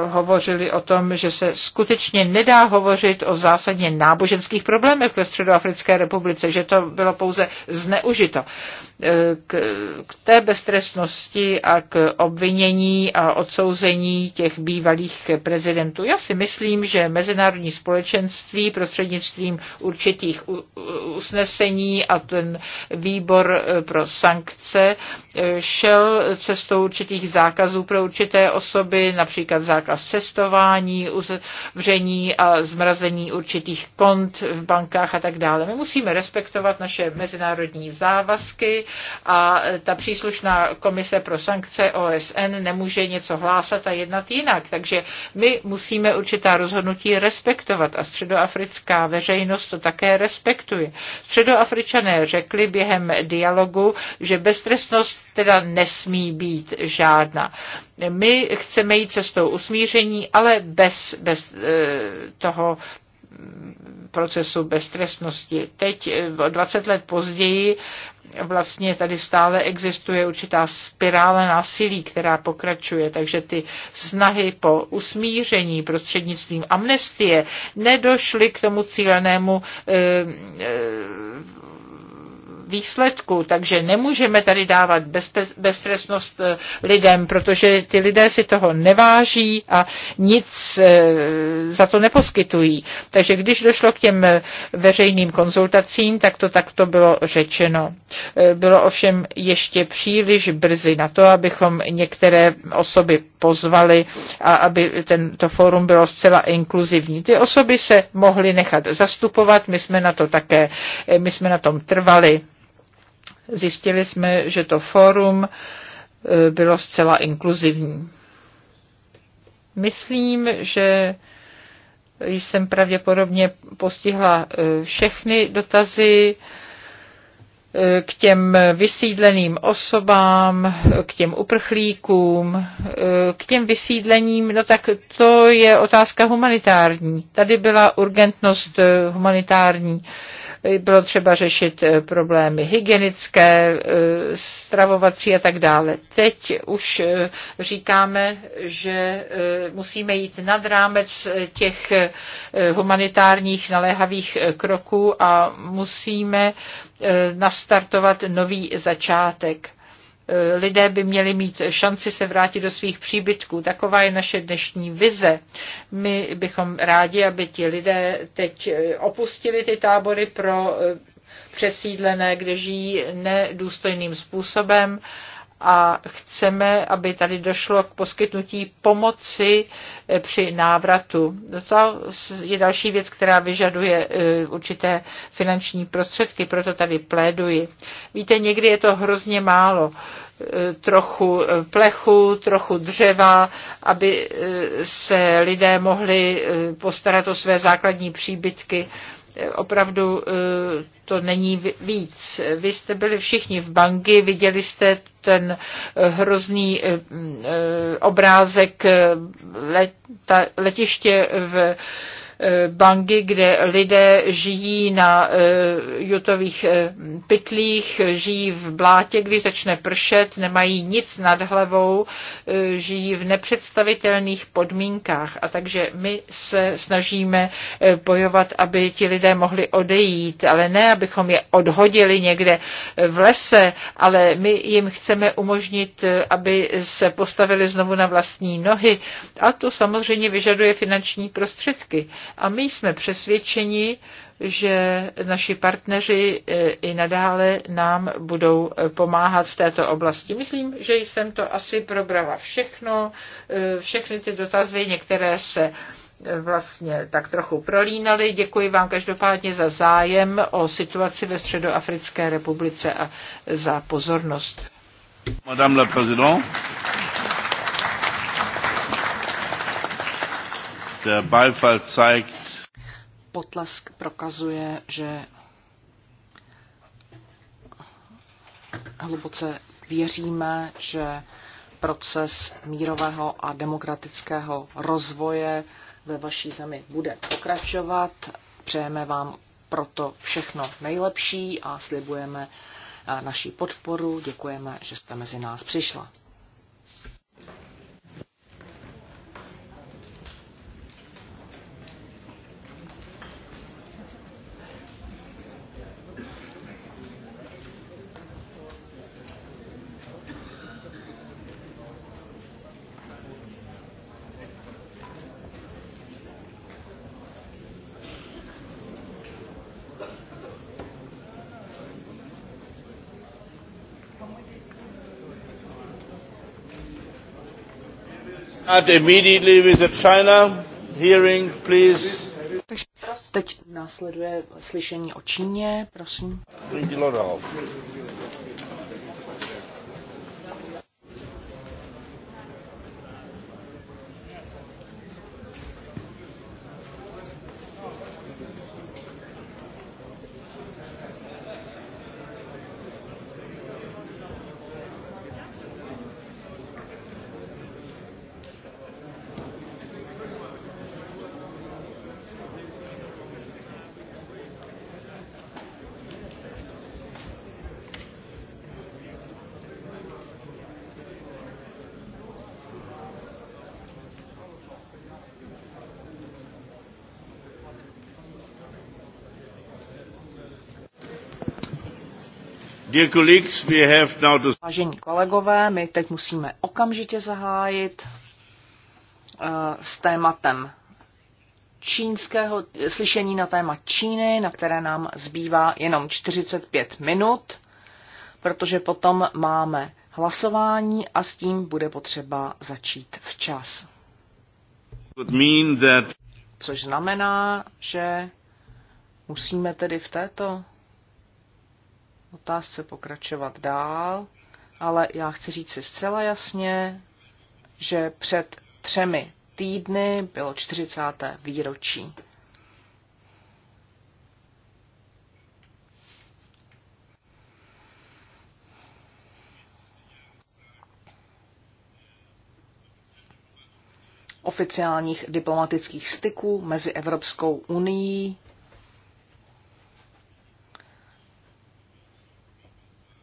hovořili o tom, že se skutečně nedá hovořit o zásadně náboženských problémech ve Středoafrické republice, že to bylo pouze zneužito e, k, k té beztrestnosti a k obvinění a odsouzení těch bývalých prezidentů. Já si myslím, že mezinárodní společenství prostřednictvím určitých usnesení a ten výbor e, pro sankce šel cestou určitých zákazů pro určité osoby, například zákaz cestování, uzavření a zmrazení určitých kont v bankách a tak dále. My musíme respektovat naše mezinárodní závazky a ta příslušná komise pro sankce OSN nemůže něco hlásat a jednat jinak. Takže my musíme určitá rozhodnutí respektovat a středoafrická veřejnost to také respektuje. Středoafričané řekli během dialogu, že beztrestnost teda nesmí být žádná. My chceme jít cestou usmíření, ale bez, bez eh, toho procesu beztrestnosti. Teď, 20 eh, let později, vlastně tady stále existuje určitá spirála násilí, která pokračuje, takže ty snahy po usmíření prostřednictvím amnestie nedošly k tomu cílenému eh, výsledku, Takže nemůžeme tady dávat beztrestnost eh, lidem, protože ti lidé si toho neváží a nic eh, za to neposkytují. Takže když došlo k těm eh, veřejným konzultacím, tak to takto bylo řečeno. Bylo ovšem ještě příliš brzy na to, abychom některé osoby pozvali a aby tento fórum bylo zcela inkluzivní. Ty osoby se mohly nechat zastupovat, my jsme na to také, my jsme na tom trvali. Zjistili jsme, že to fórum e, bylo zcela inkluzivní. Myslím, že jsem pravděpodobně postihla e, všechny dotazy e, k těm vysídleným osobám, k těm uprchlíkům, k těm vysídlením, no tak to je otázka humanitární. Tady byla urgentnost humanitární bylo třeba řešit eh, problémy hygienické, eh, stravovací a tak dále. Teď už eh, říkáme, že musíme jít nad rámec těch humanitárních naléhavých kroků a musíme nastartovat nový začátek. Eh, lidé by měli mít šanci se vrátit do svých příbytků. Taková je naše dnešní vize. My bychom rádi, aby ti lidé teď eh, opustili ty tábory pro eh, přesídlené, kde žijí nedůstojným způsobem a chceme, aby tady došlo k poskytnutí pomoci eh, při návratu. To je další věc, která vyžaduje eh, určité finanční prostředky, proto tady pléduji. Víte, někdy je to hrozně málo eh, trochu plechu, trochu dřeva, aby se lidé mohli postarat o své základní příbytky opravdu e, to není víc. Vy jste byli všichni v banky, viděli jste ten hrozný e, e, obrázek letiště v Eh, bangy, kde lidé žijí na eh, jutových eh, pytlích, žijí v blátě, když začne pršet, nemají nic nad hlavou, žijí v nepředstavitelných podmínkách. A takže my se snažíme bojovat, aby ti lidé mohli odejít, ale ne, abychom je odhodili někde v lese, ale my jim chceme umožnit, aby se postavili znovu na vlastní nohy. A to samozřejmě vyžaduje finanční prostředky. A my jsme přesvědčeni, že naši partneři e, i nadále nám budou e, pomáhat v této oblasti. Myslím, že jsem to asi probrala všechno, e, všechny ty dotazy, některé se vlastně tak trochu prolínaly. Děkuji vám každopádně za zájem o situaci ve Středoafrické republice a za pozornost. Madame la présidente. Der Beifall zeigt. Potlesk prokazuje, že hluboce věříme, že proces mírového a demokratického rozvoje ve vaší zemi bude pokračovat. Přejeme vám proto všechno nejlepší a slibujeme eh, naši podporu. Děkujeme, že jste mezi nás přišla. Start immediately China hearing, please. Teď následuje slyšení o Číně, prosím. Vážení kolegové, my teď musíme okamžitě zahájit eh, s tématem čínského slyšení na téma Číny, na které nám zbývá jenom 45 minut, protože potom máme hlasování a s tím bude potřeba začít včas. Což znamená, že musíme tedy v této otázce pokračovat dál, ale já chci říct si zcela jasně, že před třemi týdny bylo 40. výročí. oficiálních diplomatických styků mezi Evropskou unii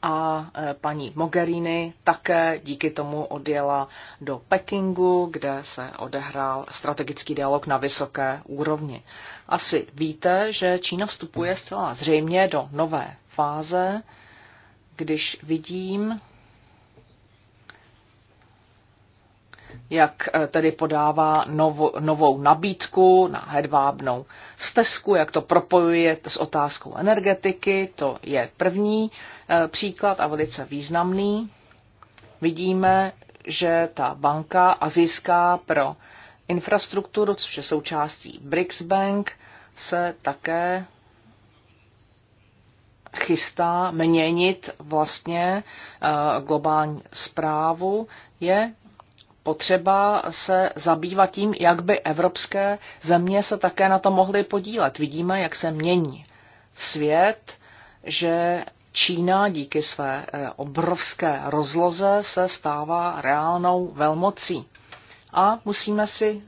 a e, paní Mogherini také díky tomu odjela do Pekingu, kde se odehrál strategický dialog na vysoké úrovni. Asi víte, že Čína vstupuje zcela zřejmě do nové fáze, když vidím, jak eh, tedy podává novou nabídku na hedvábnou stezku, jak to propojuje s otázkou energetiky. To je první eh, příklad a velice významný. Vidíme, že ta banka azijská pro infrastrukturu, což je součástí BRICS Bank, se také chystá měnit vlastně eh, globální zprávu, je potřeba se zabývat tím, jak by evropské země se také na to mohly podílet. Vidíme, jak se mění svět, že Čína díky své eh, obrovské rozloze se stává reálnou velmocí. A musíme si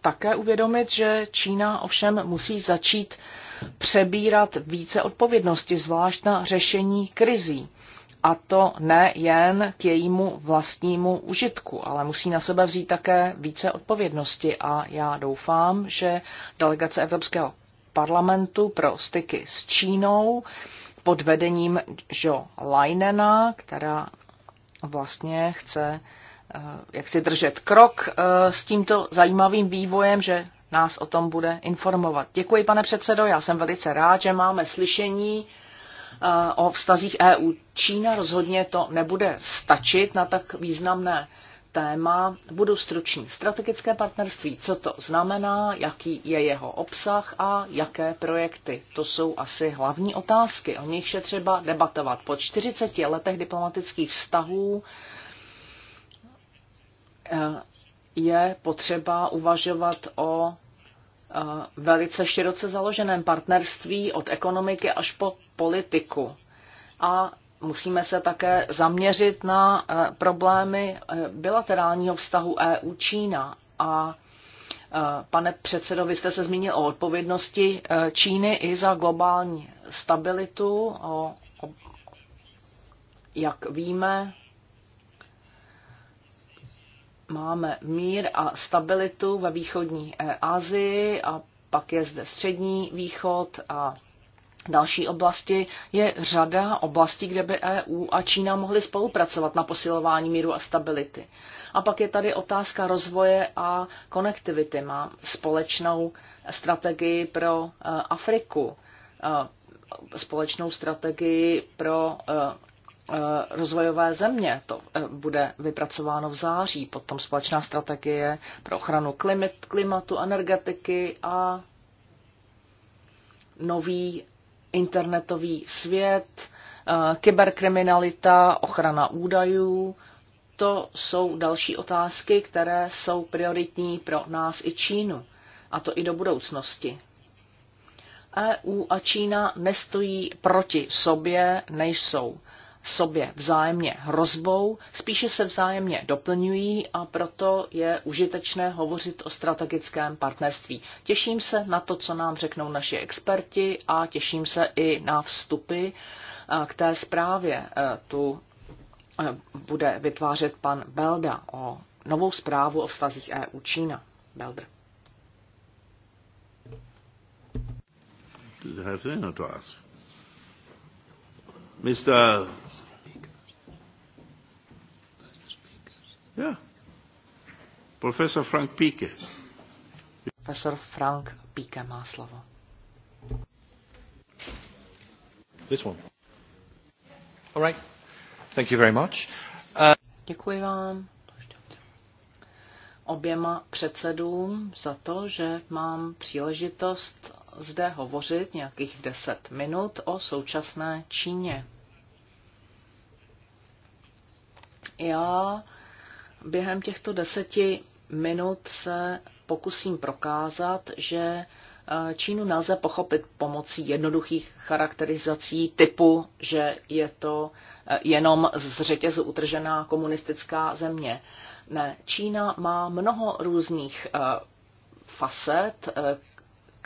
také uvědomit, že Čína ovšem musí začít přebírat více odpovědnosti, zvlášť na řešení krizí a to ne jen k jejímu vlastnímu užitku, ale musí na sebe vzít také více odpovědnosti a já doufám, že delegace Evropského parlamentu pro styky s Čínou pod vedením Jo Leinena, která vlastně chce eh, jak si držet krok eh, s tímto zajímavým vývojem, že nás o tom bude informovat. Děkuji, pane předsedo, já jsem velice rád, že máme slyšení Eh, o vztazích EU Čína. Rozhodně to nebude stačit na tak významné téma. Budu stručný. Strategické partnerství, co to znamená, jaký je jeho obsah a jaké projekty. To jsou asi hlavní otázky, o nich je třeba debatovat. Po 40 letech diplomatických vztahů eh, je potřeba uvažovat o Eh, velice široce založeném partnerství od ekonomiky až po politiku. A musíme se také zaměřit na eh, problémy eh, bilaterálního vztahu EU-Čína. A pane předsedo, vy jste se zmínil o odpovědnosti Číny i za globální stabilitu. O, o, jak víme, máme mír a stabilitu ve východní eh, Asii a pak je zde střední východ a další oblasti, je řada oblastí, kde by EU a Čína mohly spolupracovat na posilování míru a stability. A pak je tady otázka rozvoje a konektivity. Má společnou strategii pro eh, Afriku, eh, společnou strategii pro Eh, rozvojové země. To eh, bude vypracováno v září, potom společná strategie pro ochranu klimat, klimatu, energetiky a nový internetový svět, eh, kyberkriminalita, ochrana údajů. To jsou další otázky, které jsou prioritní pro nás i Čínu, a to i do budoucnosti. EU a Čína nestojí proti sobě, nejsou sobě vzájemně hrozbou, spíše se vzájemně doplňují a proto je užitečné hovořit o strategickém partnerství. Těším se na to, co nám řeknou naši experti a těším se i na vstupy eh, k té zprávě. Eh, tu eh, bude vytvářet pan Belda o novou zprávu o vztazích EU-Čína. Belder. to ask? Mr. Yeah. Professor Frank Píke. Professor Frank Píke má slovo. This one. All right. Thank you very much. Uh... Děkuji vám oběma předsedům za to, že mám příležitost zde hovořit nějakých 10 minut o současné Číně. Já během těchto deseti minut se pokusím prokázat, že eh, Čínu nelze pochopit pomocí jednoduchých charakterizací typu, že je to eh, jenom z řetězu utržená komunistická země. Ne, Čína má mnoho různých eh, facet,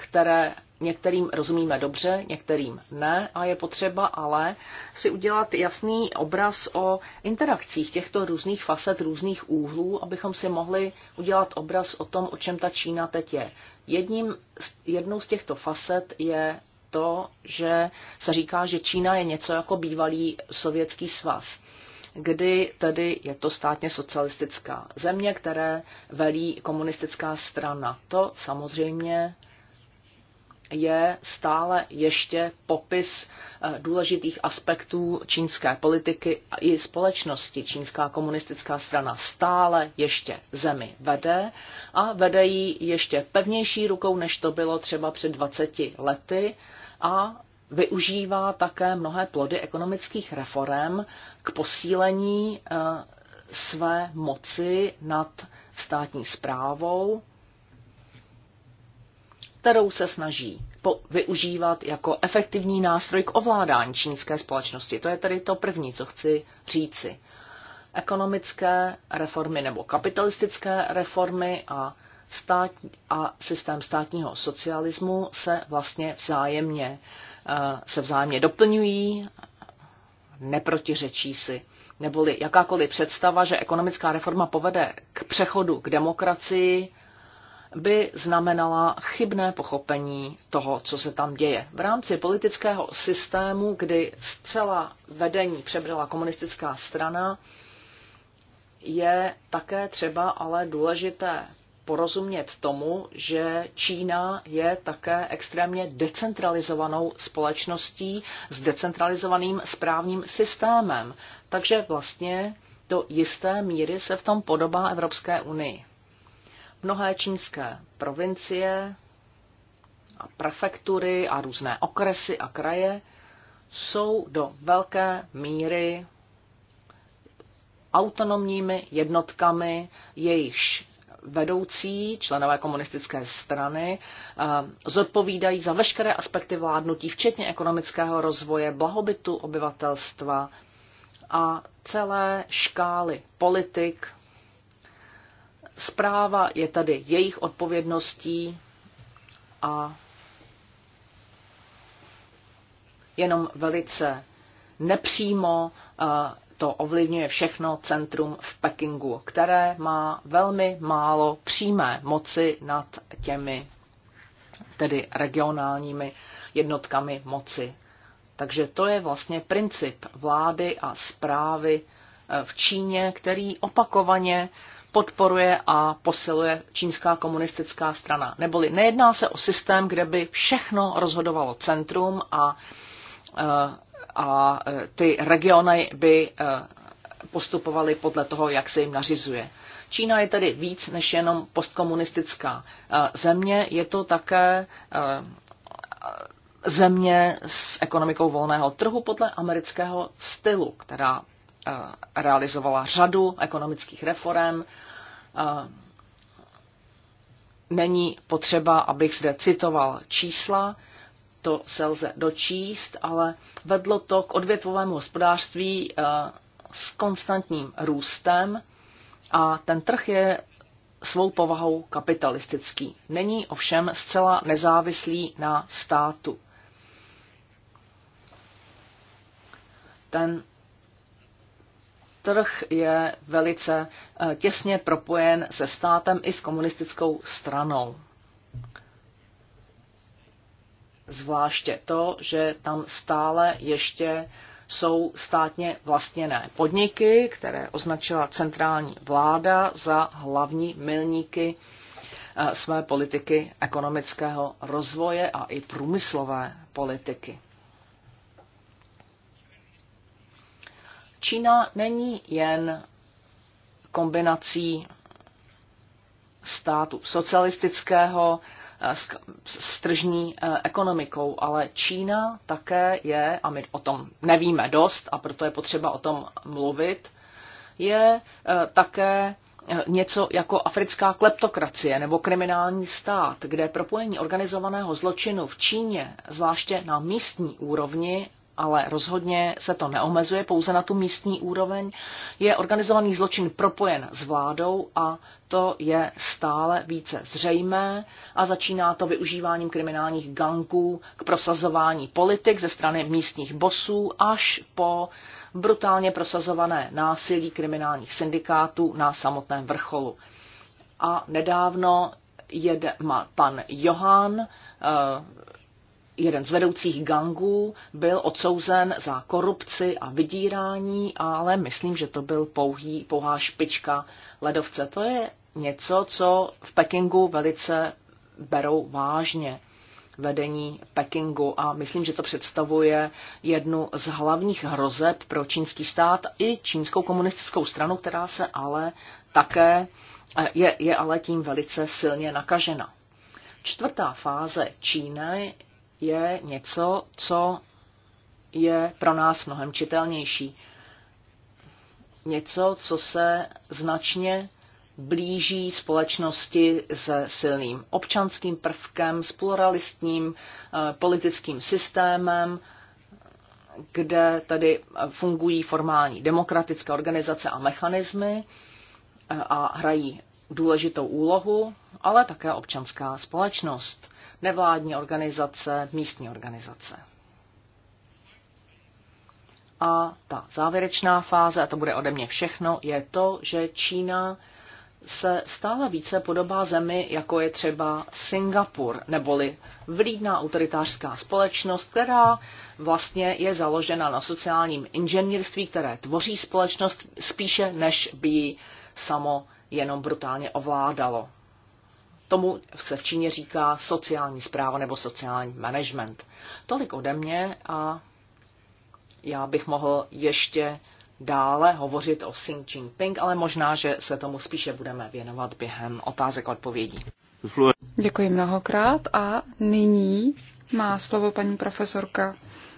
které některým rozumíme dobře, některým ne a je potřeba ale si udělat jasný obraz o interakcích těchto různých facet, různých úhlů, abychom si mohli udělat obraz o tom, o čem ta Čína teď je. Jedním, jednou z těchto facet je to, že se říká, že Čína je něco jako bývalý sovětský svaz kdy tedy je to státně socialistická země, které velí komunistická strana. To samozřejmě je stále ještě popis eh, důležitých aspektů čínské politiky a i společnosti. Čínská komunistická strana stále ještě zemi vede a vede ji ještě pevnější rukou, než to bylo třeba před 20 lety a využívá také mnohé plody ekonomických reform k posílení eh, své moci nad státní zprávou kterou se snaží po- využívat jako efektivní nástroj k ovládání čínské společnosti. To je tedy to první, co chci říci. Ekonomické reformy nebo kapitalistické reformy a, stát, a systém státního socialismu se vlastně vzájemně, eh, se vzájemně doplňují, neprotiřečí si. Neboli jakákoliv představa, že ekonomická reforma povede k přechodu k demokracii, by znamenala chybné pochopení toho, co se tam děje. V rámci politického systému, kdy zcela vedení přebrala komunistická strana, je také třeba ale důležité porozumět tomu, že Čína je také extrémně decentralizovanou společností s decentralizovaným správním systémem. Takže vlastně do jisté míry se v tom podobá Evropské unii. Mnohé čínské provincie a prefektury a různé okresy a kraje jsou do velké míry autonomními jednotkami, jejichž vedoucí členové komunistické strany eh, zodpovídají za veškeré aspekty vládnutí, včetně ekonomického rozvoje, blahobytu obyvatelstva a celé škály politik Zpráva je tady jejich odpovědností a jenom velice nepřímo eh, to ovlivňuje všechno centrum v Pekingu, které má velmi málo přímé moci nad těmi tedy regionálními jednotkami moci. Takže to je vlastně princip vlády a zprávy eh, v Číně, který opakovaně podporuje a posiluje čínská komunistická strana. Neboli nejedná se o systém, kde by všechno rozhodovalo centrum a, eh, a eh, ty regiony by eh, postupovaly podle toho, jak se jim nařizuje. Čína je tedy víc než jenom postkomunistická země, je to také země s ekonomikou volného trhu podle amerického stylu, která Eh, realizovala řadu ekonomických reform. Eh, není potřeba, abych zde citoval čísla, to se lze dočíst, ale vedlo to k odvětvovému hospodářství eh, s konstantním růstem a ten trh je svou povahou kapitalistický. Není ovšem zcela nezávislý na státu. Ten Trh je velice eh, těsně propojen se státem i s komunistickou stranou. Zvláště to, že tam stále ještě jsou státně vlastněné podniky, které označila centrální vláda za hlavní milníky eh, své politiky ekonomického rozvoje a i průmyslové politiky. Čína není jen kombinací státu socialistického eh, s, s tržní eh, ekonomikou, ale Čína také je, a my o tom nevíme dost, a proto je potřeba o tom mluvit, je eh, také něco jako africká kleptokracie nebo kriminální stát, kde propojení organizovaného zločinu v Číně, zvláště na místní úrovni, ale rozhodně se to neomezuje pouze na tu místní úroveň. Je organizovaný zločin propojen s vládou a to je stále více zřejmé a začíná to využíváním kriminálních gangů k prosazování politik ze strany místních bosů až po brutálně prosazované násilí kriminálních syndikátů na samotném vrcholu. A nedávno jede, pan Johan, eh, jeden z vedoucích gangů byl odsouzen za korupci a vydírání, ale myslím, že to byl pouhý, pouhá špička ledovce. To je něco, co v Pekingu velice berou vážně vedení Pekingu a myslím, že to představuje jednu z hlavních hrozeb pro čínský stát i čínskou komunistickou stranu, která se ale také je, je ale tím velice silně nakažena. Čtvrtá fáze Číny je něco, co je pro nás mnohem čitelnější. Něco, co se značně blíží společnosti se silným občanským prvkem, s pluralistním eh, politickým systémem, kde tady fungují formální demokratické organizace a mechanismy eh, a hrají důležitou úlohu, ale také občanská společnost nevládní organizace, místní organizace. A ta závěrečná fáze, a to bude ode mě všechno, je to, že Čína se stále více podobá zemi, jako je třeba Singapur, neboli vlídná autoritářská společnost, která vlastně je založena na sociálním inženýrství, které tvoří společnost spíše, než by ji samo jenom brutálně ovládalo. Tomu se v Číně říká sociální zpráva nebo sociální management. Tolik ode mě a já bych mohl ještě dále hovořit o Xi Jinping, ale možná, že se tomu spíše budeme věnovat během otázek a odpovědí. Děkuji mnohokrát a nyní má slovo paní profesorka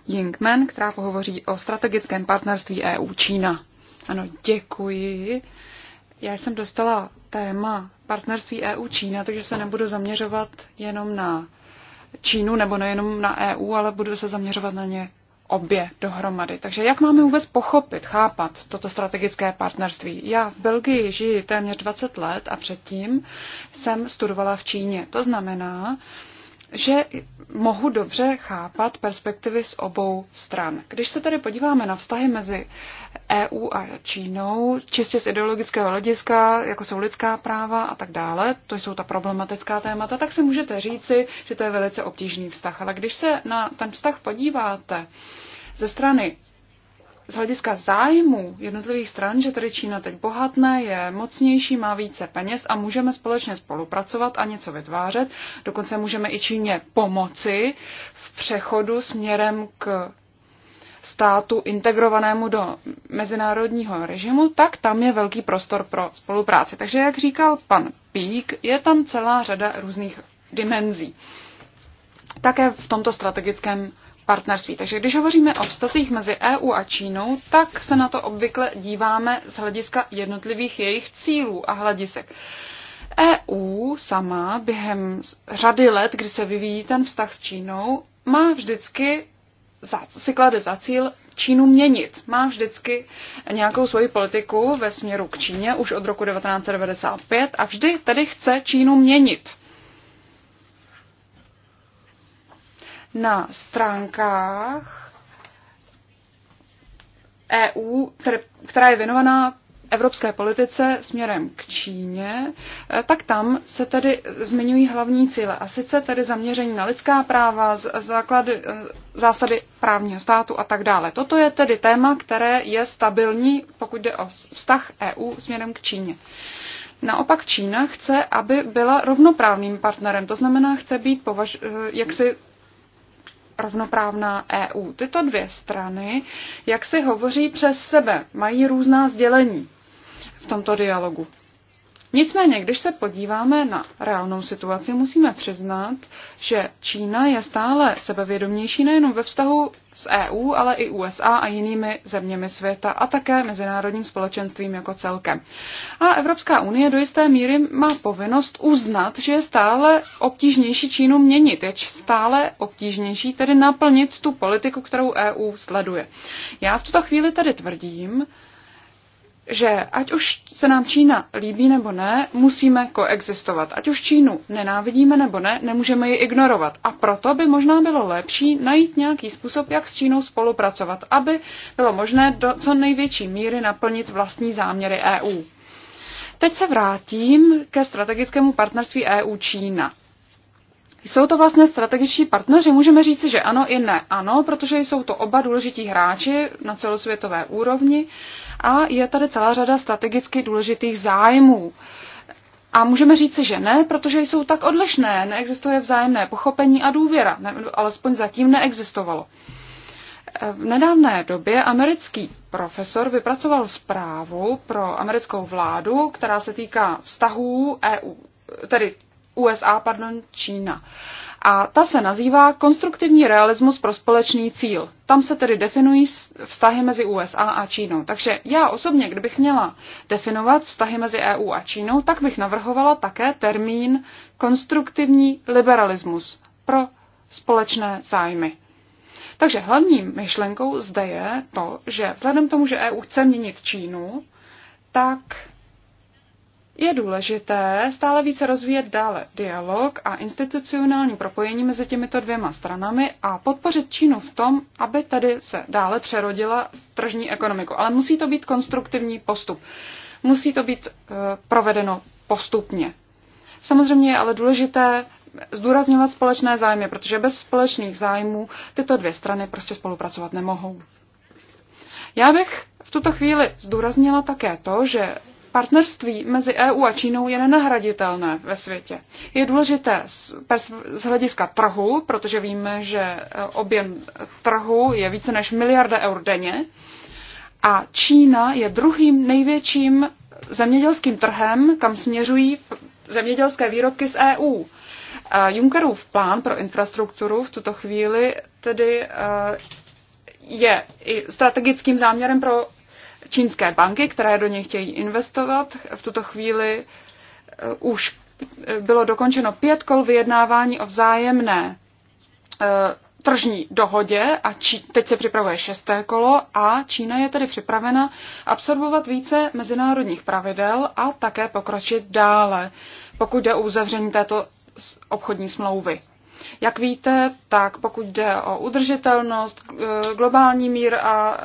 Yingmen, která pohovoří o strategickém partnerství EU-Čína. Ano, děkuji. Já jsem dostala téma partnerství EU-Čína, takže se nebudu zaměřovat jenom na Čínu nebo nejenom na EU, ale budu se zaměřovat na ně obě dohromady. Takže jak máme vůbec pochopit, chápat toto strategické partnerství? Já v Belgii žiji téměř 20 let a předtím jsem studovala v Číně. To znamená, že mohu dobře chápat perspektivy z obou stran. Když se tedy podíváme na vztahy mezi EU a Čínou, čistě z ideologického hlediska, jako jsou lidská práva a tak dále, to jsou ta problematická témata, tak si můžete říci, že to je velice obtížný vztah. Ale když se na ten vztah podíváte ze strany z hlediska zájmu jednotlivých stran, že tedy Čína teď bohatne, je mocnější, má více peněz a můžeme společně spolupracovat a něco vytvářet. Dokonce můžeme i Číně pomoci v přechodu směrem k státu integrovanému do mezinárodního režimu, tak tam je velký prostor pro spolupráci. Takže jak říkal pan Pík, je tam celá řada různých dimenzí. Také v tomto strategickém partnerství. Takže když hovoříme o vztazích mezi EU a Čínou, tak se na to obvykle díváme z hlediska jednotlivých jejich cílů a hledisek. EU sama během řady let, kdy se vyvíjí ten vztah s Čínou, má vždycky za, si klade za cíl Čínu měnit. Má vždycky nějakou svoji politiku ve směru k Číně už od roku 1995 a vždy tedy chce Čínu měnit. na stránkách EU, která je věnovaná evropské politice směrem k Číně, eh, tak tam se tedy zmiňují hlavní cíle. A sice tedy zaměření na lidská práva, základy, eh, zásady právního státu a tak dále. Toto je tedy téma, které je stabilní, pokud jde o vztah EU směrem k Číně. Naopak Čína chce, aby byla rovnoprávným partnerem, to znamená, chce být považ- eh, jaksi rovnoprávná EU. Tyto dvě strany, jak si hovoří přes sebe, mají různá sdělení v tomto dialogu. Nicméně, když se podíváme na reálnou situaci, musíme přiznat, že Čína je stále sebevědomější nejenom ve vztahu s EU, ale i USA a jinými zeměmi světa a také mezinárodním společenstvím jako celkem. A Evropská unie do jisté míry má povinnost uznat, že je stále obtížnější Čínu měnit, je stále obtížnější tedy naplnit tu politiku, kterou EU sleduje. Já v tuto chvíli tady tvrdím, že ať už se nám Čína líbí nebo ne, musíme koexistovat. Ať už Čínu nenávidíme nebo ne, nemůžeme ji ignorovat. A proto by možná bylo lepší najít nějaký způsob, jak s Čínou spolupracovat, aby bylo možné do co největší míry naplnit vlastní záměry EU. Teď se vrátím ke strategickému partnerství EU-Čína. Jsou to vlastně strategičtí partneři? Můžeme říci, že ano i ne. Ano, protože jsou to oba důležití hráči na celosvětové úrovni. Uh, a je tady celá řada strategicky důležitých zájmů. A můžeme říci, že ne, protože jsou tak odlišné, neexistuje vzájemné pochopení a důvěra, ne, alespoň zatím neexistovalo. V nedávné době americký profesor vypracoval zprávu pro americkou vládu, která se týká vztahů EU, tedy USA, pardon, Čína a ta se nazývá konstruktivní realismus pro společný cíl. Tam se tedy definují vztahy mezi USA a Čínou. Takže já osobně, kdybych měla definovat vztahy mezi EU a Čínou, tak bych navrhovala také termín konstruktivní liberalismus pro společné zájmy. Takže hlavní myšlenkou zde je to, že vzhledem k tomu, že EU chce měnit Čínu, tak je důležité stále více rozvíjet dále dialog a institucionální propojení mezi těmito dvěma stranami a podpořit Čínu v tom, aby tady se dále přerodila v tržní ekonomiku. Ale musí to být konstruktivní postup. Musí to být eh, provedeno postupně. Samozřejmě je ale důležité zdůrazňovat společné zájmy, protože bez společných zájmů tyto dvě strany prostě spolupracovat nemohou. Já bych v tuto chvíli zdůraznila také to, že partnerství mezi EU a Čínou je nenahraditelné ve světě. Je důležité z hlediska trhu, protože víme, že e, objem trhu je více než miliarda eur denně a Čína je druhým největším zemědělským trhem, kam směřují zemědělské výrobky z EU. Junckerův plán pro infrastrukturu v tuto chvíli tedy e, je i strategickým záměrem pro čínské banky, které do něj chtějí investovat. V tuto chvíli e, už bylo dokončeno pět kol vyjednávání o vzájemné e, tržní dohodě a Čí, teď se připravuje šesté kolo a Čína je tedy připravena absorbovat více mezinárodních pravidel a také pokročit dále, pokud jde o uzavření této obchodní smlouvy. Jak víte, tak pokud jde o udržitelnost, e, globální mír a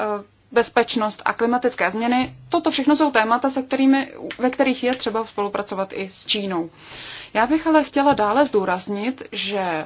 bezpečnost a klimatické změny. Toto všechno jsou témata, se kterými, ve kterých je třeba spolupracovat i s Čínou. Já bych ale chtěla dále zdůraznit, že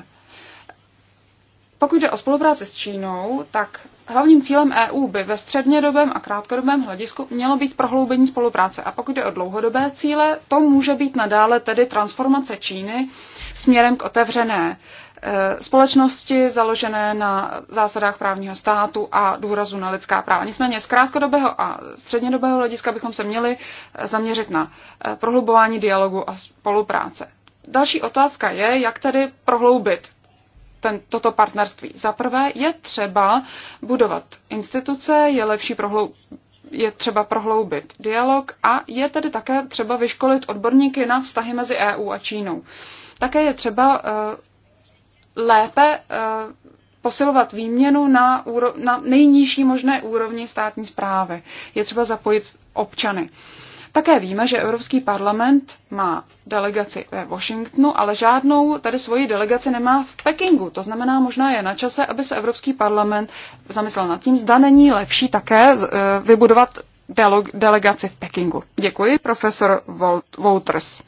pokud jde o spolupráci s Čínou, tak hlavním cílem EU by ve střednědobém a krátkodobém hledisku mělo být prohloubení spolupráce. A pokud jde o dlouhodobé cíle, to může být nadále tedy transformace Číny směrem k otevřené Eh, společnosti založené na zásadách právního státu a důrazu na lidská práva. Nicméně z krátkodobého a střednědobého hlediska bychom se měli eh, zaměřit na eh, prohlubování dialogu a spolupráce. Další otázka je, jak tedy prohloubit ten, toto partnerství. Za prvé je třeba budovat instituce, je lepší prohlou, je třeba prohloubit dialog a je tedy také třeba vyškolit odborníky na vztahy mezi EU a Čínou. Také je třeba lépe eh, posilovat výměnu na, úro, na nejnižší možné úrovni státní zprávy. Je třeba zapojit občany. Také víme, že Evropský parlament má delegaci ve Washingtonu, ale žádnou tady svoji delegaci nemá v Pekingu. To znamená, možná je na čase, aby se Evropský parlament zamyslel nad tím, zda není lepší také eh, vybudovat delegaci v Pekingu. Děkuji, profesor Wouters.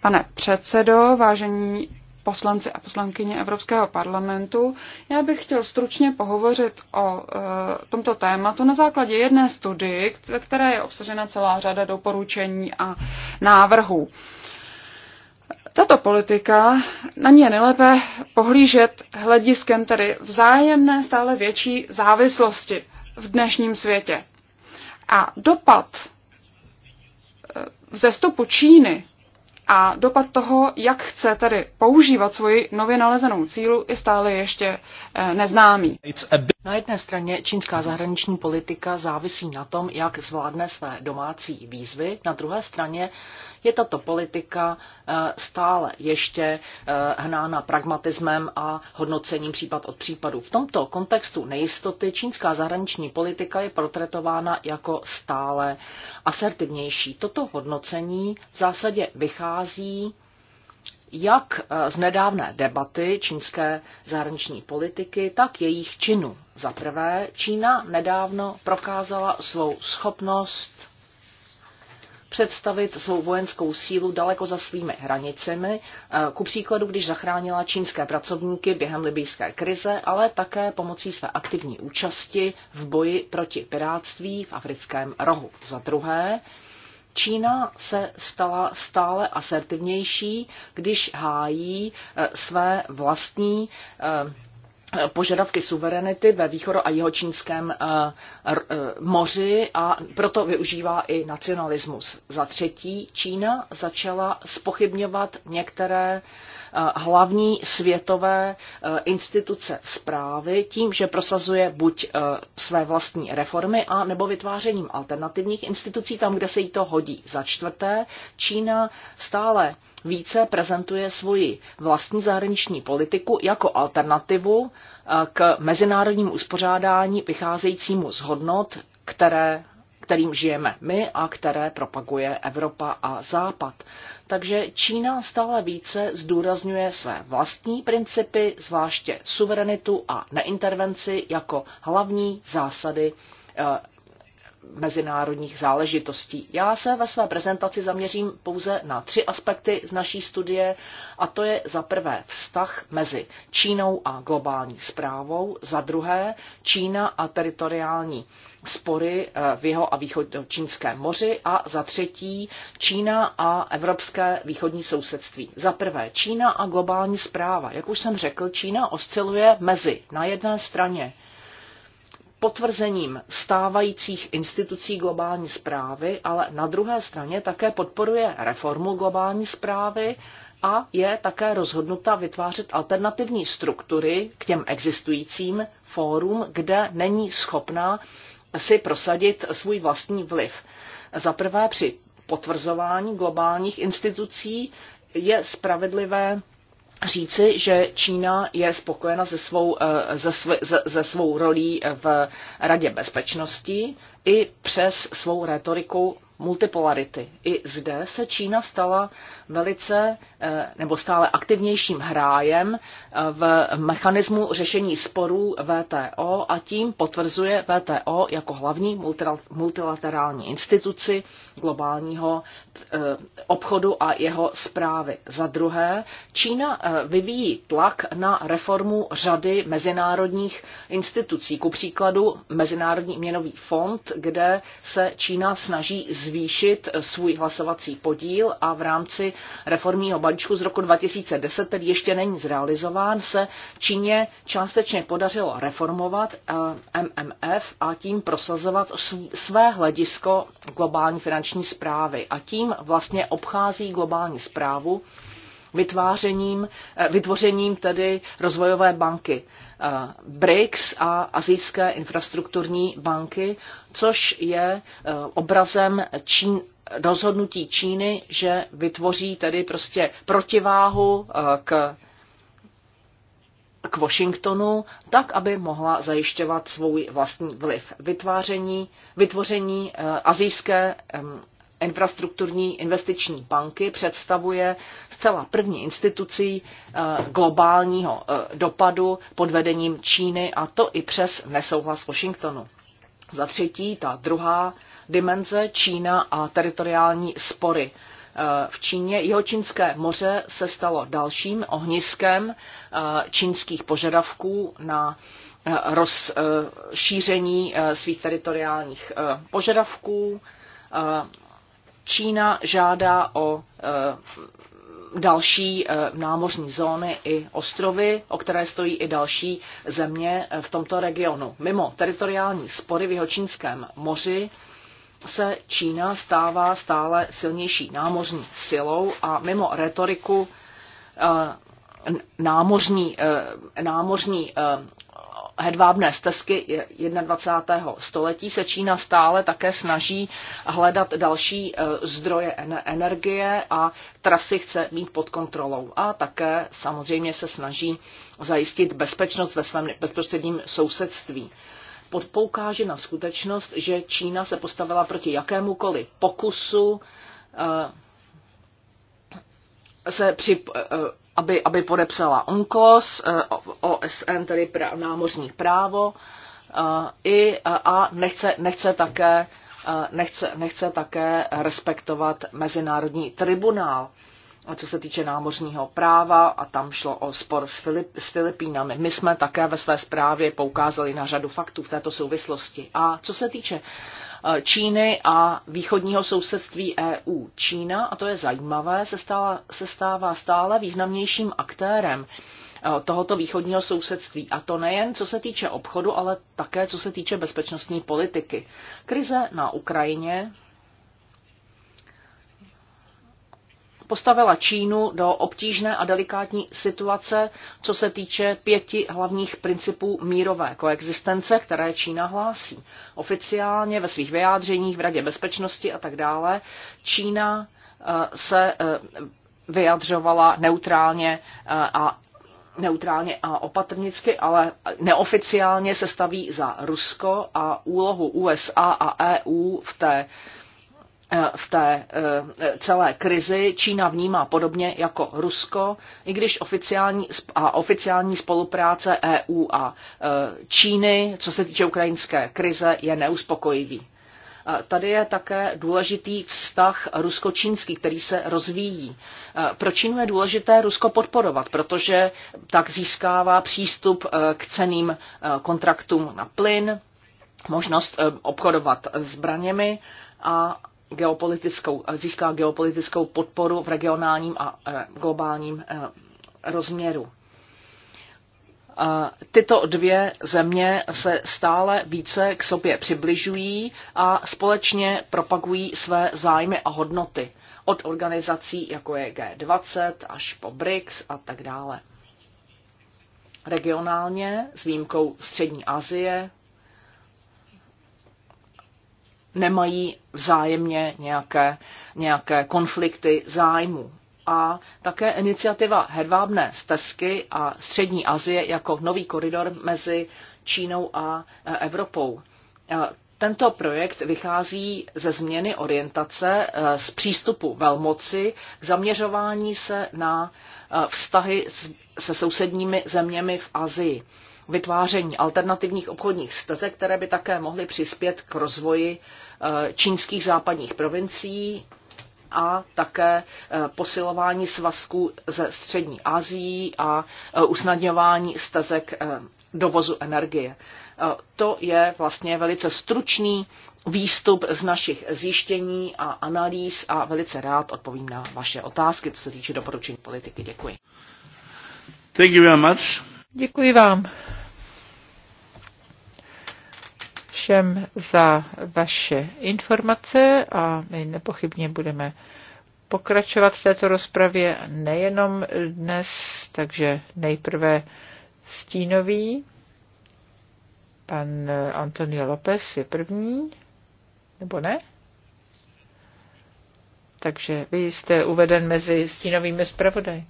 Pane předsedo, vážení poslanci a poslankyně Evropského parlamentu. Já bych chtěl stručně pohovořit o e, tomto tématu na základě jedné studii, které je obsažena celá řada doporučení a návrhů. Tato politika, na ní je nejlépe pohlížet hlediskem tedy vzájemné stále větší závislosti v dnešním světě. A dopad e, vzestupu Číny a dopad toho, jak chce tedy používat svoji nově nalezenou cílu, je stále ještě eh, neznámý. Na jedné straně čínská zahraniční politika závisí na tom, jak zvládne své domácí výzvy, na druhé straně je tato politika eh, stále ještě eh, hnána pragmatismem a hodnocením případ od případu. V tomto kontextu nejistoty čínská zahraniční politika je portretována jako stále asertivnější. Toto hodnocení v zásadě vychází jak eh, z nedávné debaty čínské zahraniční politiky, tak jejich činu. Za prvé, Čína nedávno prokázala svou schopnost představit svou vojenskou sílu daleko za svými hranicemi, eh, ku příkladu, když zachránila čínské pracovníky během libijské krize, ale také pomocí své aktivní účasti v boji proti piráctví v africkém rohu. Za druhé, Čína se stala stále asertivnější, když hájí eh, své vlastní eh, požadavky suverenity ve východu a jihočínském eh, eh, moři a proto využívá i nacionalismus. Za třetí, Čína začala spochybňovat některé Eh, hlavní světové eh, instituce zprávy tím, že prosazuje buď eh, své vlastní reformy a nebo vytvářením alternativních institucí tam, kde se jí to hodí. Za čtvrté, Čína stále více prezentuje svoji vlastní zahraniční politiku jako alternativu k mezinárodnímu uspořádání vycházejícímu z hodnot, které kterým žijeme my a které propaguje Evropa a Západ. Takže Čína stále více zdůrazňuje své vlastní principy, zvláště suverenitu a neintervenci jako hlavní zásady eh, mezinárodních záležitostí. Já se ve své prezentaci zaměřím pouze na tři aspekty z naší studie, a to je za prvé vztah mezi Čínou a globální zprávou, za druhé Čína a teritoriální spory eh, v jeho a čínské moři a za třetí Čína a evropské východní sousedství. Za prvé Čína a globální zpráva. Jak už jsem řekl, Čína osciluje mezi na jedné straně potvrzením stávajících institucí globální zprávy, ale na druhé straně také podporuje reformu globální zprávy a je také rozhodnuta vytvářet alternativní struktury k těm existujícím fórum, kde není schopná si prosadit svůj vlastní vliv. Za prvé při potvrzování globálních institucí je spravedlivé říci, že Čína je spokojena se svou, se, sv, se svou rolí v Radě bezpečnosti i přes svou retoriku multipolarity. I zde se Čína stala velice eh, nebo stále aktivnějším hrájem eh, v mechanismu řešení sporů VTO a tím potvrzuje VTO jako hlavní multilaterální instituci globálního eh, obchodu a jeho zprávy. Za druhé, Čína vyvíjí tlak na reformu řady mezinárodních institucí, ku příkladu Mezinárodní měnový fond, kde se Čína snaží zvýšit zvýšit svůj hlasovací podíl a v rámci reformního balíčku z roku 2010, který ještě není zrealizován, se Číně částečně podařilo reformovat eh, MMF a tím prosazovat své hledisko globální finanční zprávy. A tím vlastně obchází globální zprávu vytvářením, eh, vytvořením tedy rozvojové banky Eh, BRICS a Azijské infrastrukturní banky, což je eh, obrazem Čín, rozhodnutí Číny, že vytvoří tedy prostě protiváhu eh, k k Washingtonu, tak aby mohla zajišťovat svůj vlastní vliv. Vytváření, vytvoření azijské infrastrukturní investiční banky představuje zcela první institucí eh, globálního eh, dopadu pod vedením Číny a to i přes nesouhlas Washingtonu. Za třetí, ta druhá dimenze Čína a teritoriální spory eh, v Číně. Jihočínské moře se stalo dalším ohniskem čínských požadavků na rozšíření svých teritoriálních požadavků Čína žádá o eh, další eh, námořní zóny i ostrovy, o které stojí i další země eh, v tomto regionu. Mimo teritoriální spory v Jihočínském moři se Čína stává stále silnější námořní silou a mimo retoriku námořní, námořní hedvábné stezky 21. století se Čína stále také snaží hledat další e, zdroje energie a trasy chce mít pod kontrolou. A také samozřejmě se snaží zajistit bezpečnost ve svém bezprostředním sousedství podpoukáže na skutečnost, že Čína se postavila proti jakémukoliv pokusu e, se při, e, aby, aby podepsala UNCLOS, eh, OSN, tedy prá, námořní právo, eh, i, a nechce, nechce také eh, nechce, nechce také respektovat Mezinárodní tribunál, co se týče námořního práva a tam šlo o spor s, Filip, s Filipínami. My jsme také ve své zprávě poukázali na řadu faktů v této souvislosti. A co se týče Eh, Číny a východního sousedství EU. Čína, a to je zajímavé, se, stála, se stává stále významnějším aktérem eh, tohoto východního sousedství. A to nejen co se týče obchodu, ale také co se týče bezpečnostní politiky. Krize na Ukrajině postavila Čínu do obtížné a delikátní situace, co se týče pěti hlavních principů mírové koexistence, které Čína hlásí. Oficiálně ve svých vyjádřeních v Radě bezpečnosti a tak dále Čína eh, se eh, vyjadřovala neutrálně eh, a neutrálně a opatrnicky, ale neoficiálně se staví za Rusko a úlohu USA a EU v té v té eh, celé krizi Čína vnímá podobně jako Rusko, i když oficiální, a oficiální spolupráce EU a eh, Číny, co se týče ukrajinské krize, je neuspokojivý. Tady je také důležitý vztah rusko-čínský, který se rozvíjí. Eh, pro Čínu je důležité Rusko podporovat, protože tak získává přístup k ceným kontraktům na plyn, možnost obchodovat zbraněmi a geopolitickou, získá geopolitickou podporu v regionálním a eh, globálním eh, rozměru. Tyto dvě země se stále více k sobě přibližují a společně propagují své zájmy a hodnoty od organizací jako je G20 až po BRICS a tak dále. Regionálně, s výjimkou Střední Asie, nemají vzájemně nějaké, nějaké konflikty zájmu. A také iniciativa hedvábné stezky a Střední Asie jako nový koridor mezi Čínou a e, Evropou. E, tento projekt vychází ze změny orientace e, z přístupu velmoci k zaměřování se na vztahy se sousedními zeměmi v Azii vytváření alternativních obchodních stezek, které by také mohly přispět k rozvoji eh, čínských západních provincií a také eh, posilování svazků ze střední Asií a eh, usnadňování stezek dovozu energie. To je vlastně velice stručný výstup z našich zjištění a analýz a velice rád odpovím na vaše otázky, co se týče doporučení politiky. Děkuji. Thank you very much. Děkuji vám. všem za vaše informace a my nepochybně budeme pokračovat v této rozpravě nejenom dnes, takže nejprve stínový. Pan Antonio López je první, nebo ne? Takže vy jste uveden mezi stínovými zpravodaj.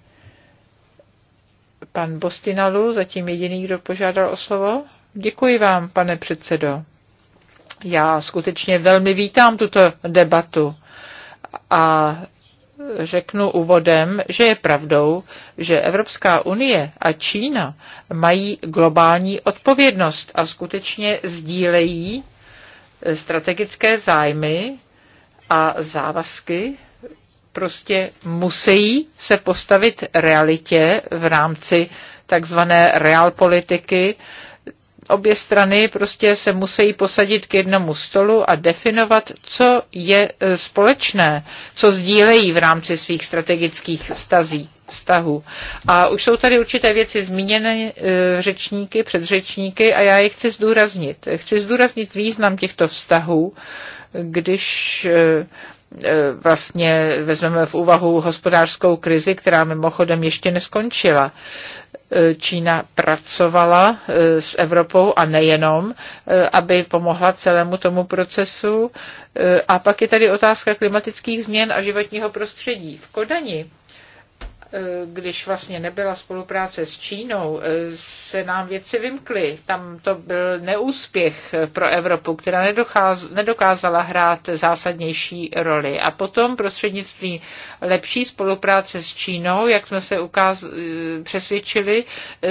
Pan Bostinalu, zatím jediný, kdo požádal o slovo. Děkuji vám, pane předsedo. Já skutečně velmi vítám tuto debatu a řeknu úvodem, že je pravdou, že Evropská unie a Čína mají globální odpovědnost a skutečně sdílejí eh, strategické zájmy a závazky prostě musí se postavit realitě v rámci takzvané realpolitiky, obě strany prostě se musí posadit k jednomu stolu a definovat, co je e, společné, co sdílejí v rámci svých strategických stazí vztahu. A už jsou tady určité věci zmíněné e, řečníky, předřečníky a já je chci zdůraznit. Chci zdůraznit význam těchto vztahů, když e, E, vlastně vezmeme v úvahu hospodářskou krizi, která mimochodem ještě neskončila. E, Čína pracovala e, s Evropou a nejenom, aby pomohla celému tomu procesu. A pak je tady otázka klimatických změn a životního prostředí. V Kodani Eh, když vlastně nebyla spolupráce s Čínou, eh, se nám věci vymkly. Tam to byl neúspěch pro Evropu, která nedokázala hrát zásadnější roli. A potom prostřednictvím lepší spolupráce s Čínou, jak jsme se ukáz- eh, přesvědčili,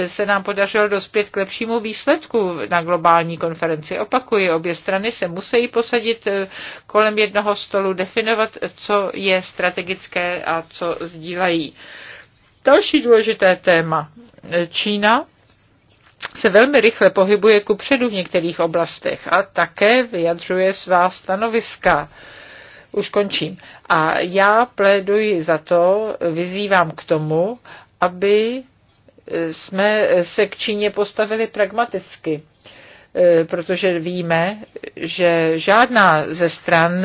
se nám podařilo dospět k lepšímu výsledku na globální konferenci. Opakuji, obě strany se musí posadit kolem jednoho stolu, definovat, co je strategické a co sdílají. Další důležité téma. Čína se velmi rychle pohybuje ku předu v některých oblastech a také vyjadřuje svá stanoviska. Už končím. A já pléduji za to, vyzývám k tomu, aby jsme se k Číně postavili pragmaticky, eh, protože víme, že žádná ze stran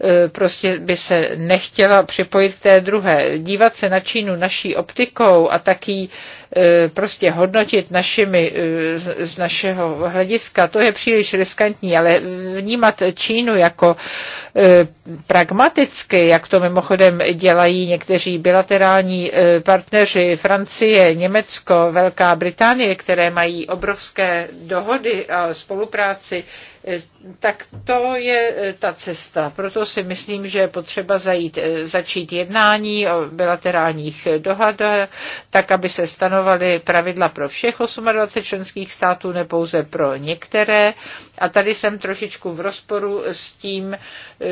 E, prostě by se nechtěla připojit k té druhé. Dívat se na Čínu naší optikou a taky e, prostě hodnotit našimi, e, z našeho hlediska, to je příliš riskantní, ale vnímat Čínu jako pragmaticky, jak to mimochodem dělají někteří bilaterální partneři Francie, Německo, Velká Británie, které mají obrovské dohody a spolupráci tak to je eh, ta cesta. Proto si myslím, že je potřeba zajít, eh, začít jednání o bilaterálních eh, dohad, tak aby se stanovaly pravidla pro všech 28 členských států, ne pouze pro některé. A tady jsem trošičku v rozporu s tím,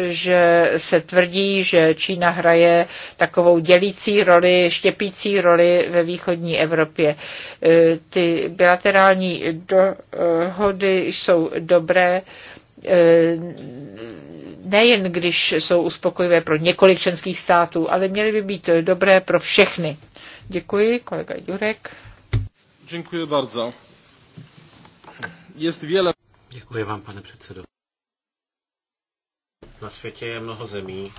že se tvrdí, že Čína hraje takovou dělící roli, štěpící roli ve východní Evropě. Ty bilaterální dohody jsou dobré, E, nejen když jsou uspokojivé pro několik členských států, ale měly by být dobré pro všechny. Děkuji, kolega Jurek. Děkuji bardzo. Jest wiele... Děkuji vám, pane předsedo. Na světě je mnoho zemí,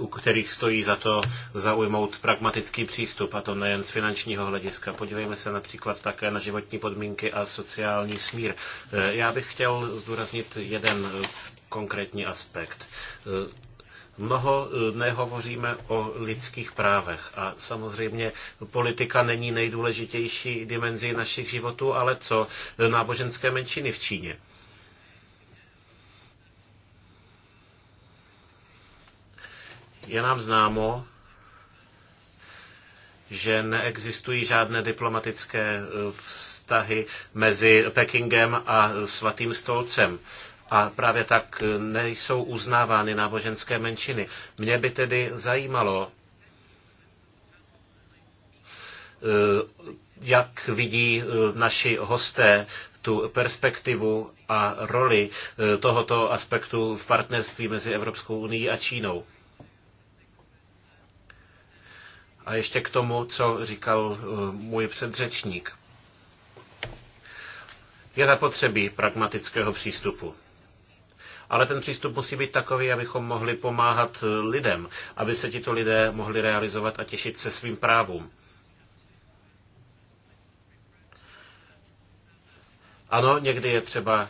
u kterých stojí za to zaujmout pragmatický přístup, a to nejen z finančního hlediska. Podívejme se například také na životní podmínky a sociální smír. Eh, já bych chtěl zdůraznit jeden eh, konkrétní aspekt. Eh, mnoho nehovoříme o lidských právech a samozřejmě politika není nejdůležitější dimenzí našich životů, ale co náboženské menšiny v Číně. Je nám známo, že neexistují žádné diplomatické e, vztahy mezi Pekingem a Svatým stolcem. A právě tak e, nejsou uznávány náboženské menšiny. Mě by tedy zajímalo, e, jak vidí naši hosté tu perspektivu a roli tohoto aspektu v partnerství mezi Evropskou unii a Čínou. A ještě k tomu, co říkal eh, můj předřečník. Je zapotřebí pragmatického přístupu. Ale ten přístup musí být takový, abychom mohli pomáhat eh, lidem, aby se tito lidé mohli realizovat a těšit se svým právům. Ano, někdy je třeba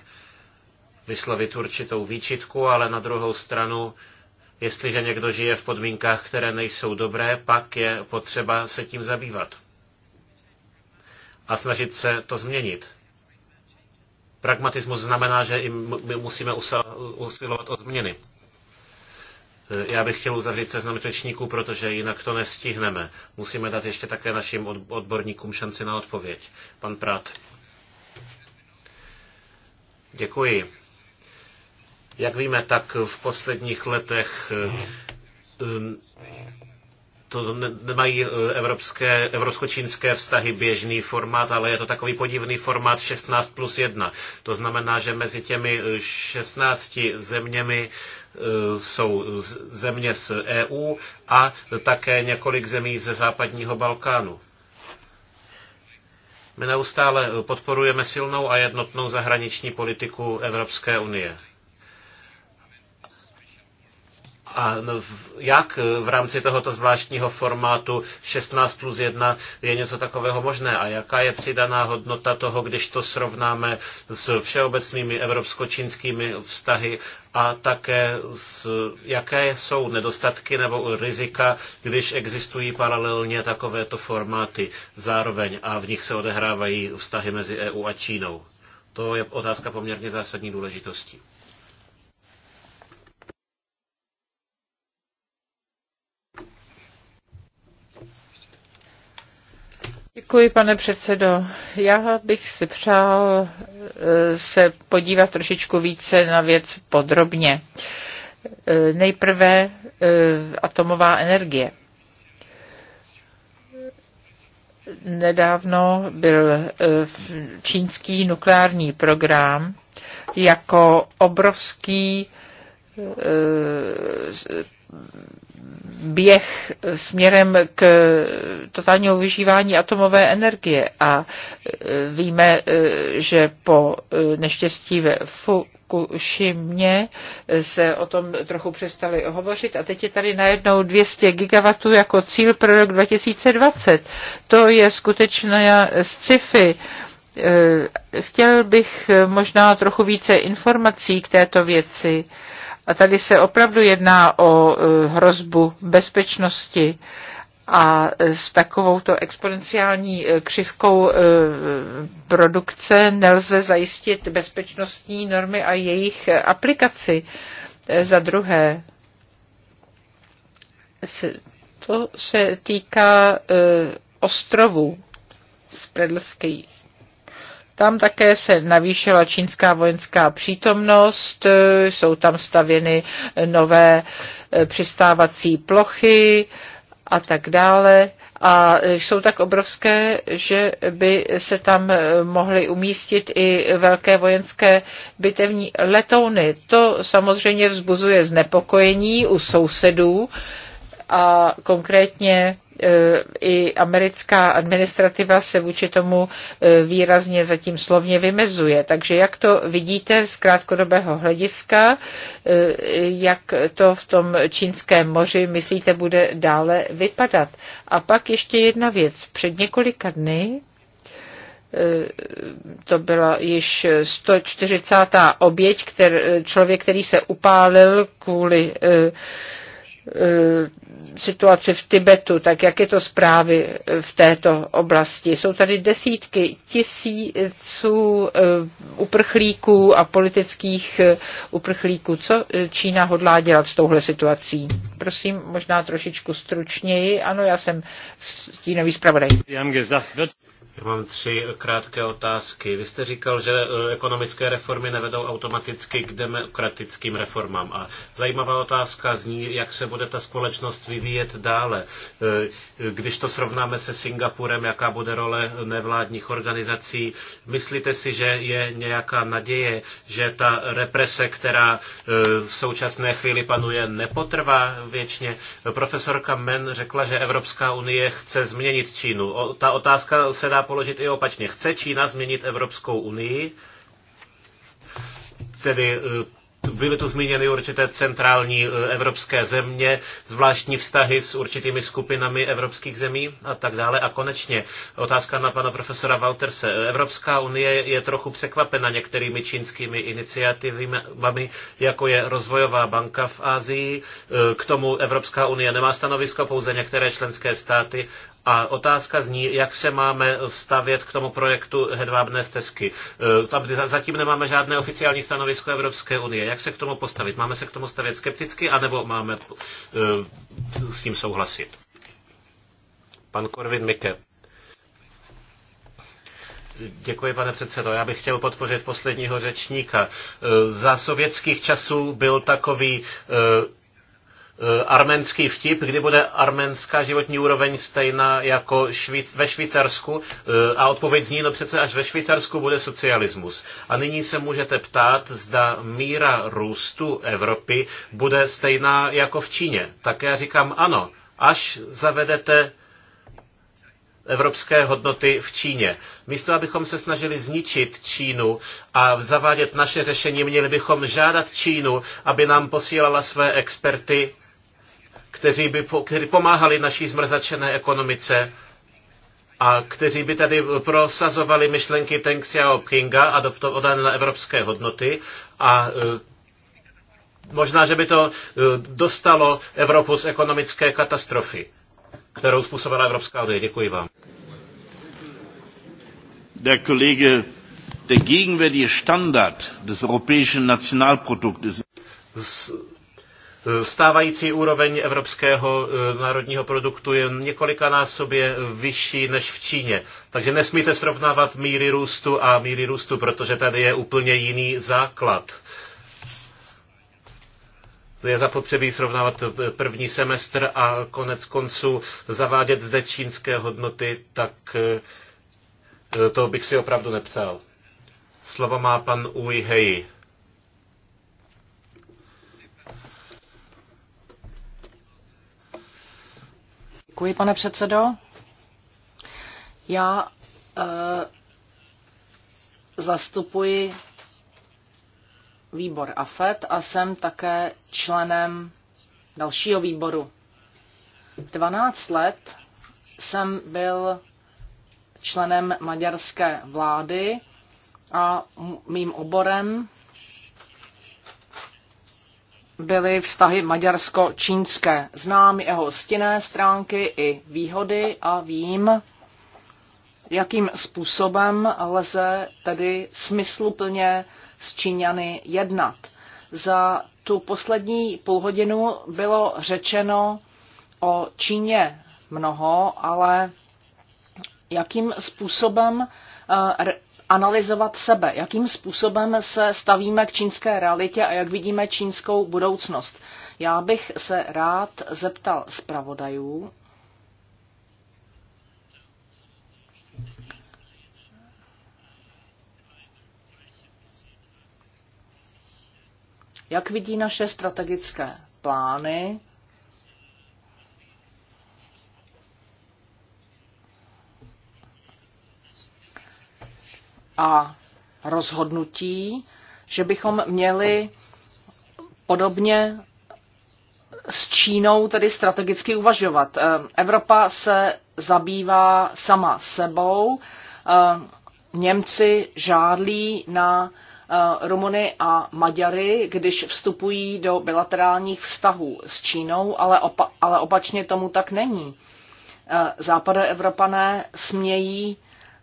vyslovit určitou výčitku, ale na druhou stranu Jestliže někdo žije v podmínkách, které nejsou dobré, pak je potřeba se tím zabývat a snažit se to změnit. Pragmatismus znamená, že i my musíme usilovat o změny. Já bych chtěl uzavřít seznam řečníků, protože jinak to nestihneme. Musíme dát ještě také našim odborníkům šanci na odpověď. Pan Prát. Děkuji. Jak víme, tak v posledních letech eh, to nemají eh, evropské, evropsko-čínské vztahy běžný formát, ale je to takový podivný formát 16 plus 1. To znamená, že mezi těmi 16 eh, zeměmi jsou země z EU a také několik zemí ze západního Balkánu. My neustále podporujeme silnou a jednotnou zahraniční politiku Evropské unie. A no, jak v rámci tohoto zvláštního formátu 16 plus 1 je něco takového možné a jaká je přidaná hodnota toho, když to srovnáme s všeobecnými evropsko-čínskými vztahy a také s, jaké jsou nedostatky nebo rizika, když existují paralelně takovéto formáty zároveň a v nich se odehrávají vztahy mezi EU a Čínou. To je otázka poměrně zásadní důležitosti. Děkuji, pane předsedo. Já bych si přál eh, se podívat trošičku více na věc podrobně. Eh, nejprve eh, atomová energie. Nedávno byl čínský nukleární program jako obrovský Eh, běh směrem k totálního vyžívání atomové energie a eh, víme, eh, že po neštěstí ve Fukushimě se o tom trochu přestali hovořit a teď je tady najednou 200 gigawatů jako cíl pro rok 2020. To je skutečná sci-fi. Chtěl bych možná trochu více informací k této věci. A tady se opravdu jedná o e, hrozbu bezpečnosti a s takovouto exponenciální e, křivkou e, produkce nelze zajistit bezpečnostní normy a jejich aplikaci. Za druhé, to se týká ostrovů Spredlských tam také se navýšila čínská vojenská přítomnost, jsou tam stavěny nové eh, přistávací plochy a tak dále a jsou tak obrovské, že by se tam eh, mohly umístit i velké vojenské bitevní letouny. To samozřejmě vzbuzuje znepokojení u sousedů a konkrétně E, i americká administrativa se vůči tomu e, výrazně zatím slovně vymezuje. Takže jak to vidíte z krátkodobého hlediska, e, jak to v tom čínském moři, myslíte, bude dále vypadat? A pak ještě jedna věc. Před několika dny to byla již 140. oběť, který člověk, který se upálil kvůli Eh, situaci v Tibetu, tak jak je to zprávy eh, v této oblasti. Jsou tady desítky tisíců eh, uprchlíků a politických uprchlíků. Co Čína hodlá dělat s touhle situací? Prosím, možná trošičku stručněji. Ano, já jsem stínový zpravodaj. Já mám tři krátké otázky. Vy jste říkal, že ekonomické reformy nevedou automaticky k demokratickým reformám. A zajímavá otázka zní, jak se bude bude ta společnost vyvíjet dále. E, když to srovnáme se Singapurem, jaká bude role nevládních organizací, myslíte si, že je nějaká naděje, že ta represe, která e, v současné chvíli panuje, nepotrvá věčně? Profesorka Men řekla, že Evropská unie chce změnit Čínu. Ta otázka se dá položit i opačně. Chce Čína změnit Evropskou unii? tedy e, byly tu zmíněny určité centrální e, evropské země, zvláštní vztahy s určitými skupinami evropských zemí a tak dále. A konečně otázka na pana profesora Walterse. Evropská unie je trochu překvapena některými čínskými iniciativami, jako je rozvojová banka v Asii. E, k tomu Evropská unie nemá stanovisko, pouze některé členské státy a otázka zní, jak se máme stavět k tomu projektu hedvábné stezky. E, zatím nemáme žádné oficiální stanovisko Evropské unie. Jak se k tomu postavit? Máme se k tomu stavět skepticky, anebo máme e, s tím souhlasit? Pan Korvin Mike. Děkuji, pane předsedo. Já bych chtěl podpořit posledního řečníka. E, za sovětských časů byl takový Eh, arménský vtip, kdy bude arménská životní úroveň stejná jako švíc, ve Švýcarsku eh, a odpověď zní, no přece až ve Švýcarsku bude socialismus. A nyní se můžete ptát, zda míra růstu Evropy bude stejná jako v Číně. Tak já říkám ano, až zavedete evropské hodnoty v Číně. Místo, abychom se snažili zničit Čínu a zavádět naše řešení, měli bychom žádat Čínu, aby nám posílala své experty kteří by kteří pomáhali naší zmrzačené ekonomice a kteří by tady prosazovali myšlenky Teng Xiaopinga a dodané na evropské hodnoty a e, možná, že by to e, dostalo Evropu z ekonomické katastrofy, kterou způsobila Evropská unie. Děkuji vám. Der Kollege, der gegenwärtige Standard des europäischen Nationalproduktes Stávající úroveň evropského eh, národního produktu je několikanásobně vyšší než v Číně. Takže nesmíte srovnávat míry růstu a míry růstu, protože tady je úplně jiný základ. Je zapotřebí srovnávat eh, první semestr a konec konců zavádět zde čínské hodnoty, tak eh, to bych si opravdu nepřál. Slovo má pan Uj Heji. Děkuji, pane předsedo. Já e, zastupuji výbor AFET a jsem také členem dalšího výboru. 12 let jsem byl členem maďarské vlády a mým oborem byly vztahy maďarsko-čínské. Znám jeho stinné stránky i výhody a vím, jakým způsobem lze tedy smysluplně s Číňany jednat. Za tu poslední půlhodinu bylo řečeno o Číně mnoho, ale jakým způsobem eh, analyzovat sebe, jakým způsobem se stavíme k čínské realitě a jak vidíme čínskou budoucnost. Já bych se rád zeptal zpravodajů, jak vidí naše strategické plány a rozhodnutí, že bychom měli podobně s Čínou tedy strategicky uvažovat. Eh, Evropa se zabývá sama sebou. Eh, Němci žádlí na eh, Rumuny a Maďary, když vstupují do bilaterálních vztahů s Čínou, ale, opa- ale opačně tomu tak není. Západoevropané smějí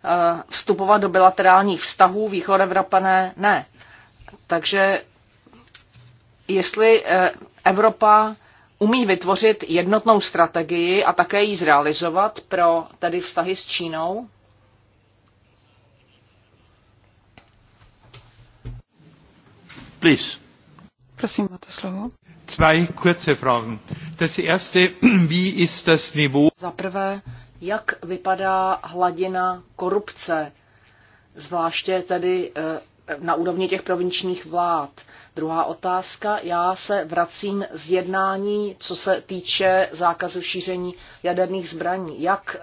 Eh, vstupovat do bilaterálních vztahů, východ Evropa ne, ne. Takže jestli eh, Evropa umí vytvořit jednotnou strategii a také ji zrealizovat pro tedy vztahy s Čínou, Please. Prosím, máte slovo. Zwei kurze Fragen. Das erste, wie ist das Niveau? Za prvé, jak vypadá hladina korupce, zvláště tedy eh, na úrovni těch provinčních vlád. Druhá otázka, já se vracím z jednání, co se týče zákazu šíření jaderných zbraní. Jak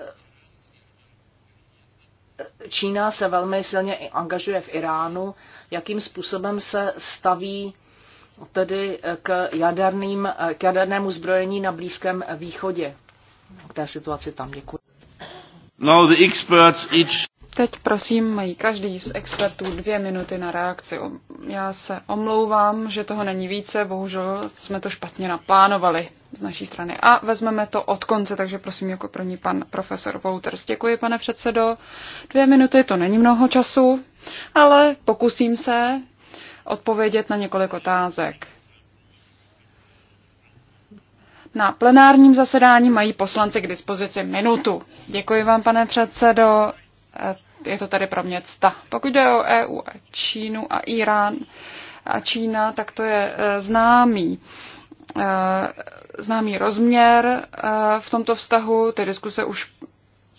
eh, Čína se velmi silně angažuje v Iránu, jakým způsobem se staví tedy eh, k, jaderným, k jadernému zbrojení na Blízkém východě. K té situaci tam děkuji. Now the experts each... Teď prosím, mají každý z expertů dvě minuty na reakci. Já se omlouvám, že toho není více, bohužel jsme to špatně naplánovali z naší strany. A vezmeme to od konce, takže prosím jako první pan profesor Wouters. Děkuji, pane předsedo. Dvě minuty, to není mnoho času, ale pokusím se odpovědět na několik otázek. Na plenárním zasedání mají poslanci k dispozici minutu. Děkuji vám, pane předsedo. Eh, je to tady pro mě cta. Pokud jde o EU a Čínu a Irán a Čína, tak to je eh, známý eh, známý rozměr v tomto vztahu. Ty diskuse už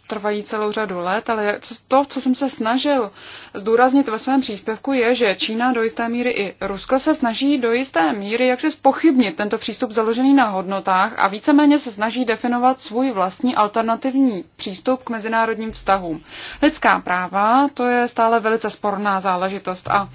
trvají celou řadu let, ale to, co jsem se snažil zdůraznit ve svém příspěvku, je, že Čína do jisté míry i Rusko se snaží do jisté míry jak si spochybnit tento přístup založený na hodnotách a víceméně se snaží definovat svůj vlastní alternativní přístup k mezinárodním vztahům. Lidská práva, to je stále velice sporná záležitost a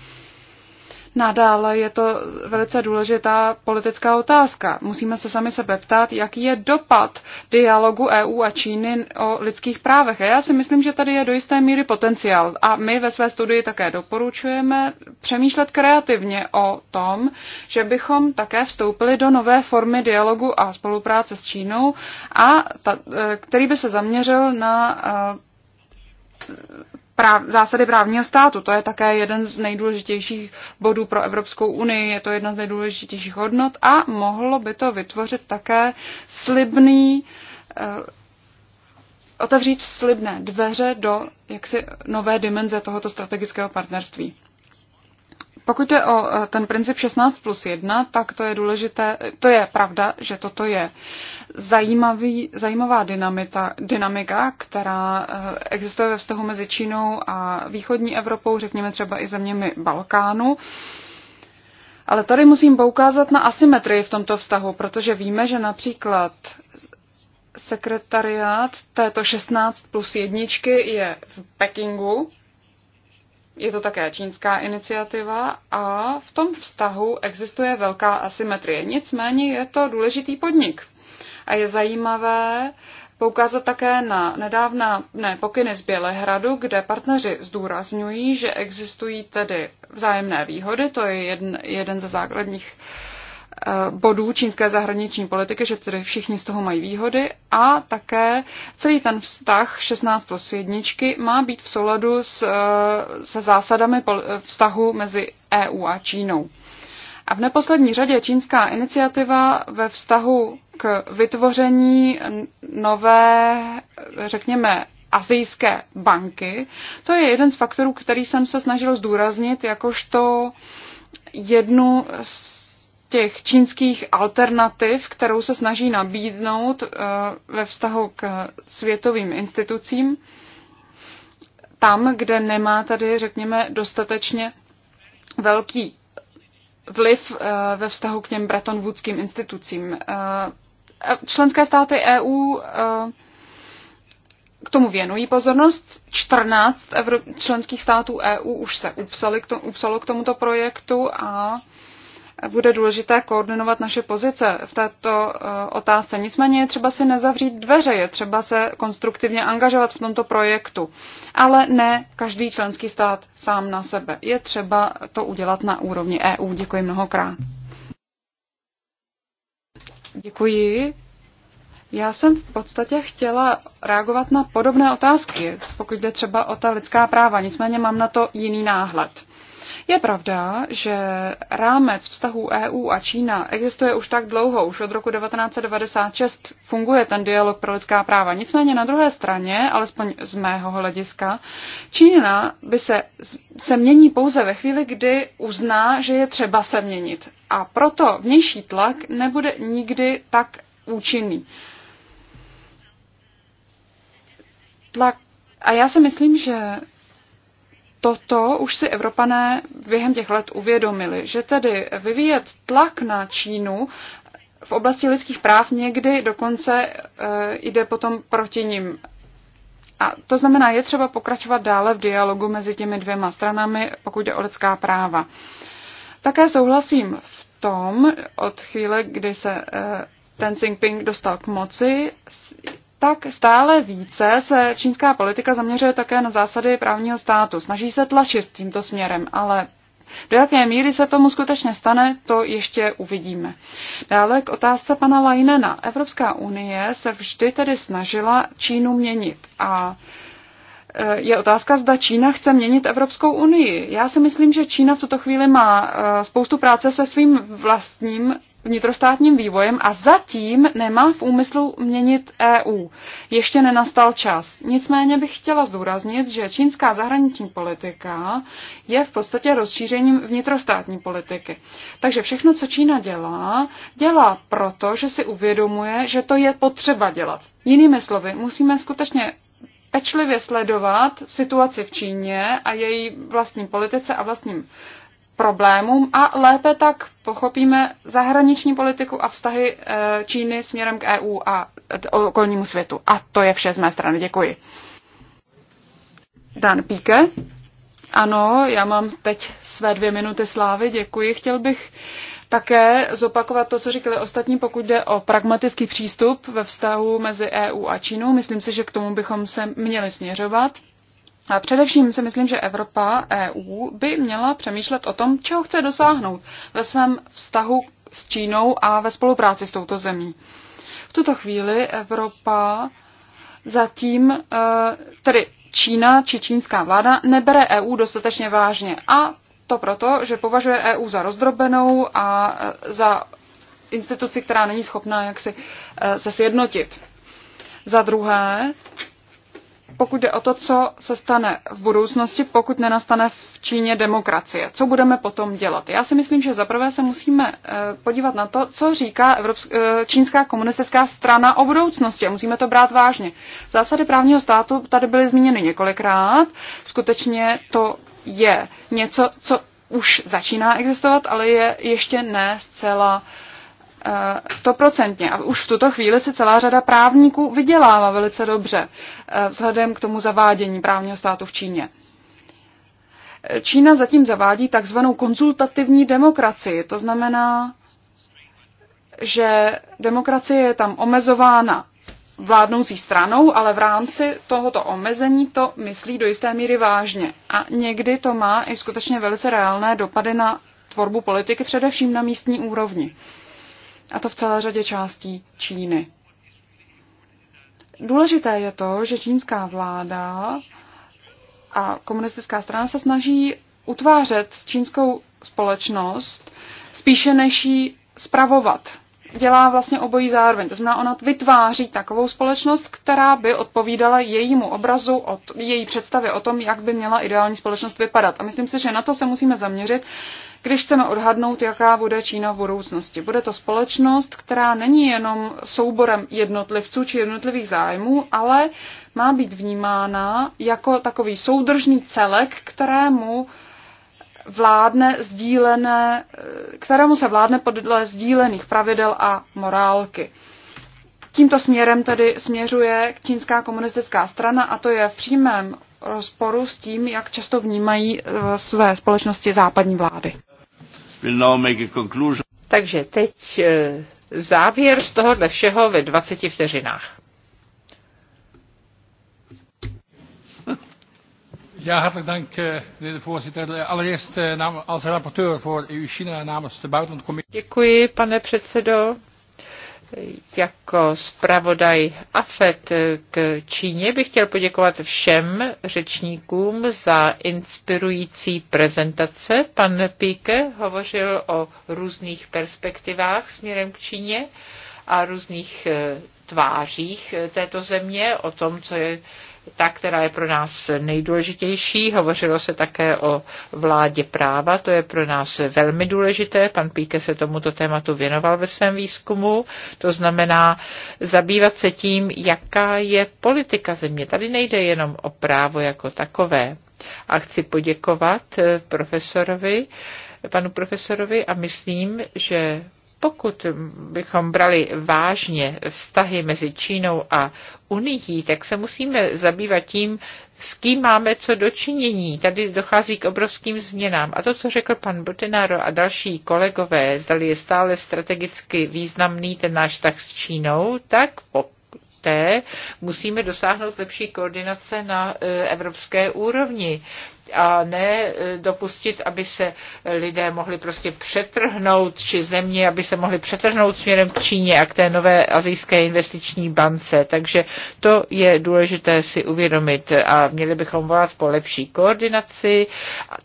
Nadále je to velice důležitá politická otázka. Musíme se sami sebe ptát, jaký je dopad dialogu EU a Číny o lidských právech. A já si myslím, že tady je do jisté míry potenciál. A my ve své studii také doporučujeme přemýšlet kreativně o tom, že bychom také vstoupili do nové formy dialogu a spolupráce s Čínou, a ta, eh, který by se zaměřil na eh, práv, zásady právního státu. To je také jeden z nejdůležitějších bodů pro Evropskou unii, je to jedna z nejdůležitějších hodnot a mohlo by to vytvořit také slibný, eh, otevřít slibné dveře do jaksi nové dimenze tohoto strategického partnerství. Pokud je o eh, ten princip 16 plus 1, tak to je důležité, to je pravda, že toto je zajímavý, zajímavá dynamita, dynamika, která eh, existuje ve vztahu mezi Čínou a východní Evropou, řekněme třeba i zeměmi Balkánu. Ale tady musím poukázat na asymetrii v tomto vztahu, protože víme, že například sekretariát této 16 plus jedničky je v Pekingu, je to také čínská iniciativa a v tom vztahu existuje velká asymetrie. Nicméně je to důležitý podnik. A je zajímavé poukázat také na nedávná ne, pokyny z Bělehradu, kde partneři zdůrazňují, že existují tedy vzájemné výhody, to je jeden, jeden ze základních uh, Eh, bodů čínské zahraniční politiky, že tedy všichni z toho mají výhody a také celý ten vztah 16 plus jedničky má být v souladu s, eh, se zásadami vztahu mezi EU a Čínou. A v neposlední řadě čínská iniciativa ve vztahu k vytvoření nové, řekněme, azijské banky. To je jeden z faktorů, který jsem se snažil zdůraznit jakožto jednu z těch čínských alternativ, kterou se snaží nabídnout eh, ve vztahu k světovým institucím, tam, kde nemá tady, řekněme, dostatečně velký vliv eh, ve vztahu k těm bretonvůdským institucím. Eh, e, členské státy EU k tomu věnují pozornost. 14 členských států EU už se upsali k tomu, upsalo k tomuto projektu a bude důležité koordinovat naše pozice v této eh, otázce. Nicméně je třeba si nezavřít dveře, je třeba se konstruktivně angažovat v tomto projektu. Ale ne každý členský stát sám na sebe. Je třeba to udělat na úrovni EU. Děkuji mnohokrát. Děkuji. Já jsem v podstatě chtěla reagovat na podobné otázky, pokud jde třeba o ta lidská práva, nicméně mám na to jiný náhled. Je pravda, že rámec vztahů EU a Čína existuje už tak dlouho, už od roku 1996 funguje ten dialog pro lidská práva. Nicméně na druhé straně, alespoň z mého hlediska, Čína by se, se mění pouze ve chvíli, kdy uzná, že je třeba se měnit. A proto vnější tlak nebude nikdy tak účinný. Tlak. A já si myslím, že toto už si Evropané během těch let uvědomili, že tedy vyvíjet tlak na Čínu v oblasti lidských práv někdy dokonce e, jde potom proti ním. A to znamená, je třeba pokračovat dále v dialogu mezi těmi dvěma stranami, pokud je o lidská práva. Také souhlasím v tom, od chvíle, kdy se e, ten Xi Jinping dostal k moci, tak stále více se čínská politika zaměřuje také na zásady právního státu. Snaží se tlačit tímto směrem, ale do jaké míry se tomu skutečně stane, to ještě uvidíme. Dále k otázce pana Lajnena. Evropská unie se vždy tedy snažila Čínu měnit a Eh, je otázka, zda Čína chce měnit Evropskou unii. Já si myslím, že Čína v tuto chvíli má eh, spoustu práce se svým vlastním vnitrostátním vývojem a zatím nemá v úmyslu měnit EU. Ještě nenastal čas. Nicméně bych chtěla zdůraznit, že čínská zahraniční politika je v podstatě rozšířením vnitrostátní politiky. Takže všechno, co Čína dělá, dělá proto, že si uvědomuje, že to je potřeba dělat. Jinými slovy, musíme skutečně pečlivě sledovat situaci v Číně a její vlastní politice a vlastním problémům a lépe tak pochopíme zahraniční politiku a vztahy eh, Číny směrem k EU a okolnímu světu. A to je vše z mé strany. Děkuji. Dan Píke. Ano, já mám teď své dvě minuty slávy, děkuji. Chtěl bych také zopakovat to, co říkali ostatní, pokud jde o pragmatický přístup ve vztahu mezi EU a Čínou. Myslím si, že k tomu bychom se měli směřovat. A především si myslím, že Evropa, EU, by měla přemýšlet o tom, čeho chce dosáhnout ve svém vztahu s Čínou a ve spolupráci s touto zemí. V tuto chvíli Evropa zatím, eh, tedy Čína či čínská vláda, nebere EU dostatečně vážně a to proto, že považuje EU za rozdrobenou a e, za instituci, která není schopná jaksi e, se sjednotit. Za druhé, pokud jde o to, co se stane v budoucnosti, pokud nenastane v Číně demokracie. Co budeme potom dělat? Já si myslím, že zaprvé se musíme e, podívat na to, co říká Evropsk- čínská komunistická strana o budoucnosti a musíme to brát vážně. Zásady právního státu tady byly zmíněny několikrát. Skutečně to je něco, co už začíná existovat, ale je ještě ne zcela eh, stoprocentně. A už v tuto chvíli se celá řada právníků vydělává velice dobře eh, vzhledem k tomu zavádění právního státu v Číně. Čína zatím zavádí takzvanou konzultativní demokracii. To znamená, že demokracie je tam omezována vládnoucí stranou, ale v rámci tohoto omezení to myslí do jisté míry vážně. A někdy to má i skutečně velice reálné dopady na tvorbu politiky, především na místní úrovni. A to v celé řadě částí Číny. Důležité je to, že čínská vláda a komunistická strana se snaží utvářet čínskou společnost spíše než ji spravovat dělá vlastně obojí zároveň. To znamená, ona vytváří takovou společnost, která by odpovídala jejímu obrazu, od, její představě o tom, jak by měla ideální společnost vypadat. A myslím si, že na to se musíme zaměřit, když chceme odhadnout, jaká bude Čína v budoucnosti. Bude to společnost, která není jenom souborem jednotlivců či jednotlivých zájmů, ale má být vnímána jako takový soudržný celek, kterému vládne sdílené, kterému se vládne podle sdílených pravidel a morálky. Tímto směrem tedy směřuje čínská komunistická strana a to je v přímém rozporu s tím, jak často vnímají eh, své společnosti západní vlády. Takže teď eh, závěr z tohohle všeho ve 20 vteřinách. Ja, hartelijk dank, eh, meneer de voorzitter. Allereerst eh, als rapporteur voor EU-China namens de buitenlandcommissie. Děkuji, pane předsedo. Jako zpravodaj AFET eh, k Číně bych chtěl poděkovat všem řečníkům za inspirující prezentace. Pan Píke hovořil o různých perspektivách směrem k Číně a různých tvářích této země, o tom, co je ta, která je pro nás nejdůležitější. Hovořilo se také o vládě práva, to je pro nás velmi důležité. Pan Píke se tomuto tématu věnoval ve svém výzkumu. To znamená zabývat se tím, jaká je politika země. Tady nejde jenom o právo jako takové. A chci poděkovat profesorovi, panu profesorovi a myslím, že pokud bychom brali vážně vztahy mezi Čínou a Unií, tak se musíme zabývat tím, s kým máme co dočinění. Tady dochází k obrovským změnám. A to, co řekl pan Botenaro a další kolegové, zdali je stále strategicky významný ten náš tak s Čínou, tak po té musíme dosáhnout lepší koordinace na e, evropské úrovni a ne e, dopustit, aby se lidé mohli prostě přetrhnout, či země, aby se mohli přetrhnout směrem k Číně a k té nové azijské investiční bance. Takže to je důležité si uvědomit a měli bychom volat po lepší koordinaci,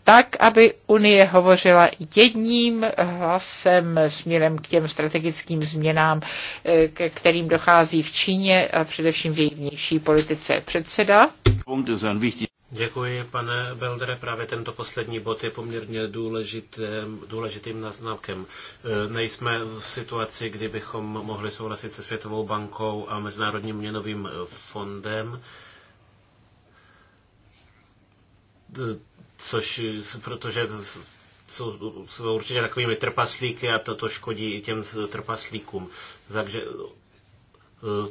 tak, aby Unie hovořila jedním hlasem směrem k těm strategickým změnám, e, ke kterým dochází v Číně, a především v její vnější politice. Předseda. Děkuji, pane Beldere. Právě tento poslední bod je poměrně důležitým, důležitým naznakem. E, nejsme v situaci, kdy bychom mohli souhlasit se Světovou bankou a Mezinárodním měnovým fondem, e, což protože jsou, jsou určitě takovými trpaslíky a to, to škodí i těm trpaslíkům. Takže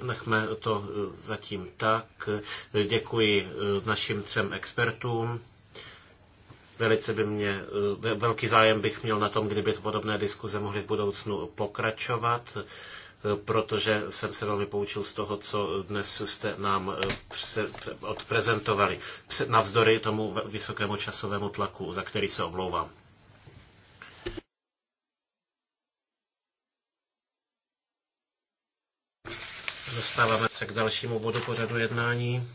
Nechme to zatím tak. Děkuji našim třem expertům velice by mě, velký zájem bych měl na tom, kdyby to podobné diskuze mohly v budoucnu pokračovat, protože jsem se velmi poučil z toho, co dnes jste nám odprezentovali, navzdory tomu vysokému časovému tlaku, za který se omlouvám. Dostáváme se k dalšímu bodu pořadu jednání,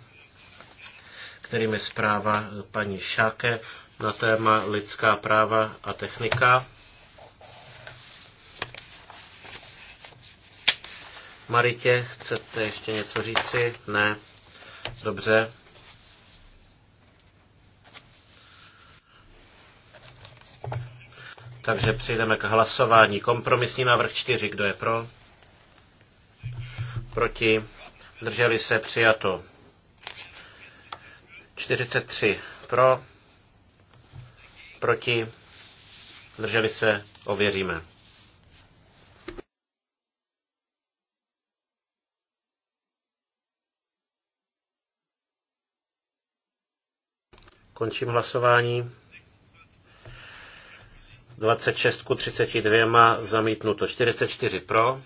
kterým je zpráva paní Šáke na téma lidská práva a technika. Maritě, chcete ještě něco říci? Ne? Dobře. Takže přejdeme k hlasování. Kompromisní návrh 4. Kdo je pro? Proti? Zdrželi se? Přijato. 43 pro, proti, zdrželi se, ověříme. Končím hlasování. 26 ku 32 zamítnuto. 44 pro,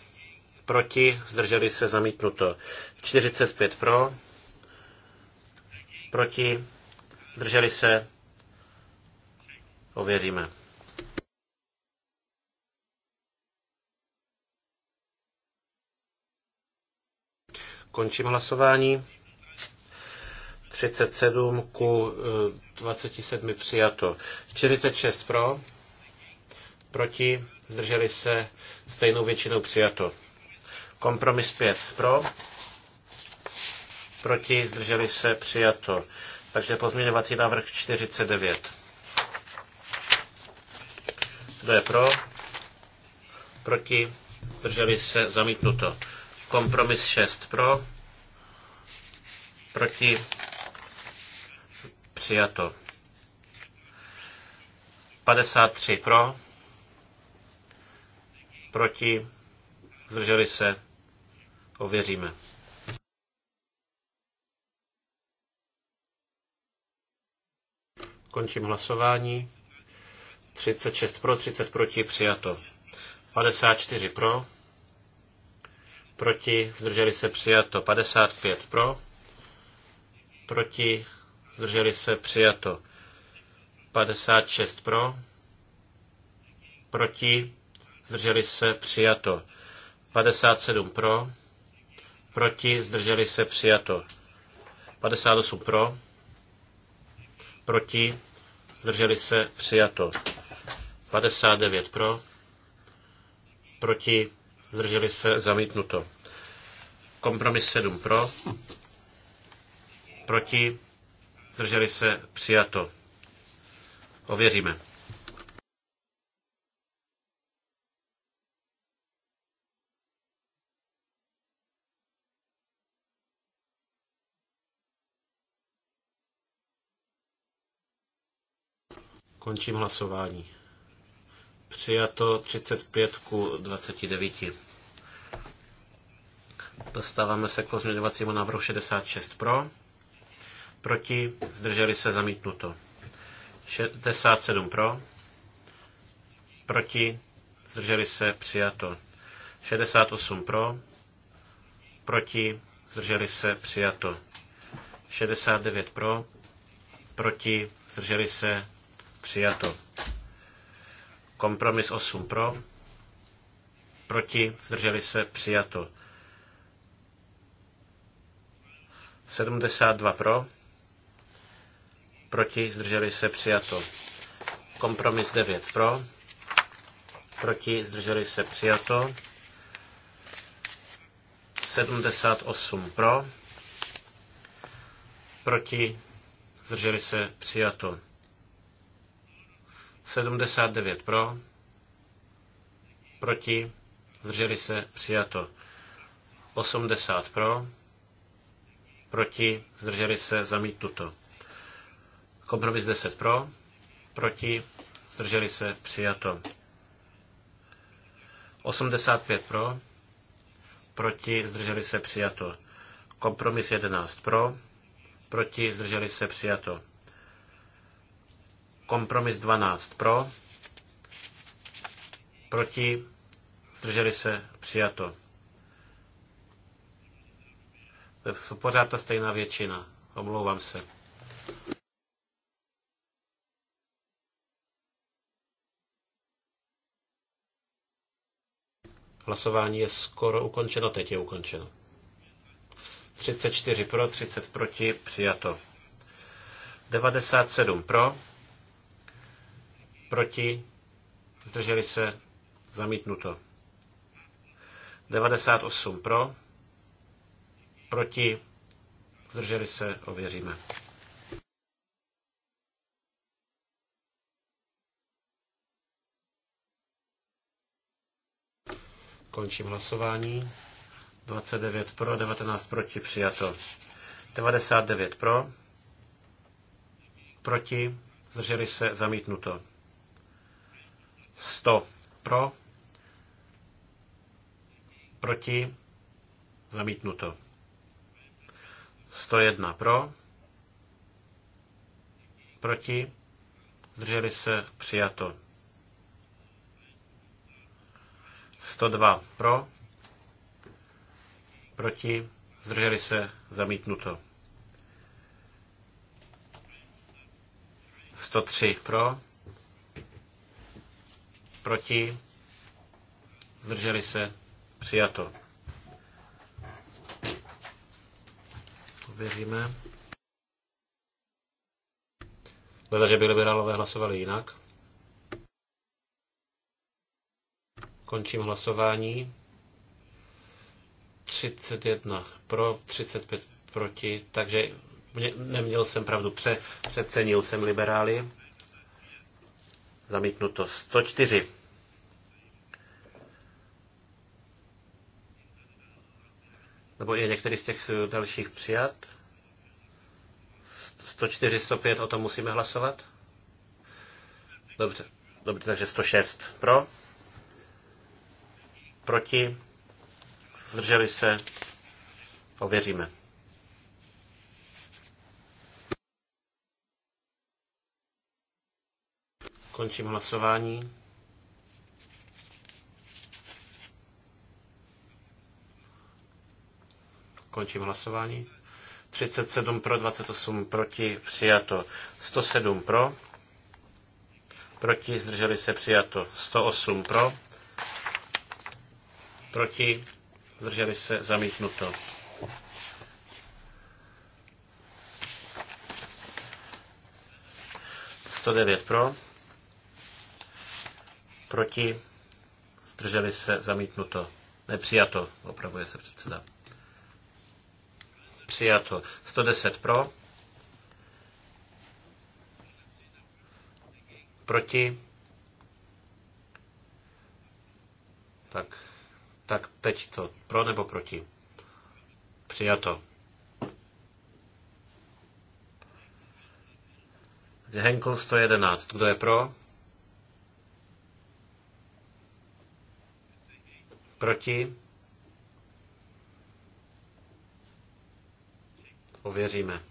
proti, zdrželi se zamítnuto. 45 pro, proti, zdrželi se, ověříme. Končím hlasování. 37 ku 27 eh, přijato. 46 pro, proti, zdrželi se stejnou většinou přijato. Kompromis 5 pro, proti, zdrželi se, přijato. Takže pozměňovací návrh 49. Kdo je pro? Proti? zdrželi se? Zamítnuto. Kompromis 6 pro? Proti? Přijato. 53 pro? Proti? Zdrželi se? Ověříme. Končím hlasování. 36 pro, 30 proti, přijato. 54 pro, proti, zdrželi se přijato. 55 pro, proti, zdrželi se přijato. 56 pro, proti, zdrželi se přijato. 57 pro, Proti zdrželi se přijato. 58 pro. Proti zdrželi se přijato. 59 pro. Proti zdrželi se zamítnuto. Kompromis 7 pro. Proti zdrželi se přijato. Ověříme. Končím hlasování. Přijato 35 ku 29. Dostáváme se k pozměňovacímu návrhu 66 pro. Proti zdrželi se zamítnuto. 67 pro. Proti zdrželi se přijato. 68 pro. Proti zdrželi se přijato. 69 pro. Proti zdrželi se Přijato. Kompromis 8 pro. Proti. Zdrželi se. Přijato. 72 pro. Proti. Zdrželi se. Přijato. Kompromis 9 pro. Proti. Zdrželi se. Přijato. 78 pro. Proti. Zdrželi se. Přijato. 79 pro, proti, zdrželi se, přijato. 80 pro, proti, zdrželi se, zamítnuto. Kompromis 10 pro, proti, zdrželi se, přijato. 85 pro, proti, zdrželi se, přijato. Kompromis 11 pro, proti, zdrželi se, přijato. Kompromis 12 pro, proti, zdrželi se, přijato. To je pořád ta stejná většina. Omlouvám se. Hlasování je skoro ukončeno, teď je ukončeno. 34 pro, 30 proti, přijato. 97 pro, Proti? Zdrželi se? Zamítnuto. 98 pro. Proti? Zdrželi se? Ověříme. Končím hlasování. 29 pro, 19 proti, přijato. 99 pro, proti, zdrželi se, zamítnuto. 100 pro, proti, zamítnuto. 101 pro, proti, zdrželi se, přijato. 102 pro, proti, zdrželi se, zamítnuto. 103 pro, Proti? Zdrželi se? Přijato. Pověříme. Leda, no, že by liberálové hlasovali jinak. Končím hlasování. 31 pro, 35 proti, takže mě, neměl jsem pravdu, pře, přecenil jsem liberály. Zamítnuto 104. Nebo je některý z těch eh, dalších přijat? 104, 105, o tom musíme hlasovat? Dobře, dobře takže 106 pro. Proti. Zdrželi se. Ověříme. Končím hlasování. Končím hlasování. 37 pro, 28 proti, přijato. 107 pro, proti, zdrželi se, přijato. 108 pro, proti, zdrželi se, zamítnuto. Sto devět pro. Proti? Zdrželi se? Zamítnuto. Nepřijato. Opravuje se předseda. Přijato. 110 pro. Proti? Tak, tak teď co? Pro nebo proti? Přijato. Henkel 111. Kdo je pro? Proti? Ověříme.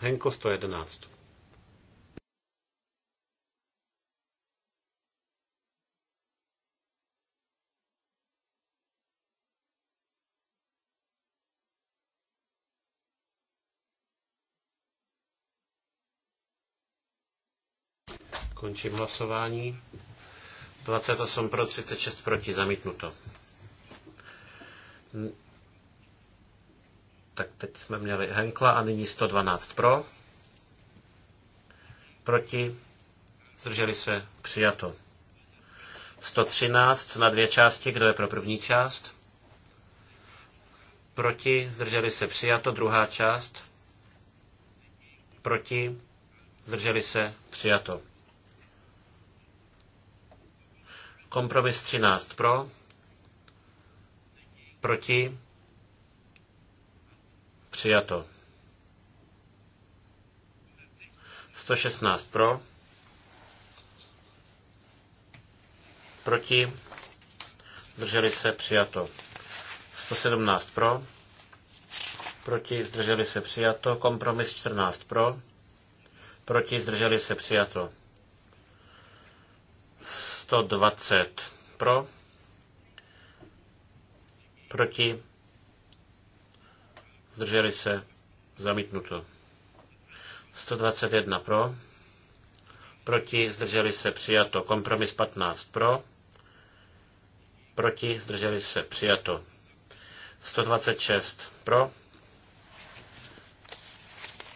Henko 111. Končím hlasování. 28 pro, 36 proti, zamítnuto. Tak teď jsme měli Henkla a nyní 112 pro. Proti, zdrželi se, přijato. 113 na dvě části, kdo je pro první část? Proti, zdrželi se, přijato, druhá část. Proti, zdrželi se, přijato. Kompromis 13 pro, proti, přijato. 116 pro, proti, zdrželi se, přijato. 117 pro, proti, zdrželi se, přijato. Kompromis 14 pro, proti, zdrželi se, přijato. 120 pro, proti, zdrželi se, zamítnuto. 121 pro, proti, zdrželi se, přijato. Kompromis 15 pro, proti, zdrželi se, přijato. 126 pro,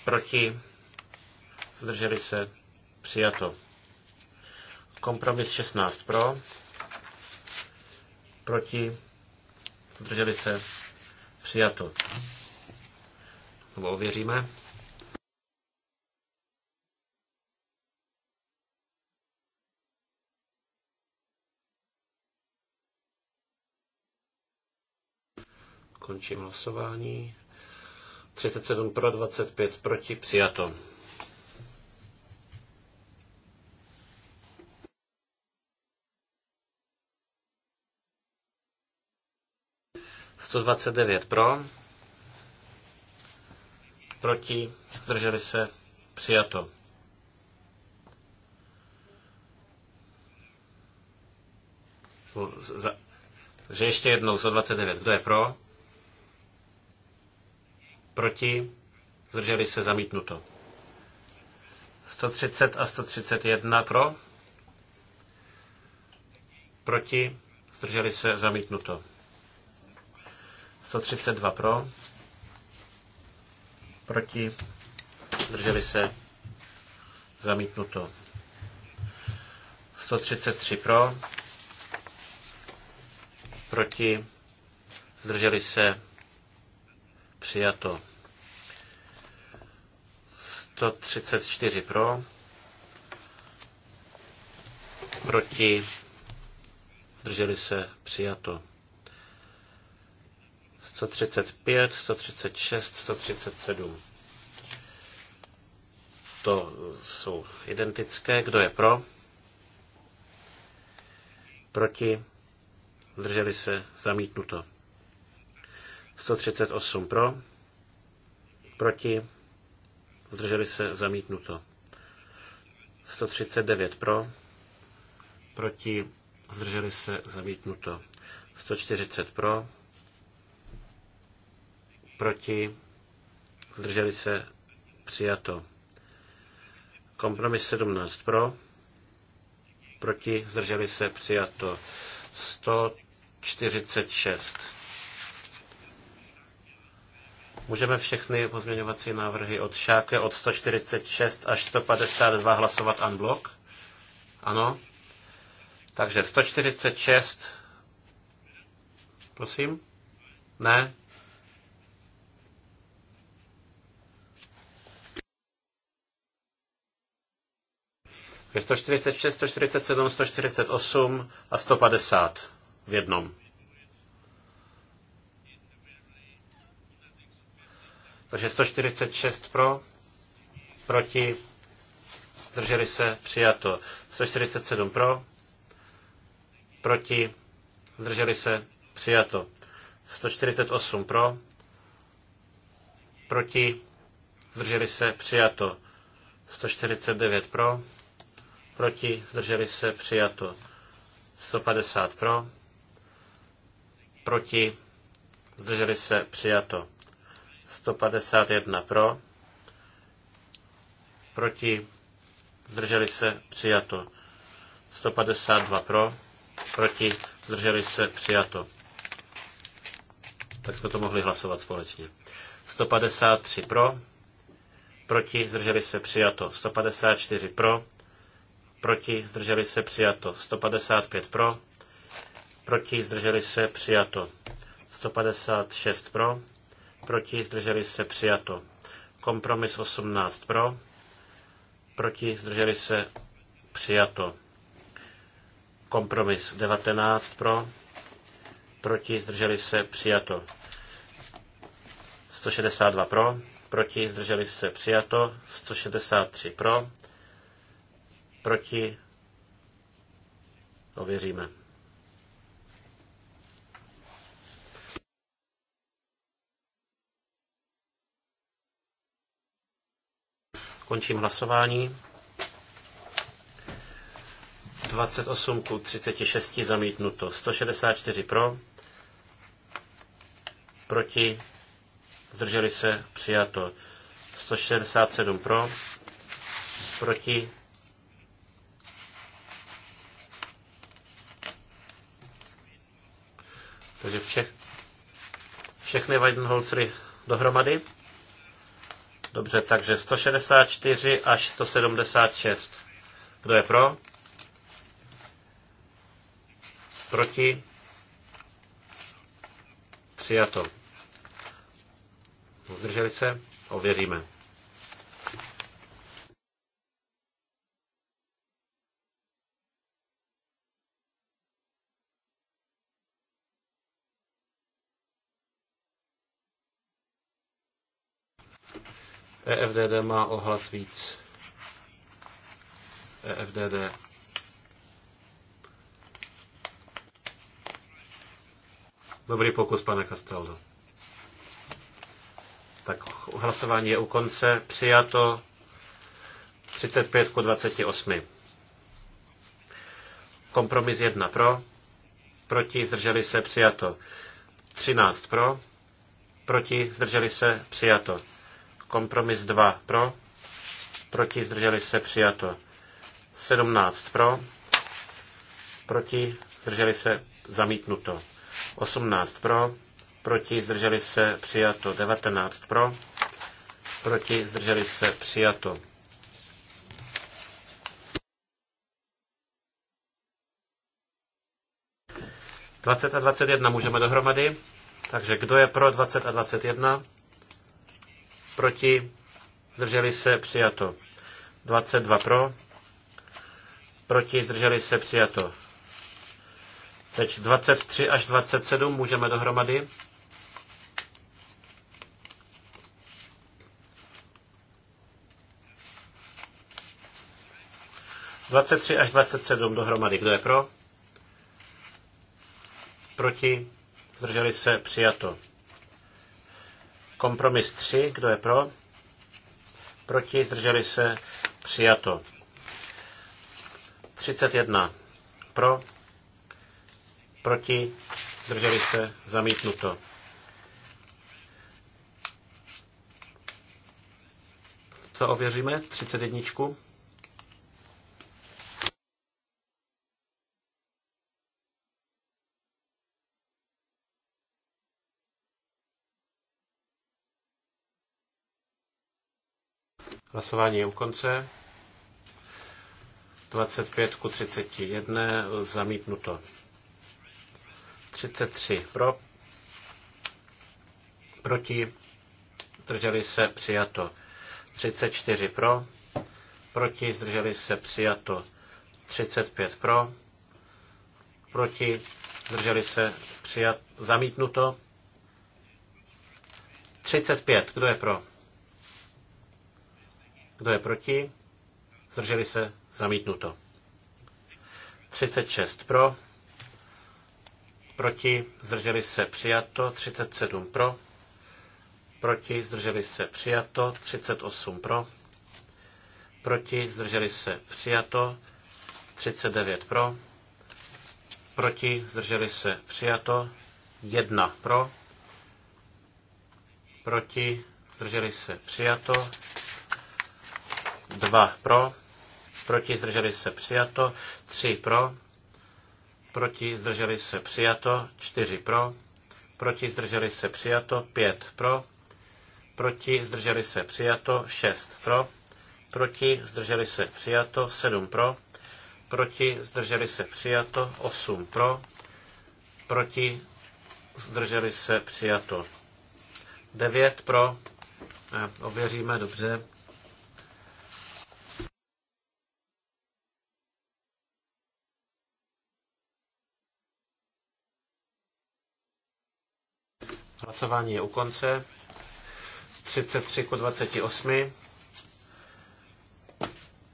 proti, zdrželi se, přijato. Kompromis 16 pro, proti, zdrželi se, přijato. Nebo ověříme. Končím hlasování. 37 pro, 25 proti, přijato. 129 pro, proti, zdrželi se, přijato. takže ještě jednou 129. Kdo je pro? Proti? Zdrželi se zamítnuto. 130 a 131 pro? Proti? Zdrželi se zamítnuto. 132 pro, proti, zdrželi se, zamítnuto. 133 pro, proti, zdrželi se, přijato. 134 pro, proti, zdrželi se, přijato. 135, 136, 137. To jsou identické. Kdo je pro? Proti? Zdrželi se? Zamítnuto. 138 pro? Proti? Zdrželi se? Zamítnuto. 139 pro? Proti? Zdrželi se? Zamítnuto. 140 pro? proti, zdrželi se, přijato. Kompromis 17 pro, proti, zdrželi se, přijato. 146. Můžeme všechny pozměňovací návrhy od šáke od 146 až 152 hlasovat unblock? Ano? Takže 146. Prosím? Ne? Je 146, 147, 148 a 150 v jednom. Takže 146 pro, proti, zdrželi se, přijato. 147 pro, proti, zdrželi se, přijato. 148 pro, proti, zdrželi se, přijato. 149 pro, proti, zdrželi se, přijato. 150 pro, proti, zdrželi se, přijato. 151 pro, proti, zdrželi se, přijato. 152 pro, proti, zdrželi se, přijato. Tak jsme to mohli hlasovat společně. 153 pro, proti, zdrželi se, přijato. 154 pro, proti, zdrželi se, přijato. 155 pro, proti, zdrželi se, přijato. 156 pro, proti, zdrželi se, přijato. Kompromis 18 pro, proti, zdrželi se, přijato. Kompromis 19 pro, proti, zdrželi se, přijato. 162 pro, proti, zdrželi se, přijato. 163 pro, Proti? Ověříme. Končím hlasování. 28 ku 36 zamítnuto. 164 pro. Proti. Zdrželi se. Přijato. 167 pro. Proti. Takže vše, všechny Weidenholzery dohromady. Dobře, takže 164 až 176. Kdo je pro? Proti? Přijato. Zdrželi se? Ověříme. EFDD má ohlas víc. EFDD. Dobrý pokus, pane Castaldo. Tak hlasování je u konce. Přijato 35 ku 28. Kompromis 1 pro. Proti zdrželi se přijato. 13 pro. Proti zdrželi se přijato. Kompromis 2 pro, proti zdrželi se přijato. 17 pro, proti zdrželi se zamítnuto. 18 pro, proti zdrželi se přijato. 19 pro, proti zdrželi se přijato. Dvacet a dvacet jedna můžeme dohromady. Takže kdo je pro dvacet a dvacet jedna? proti, zdrželi se, přijato. 22 pro, proti, zdrželi se, přijato. Teď 23 až 27 můžeme dohromady. Dvacet tři až dvacet sedm dohromady. Kdo je pro? Proti? Zdrželi se? Přijato. Kompromis 3, kdo je pro? Proti, zdrželi se, přijato. 31 pro, proti, zdrželi se, zamítnuto. Co ověříme? 31. Hlasování je u konce. 25 ku 31 zamítnuto. 33 pro, proti, zdrželi se přijato. 34 pro, proti, zdrželi se přijato. 35 pro, proti, zdrželi se přijato. zamítnuto. 35, kdo je pro? Kdo je proti? Zdrželi se? Zamítnuto. 36 pro. Proti? Zdrželi se? Přijato. 37 pro. Proti? Zdrželi se? Přijato. 38 pro. Proti? Zdrželi se? Přijato. 39 pro. Proti? Zdrželi se? Přijato. 1 pro. Proti? Zdrželi se? Přijato. 2 pro, proti zdrželi se přijato, 3 pro, proti zdrželi se přijato, 4 pro, proti zdrželi se přijato, 5 pro, proti zdrželi se přijato, 6 pro, proti zdrželi se přijato, 7 pro, proti zdrželi se přijato, 8 pro, proti zdrželi se přijato, 9 pro, eh, ověříme dobře, Hlasování je u konce. 33 ku 28.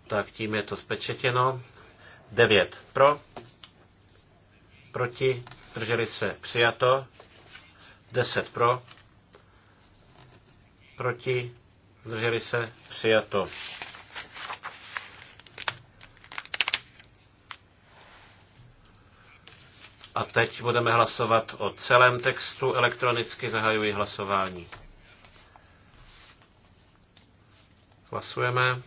Tak tím je to spečetěno. 9 pro. Proti. Zdrželi se. Přijato. 10 pro. Proti. Zdrželi se. Přijato. A teď budeme hlasovat o celém textu. Elektronicky zahajuji hlasování. Hlasujeme.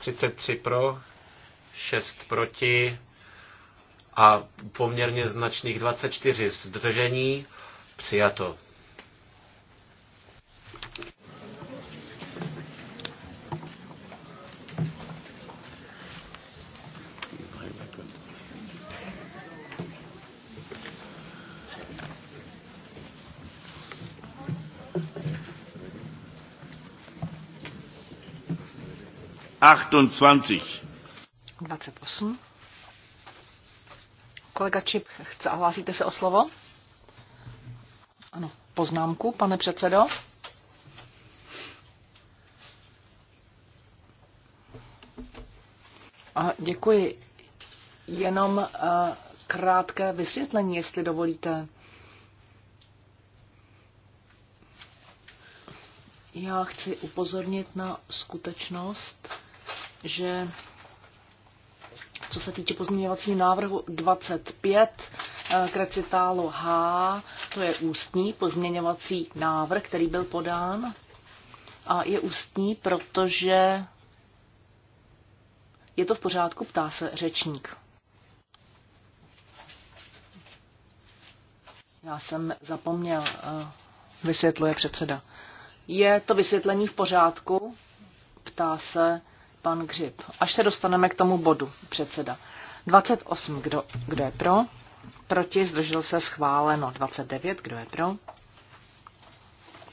33 pro, 6 proti a poměrně značných 24 zdržení přijato. 28. 28. Kolega Čip, chce, hlásíte se o slovo? Ano, poznámku, pane předsedo. A děkuji. Jenom uh, krátké vysvětlení, jestli dovolíte. Já chci upozornit na skutečnost, že co se týče pozměňovacího návrhu 25, eh, krecitálo H, to je ústní pozměňovací návrh, který byl podán. A je ústní, protože je to v pořádku, ptá se řečník. Já jsem zapomněl, eh, vysvětluje předseda. Je to vysvětlení v pořádku? Ptá se pan Gřib. Až se dostaneme k tomu bodu, předseda. 28, kdo, kdo je pro? Proti, zdržel se, schváleno. 29, kdo je pro?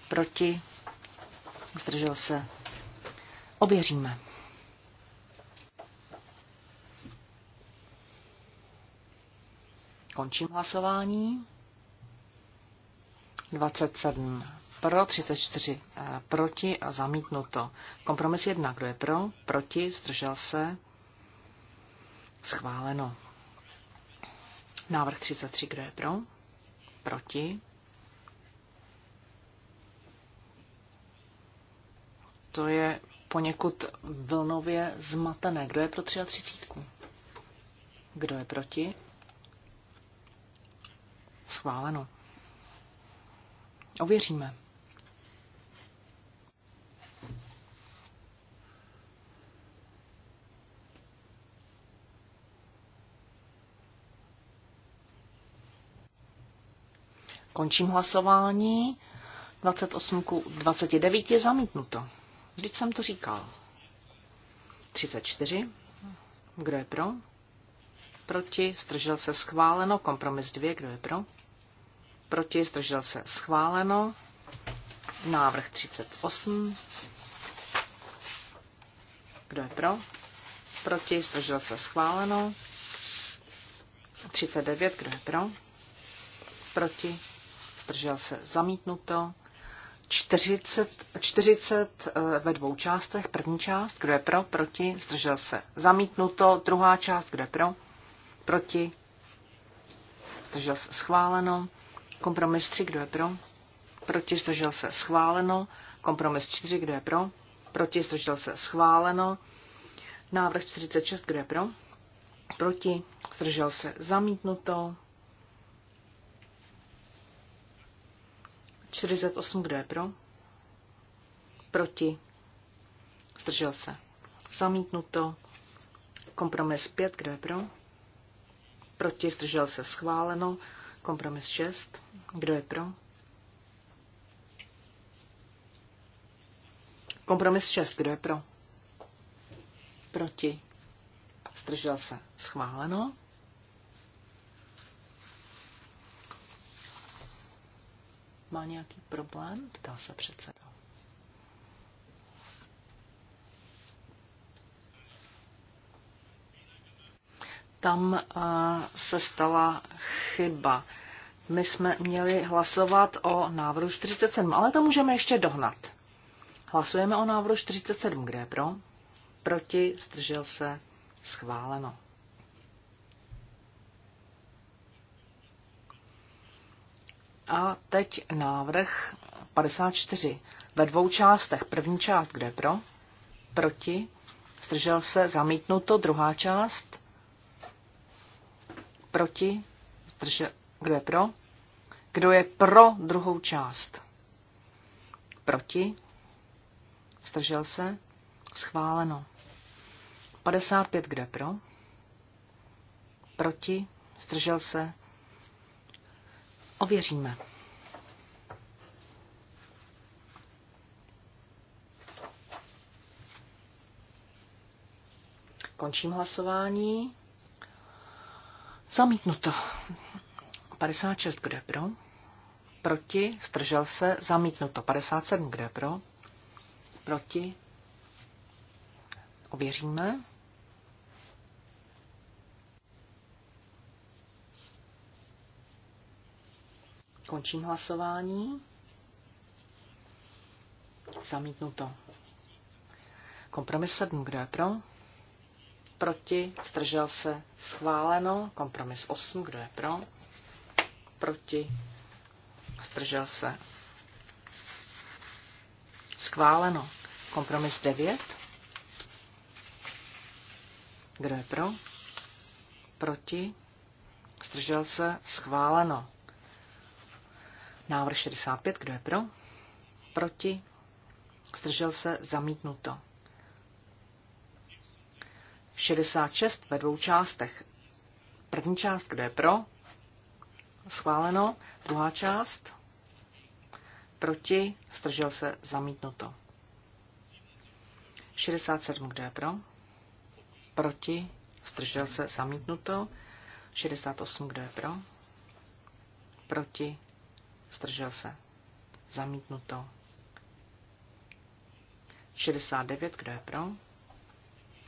Proti, zdržel se. Ověříme. Končím hlasování. 27 pro, 34 eh, proti a zamítnuto. Kompromis 1, kdo je pro, proti, zdržel se, schváleno. Návrh 33, kdo je pro, proti. To je poněkud vlnově zmatené. Kdo je pro 33? Kdo je proti? Schváleno. Ověříme. Končím hlasování. 28 k 29 je zamítnuto. Vždyť jsem to říkal. 34. Kdo je pro? Proti. Zdržel se schváleno. Kompromis 2. Kdo je pro? Proti. Zdržel se schváleno. Návrh 38. Kdo je pro? Proti. Zdržel se schváleno. 39. Kdo je pro? Proti zdržel se zamítnuto. 40, 40 eh, ve dvou částech. První část, kdo je pro, proti, zdržel se zamítnuto. Druhá část, kdo je pro, proti, zdržel se schváleno. Kompromis 3, kdo je pro, proti, zdržel se schváleno. Kompromis 4, kdo je pro, proti, zdržel se schváleno. Návrh 46, kdo je pro, proti, zdržel se zamítnuto. 48, kdo je pro? Proti? Zdržel se. Zamítnuto. Kompromis 5, kdo je pro? Proti? Zdržel se. Schváleno. Kompromis 6, kdo je pro? Kompromis 6, kdo je pro? Proti? Zdržel se. Schváleno. Má nějaký problém? Ptá se předseda. Tam eh, se stala chyba. My jsme měli hlasovat o návrhu 47, ale to můžeme ještě dohnat. Hlasujeme o návrhu 47, kde je pro? Proti, zdržel se, schváleno. A teď návrh 54 ve dvou částech. První část, kde pro? Proti? Zdržel se? Zamítnuto. Druhá část? Proti? Zdržel... Kdo je pro? Kdo je pro druhou část? Proti? Zdržel se? Schváleno. 55 kde pro? Proti? Zdržel se? Ověříme. Končím hlasování. Zamítnuto. 56, kde pro? Proti, stržel se, zamítnuto. 57, kde pro? Proti. Ověříme. Končím hlasování. Zamítnuto. Kompromis 7. Kdo je pro? Proti. Zdržel se. Schváleno. Kompromis 8. Kdo je pro? Proti. Zdržel se. Schváleno. Kompromis 9. Kdo je pro? Proti. Zdržel se. Schváleno. Návrh 65, kdo je pro? Proti? Zdržel se zamítnuto. 66 ve dvou částech. První část, kdo je pro? Schváleno. Druhá část? Proti? Zdržel se zamítnuto. 67, kdo je pro? Proti? Zdržel se zamítnuto. 68, kdo je pro? Proti? zdržel se, zamítnuto. 69, kdo je pro,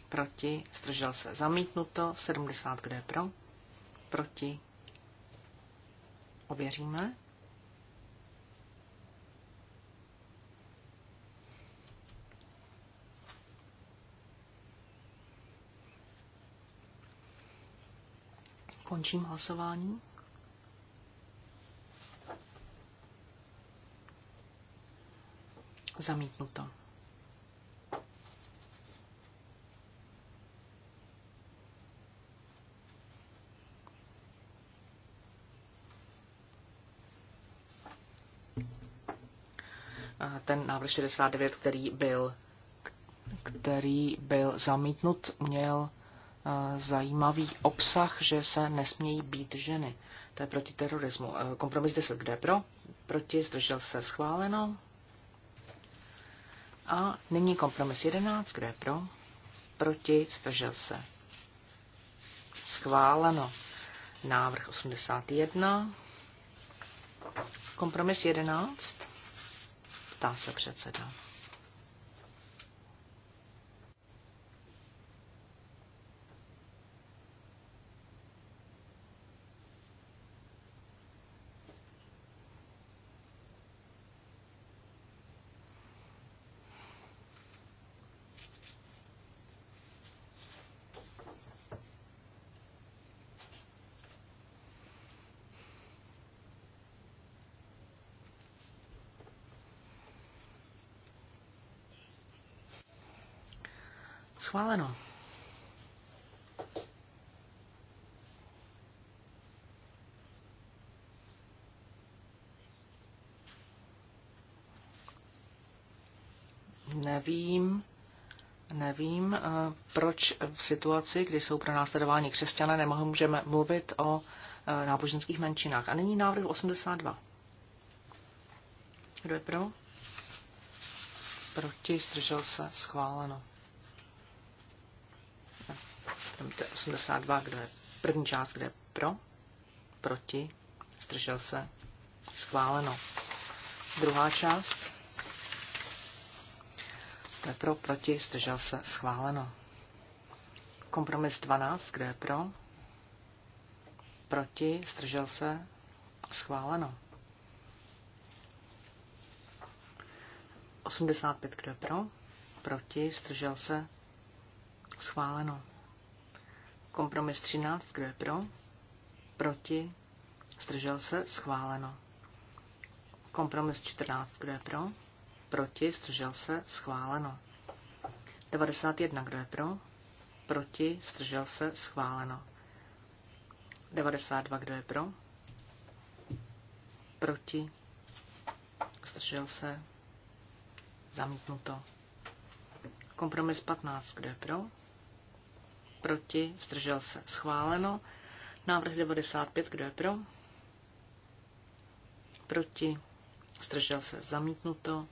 proti, zdržel se, zamítnuto. 70, kdo je pro, proti, ověříme. Končím hlasování. Zamítnuto. ten návrh 69, který byl, který byl zamítnut, měl zajímavý obsah, že se nesmějí být ženy. To je proti terorismu. Kompromis 10, kde pro? Proti, zdržel se schváleno. A nyní kompromis 11, kdo je pro? Proti, Stržel se. Schváleno. Návrh 81. Kompromis 11. Ptá se předseda. Schváleno. Nevím, nevím, eh, proč v situaci, kdy jsou pro následování křesťané, nemůžeme mluvit o eh, náboženských menšinách. A nyní návrh 82. Kdo je pro? Proti, zdržel se, schváleno. 82, kde je první část, kde je pro, proti, zdržel se, schváleno. Druhá část, kde je pro, proti, zdržel se, schváleno. Kompromis 12, kde je pro, proti, zdržel se, schváleno. 85, kdo je pro, proti, zdržel se, schváleno. Kompromis 13, kdo je pro? Proti? Zdržel se? Schváleno. Kompromis 14, kdo je pro? Proti? Zdržel se? Schváleno. 91, kdo je pro? Proti? Zdržel se? Schváleno. 92, kdo je pro? Proti? Zdržel se? Zamítnuto. Kompromis 15, kdo je pro? proti, zdržel se, schváleno. Návrh 95, kdo je pro? Proti, zdržel se, zamítnuto.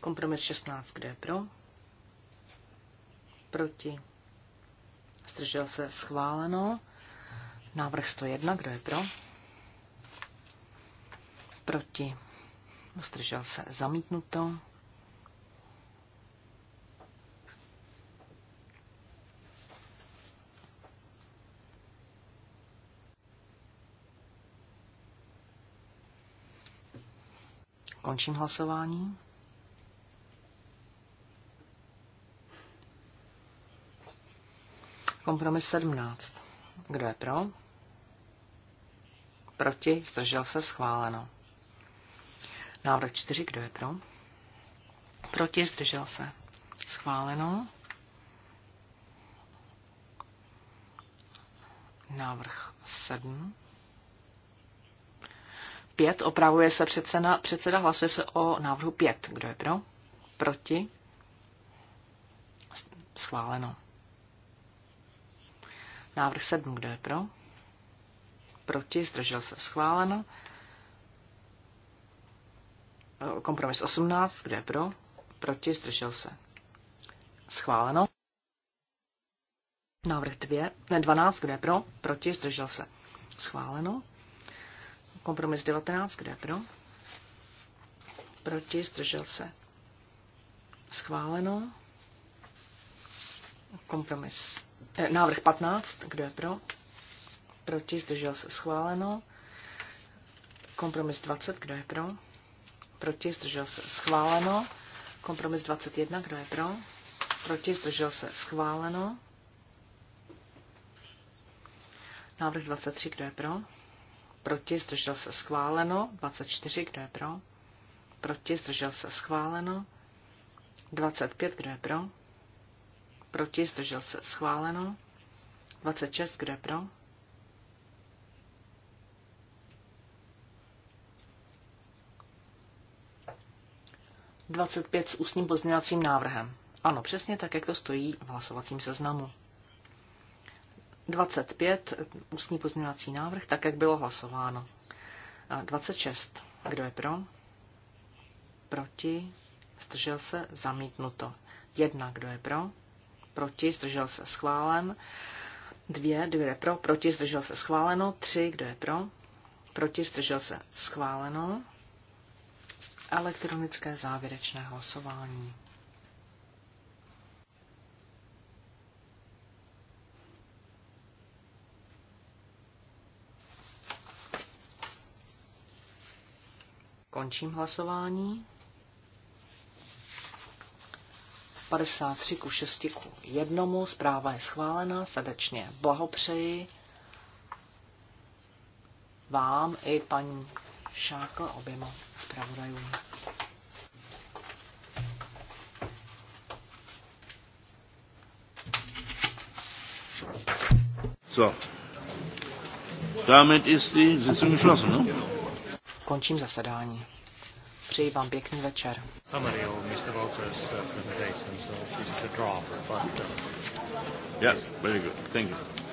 Kompromis 16, kdo je pro? Proti, zdržel se, schváleno. Návrh 101, kdo je pro? Proti, zdržel se, zamítnuto. Končím hlasování. Kompromis 17. Kdo je pro? Proti? Zdržel se? Schváleno. Návrh 4. Kdo je pro? Proti? Zdržel se? Schváleno. Návrh 7. 5, opravuje se předseda, předseda, hlasuje se o návrhu 5. Kdo je pro? Proti? Schváleno. Návrh 7, kdo je pro? Proti, zdržel se, schváleno. Kompromis 18, kdo je pro? Proti, zdržel se. Schváleno. Návrh 2, ne 12, kdo je pro? Proti, zdržel se. Schváleno. Kompromis 19, kde pro? Proti, zdržel se. Schváleno. Kompromis. Eh, návrh 15, kdo je pro? Proti, zdržel se. Schváleno. Kompromis 20, kdo je pro? Proti, zdržel se. Schváleno. Kompromis 21, kdo je pro? Proti, zdržel se. Schváleno. Návrh 23, kdo je pro? proti, zdržel se schváleno, 24, kdo je pro, proti, zdržel se schváleno, 25, kdo je pro, proti, zdržel se schváleno, 26, kdo je pro, Dvacet pět s ústním pozměňovacím návrhem. Ano, přesně tak, jak to stojí v hlasovacím seznamu. 25, ústní pozměňovací návrh, tak jak bylo hlasováno. 26, kdo je pro? Proti, zdržel se, zamítnuto. 1, kdo je pro? Proti, zdržel se, schválen. 2, kdo je pro? Proti, zdržel se, schváleno. 3, kdo je pro? Proti, zdržel se, schváleno. Elektronické závěrečné hlasování. Končím hlasování. 53 ku 6 ku 1. Zpráva je schválená. Srdečně blahopřeji vám i paní Šákl oběma zpravodajům. So. Damit ist die Sitzung geschlossen, ne? Končím zasedání. Přeji vám pěkný večer. Mr. Walter's Yes, uh, uh, very good. Thank you.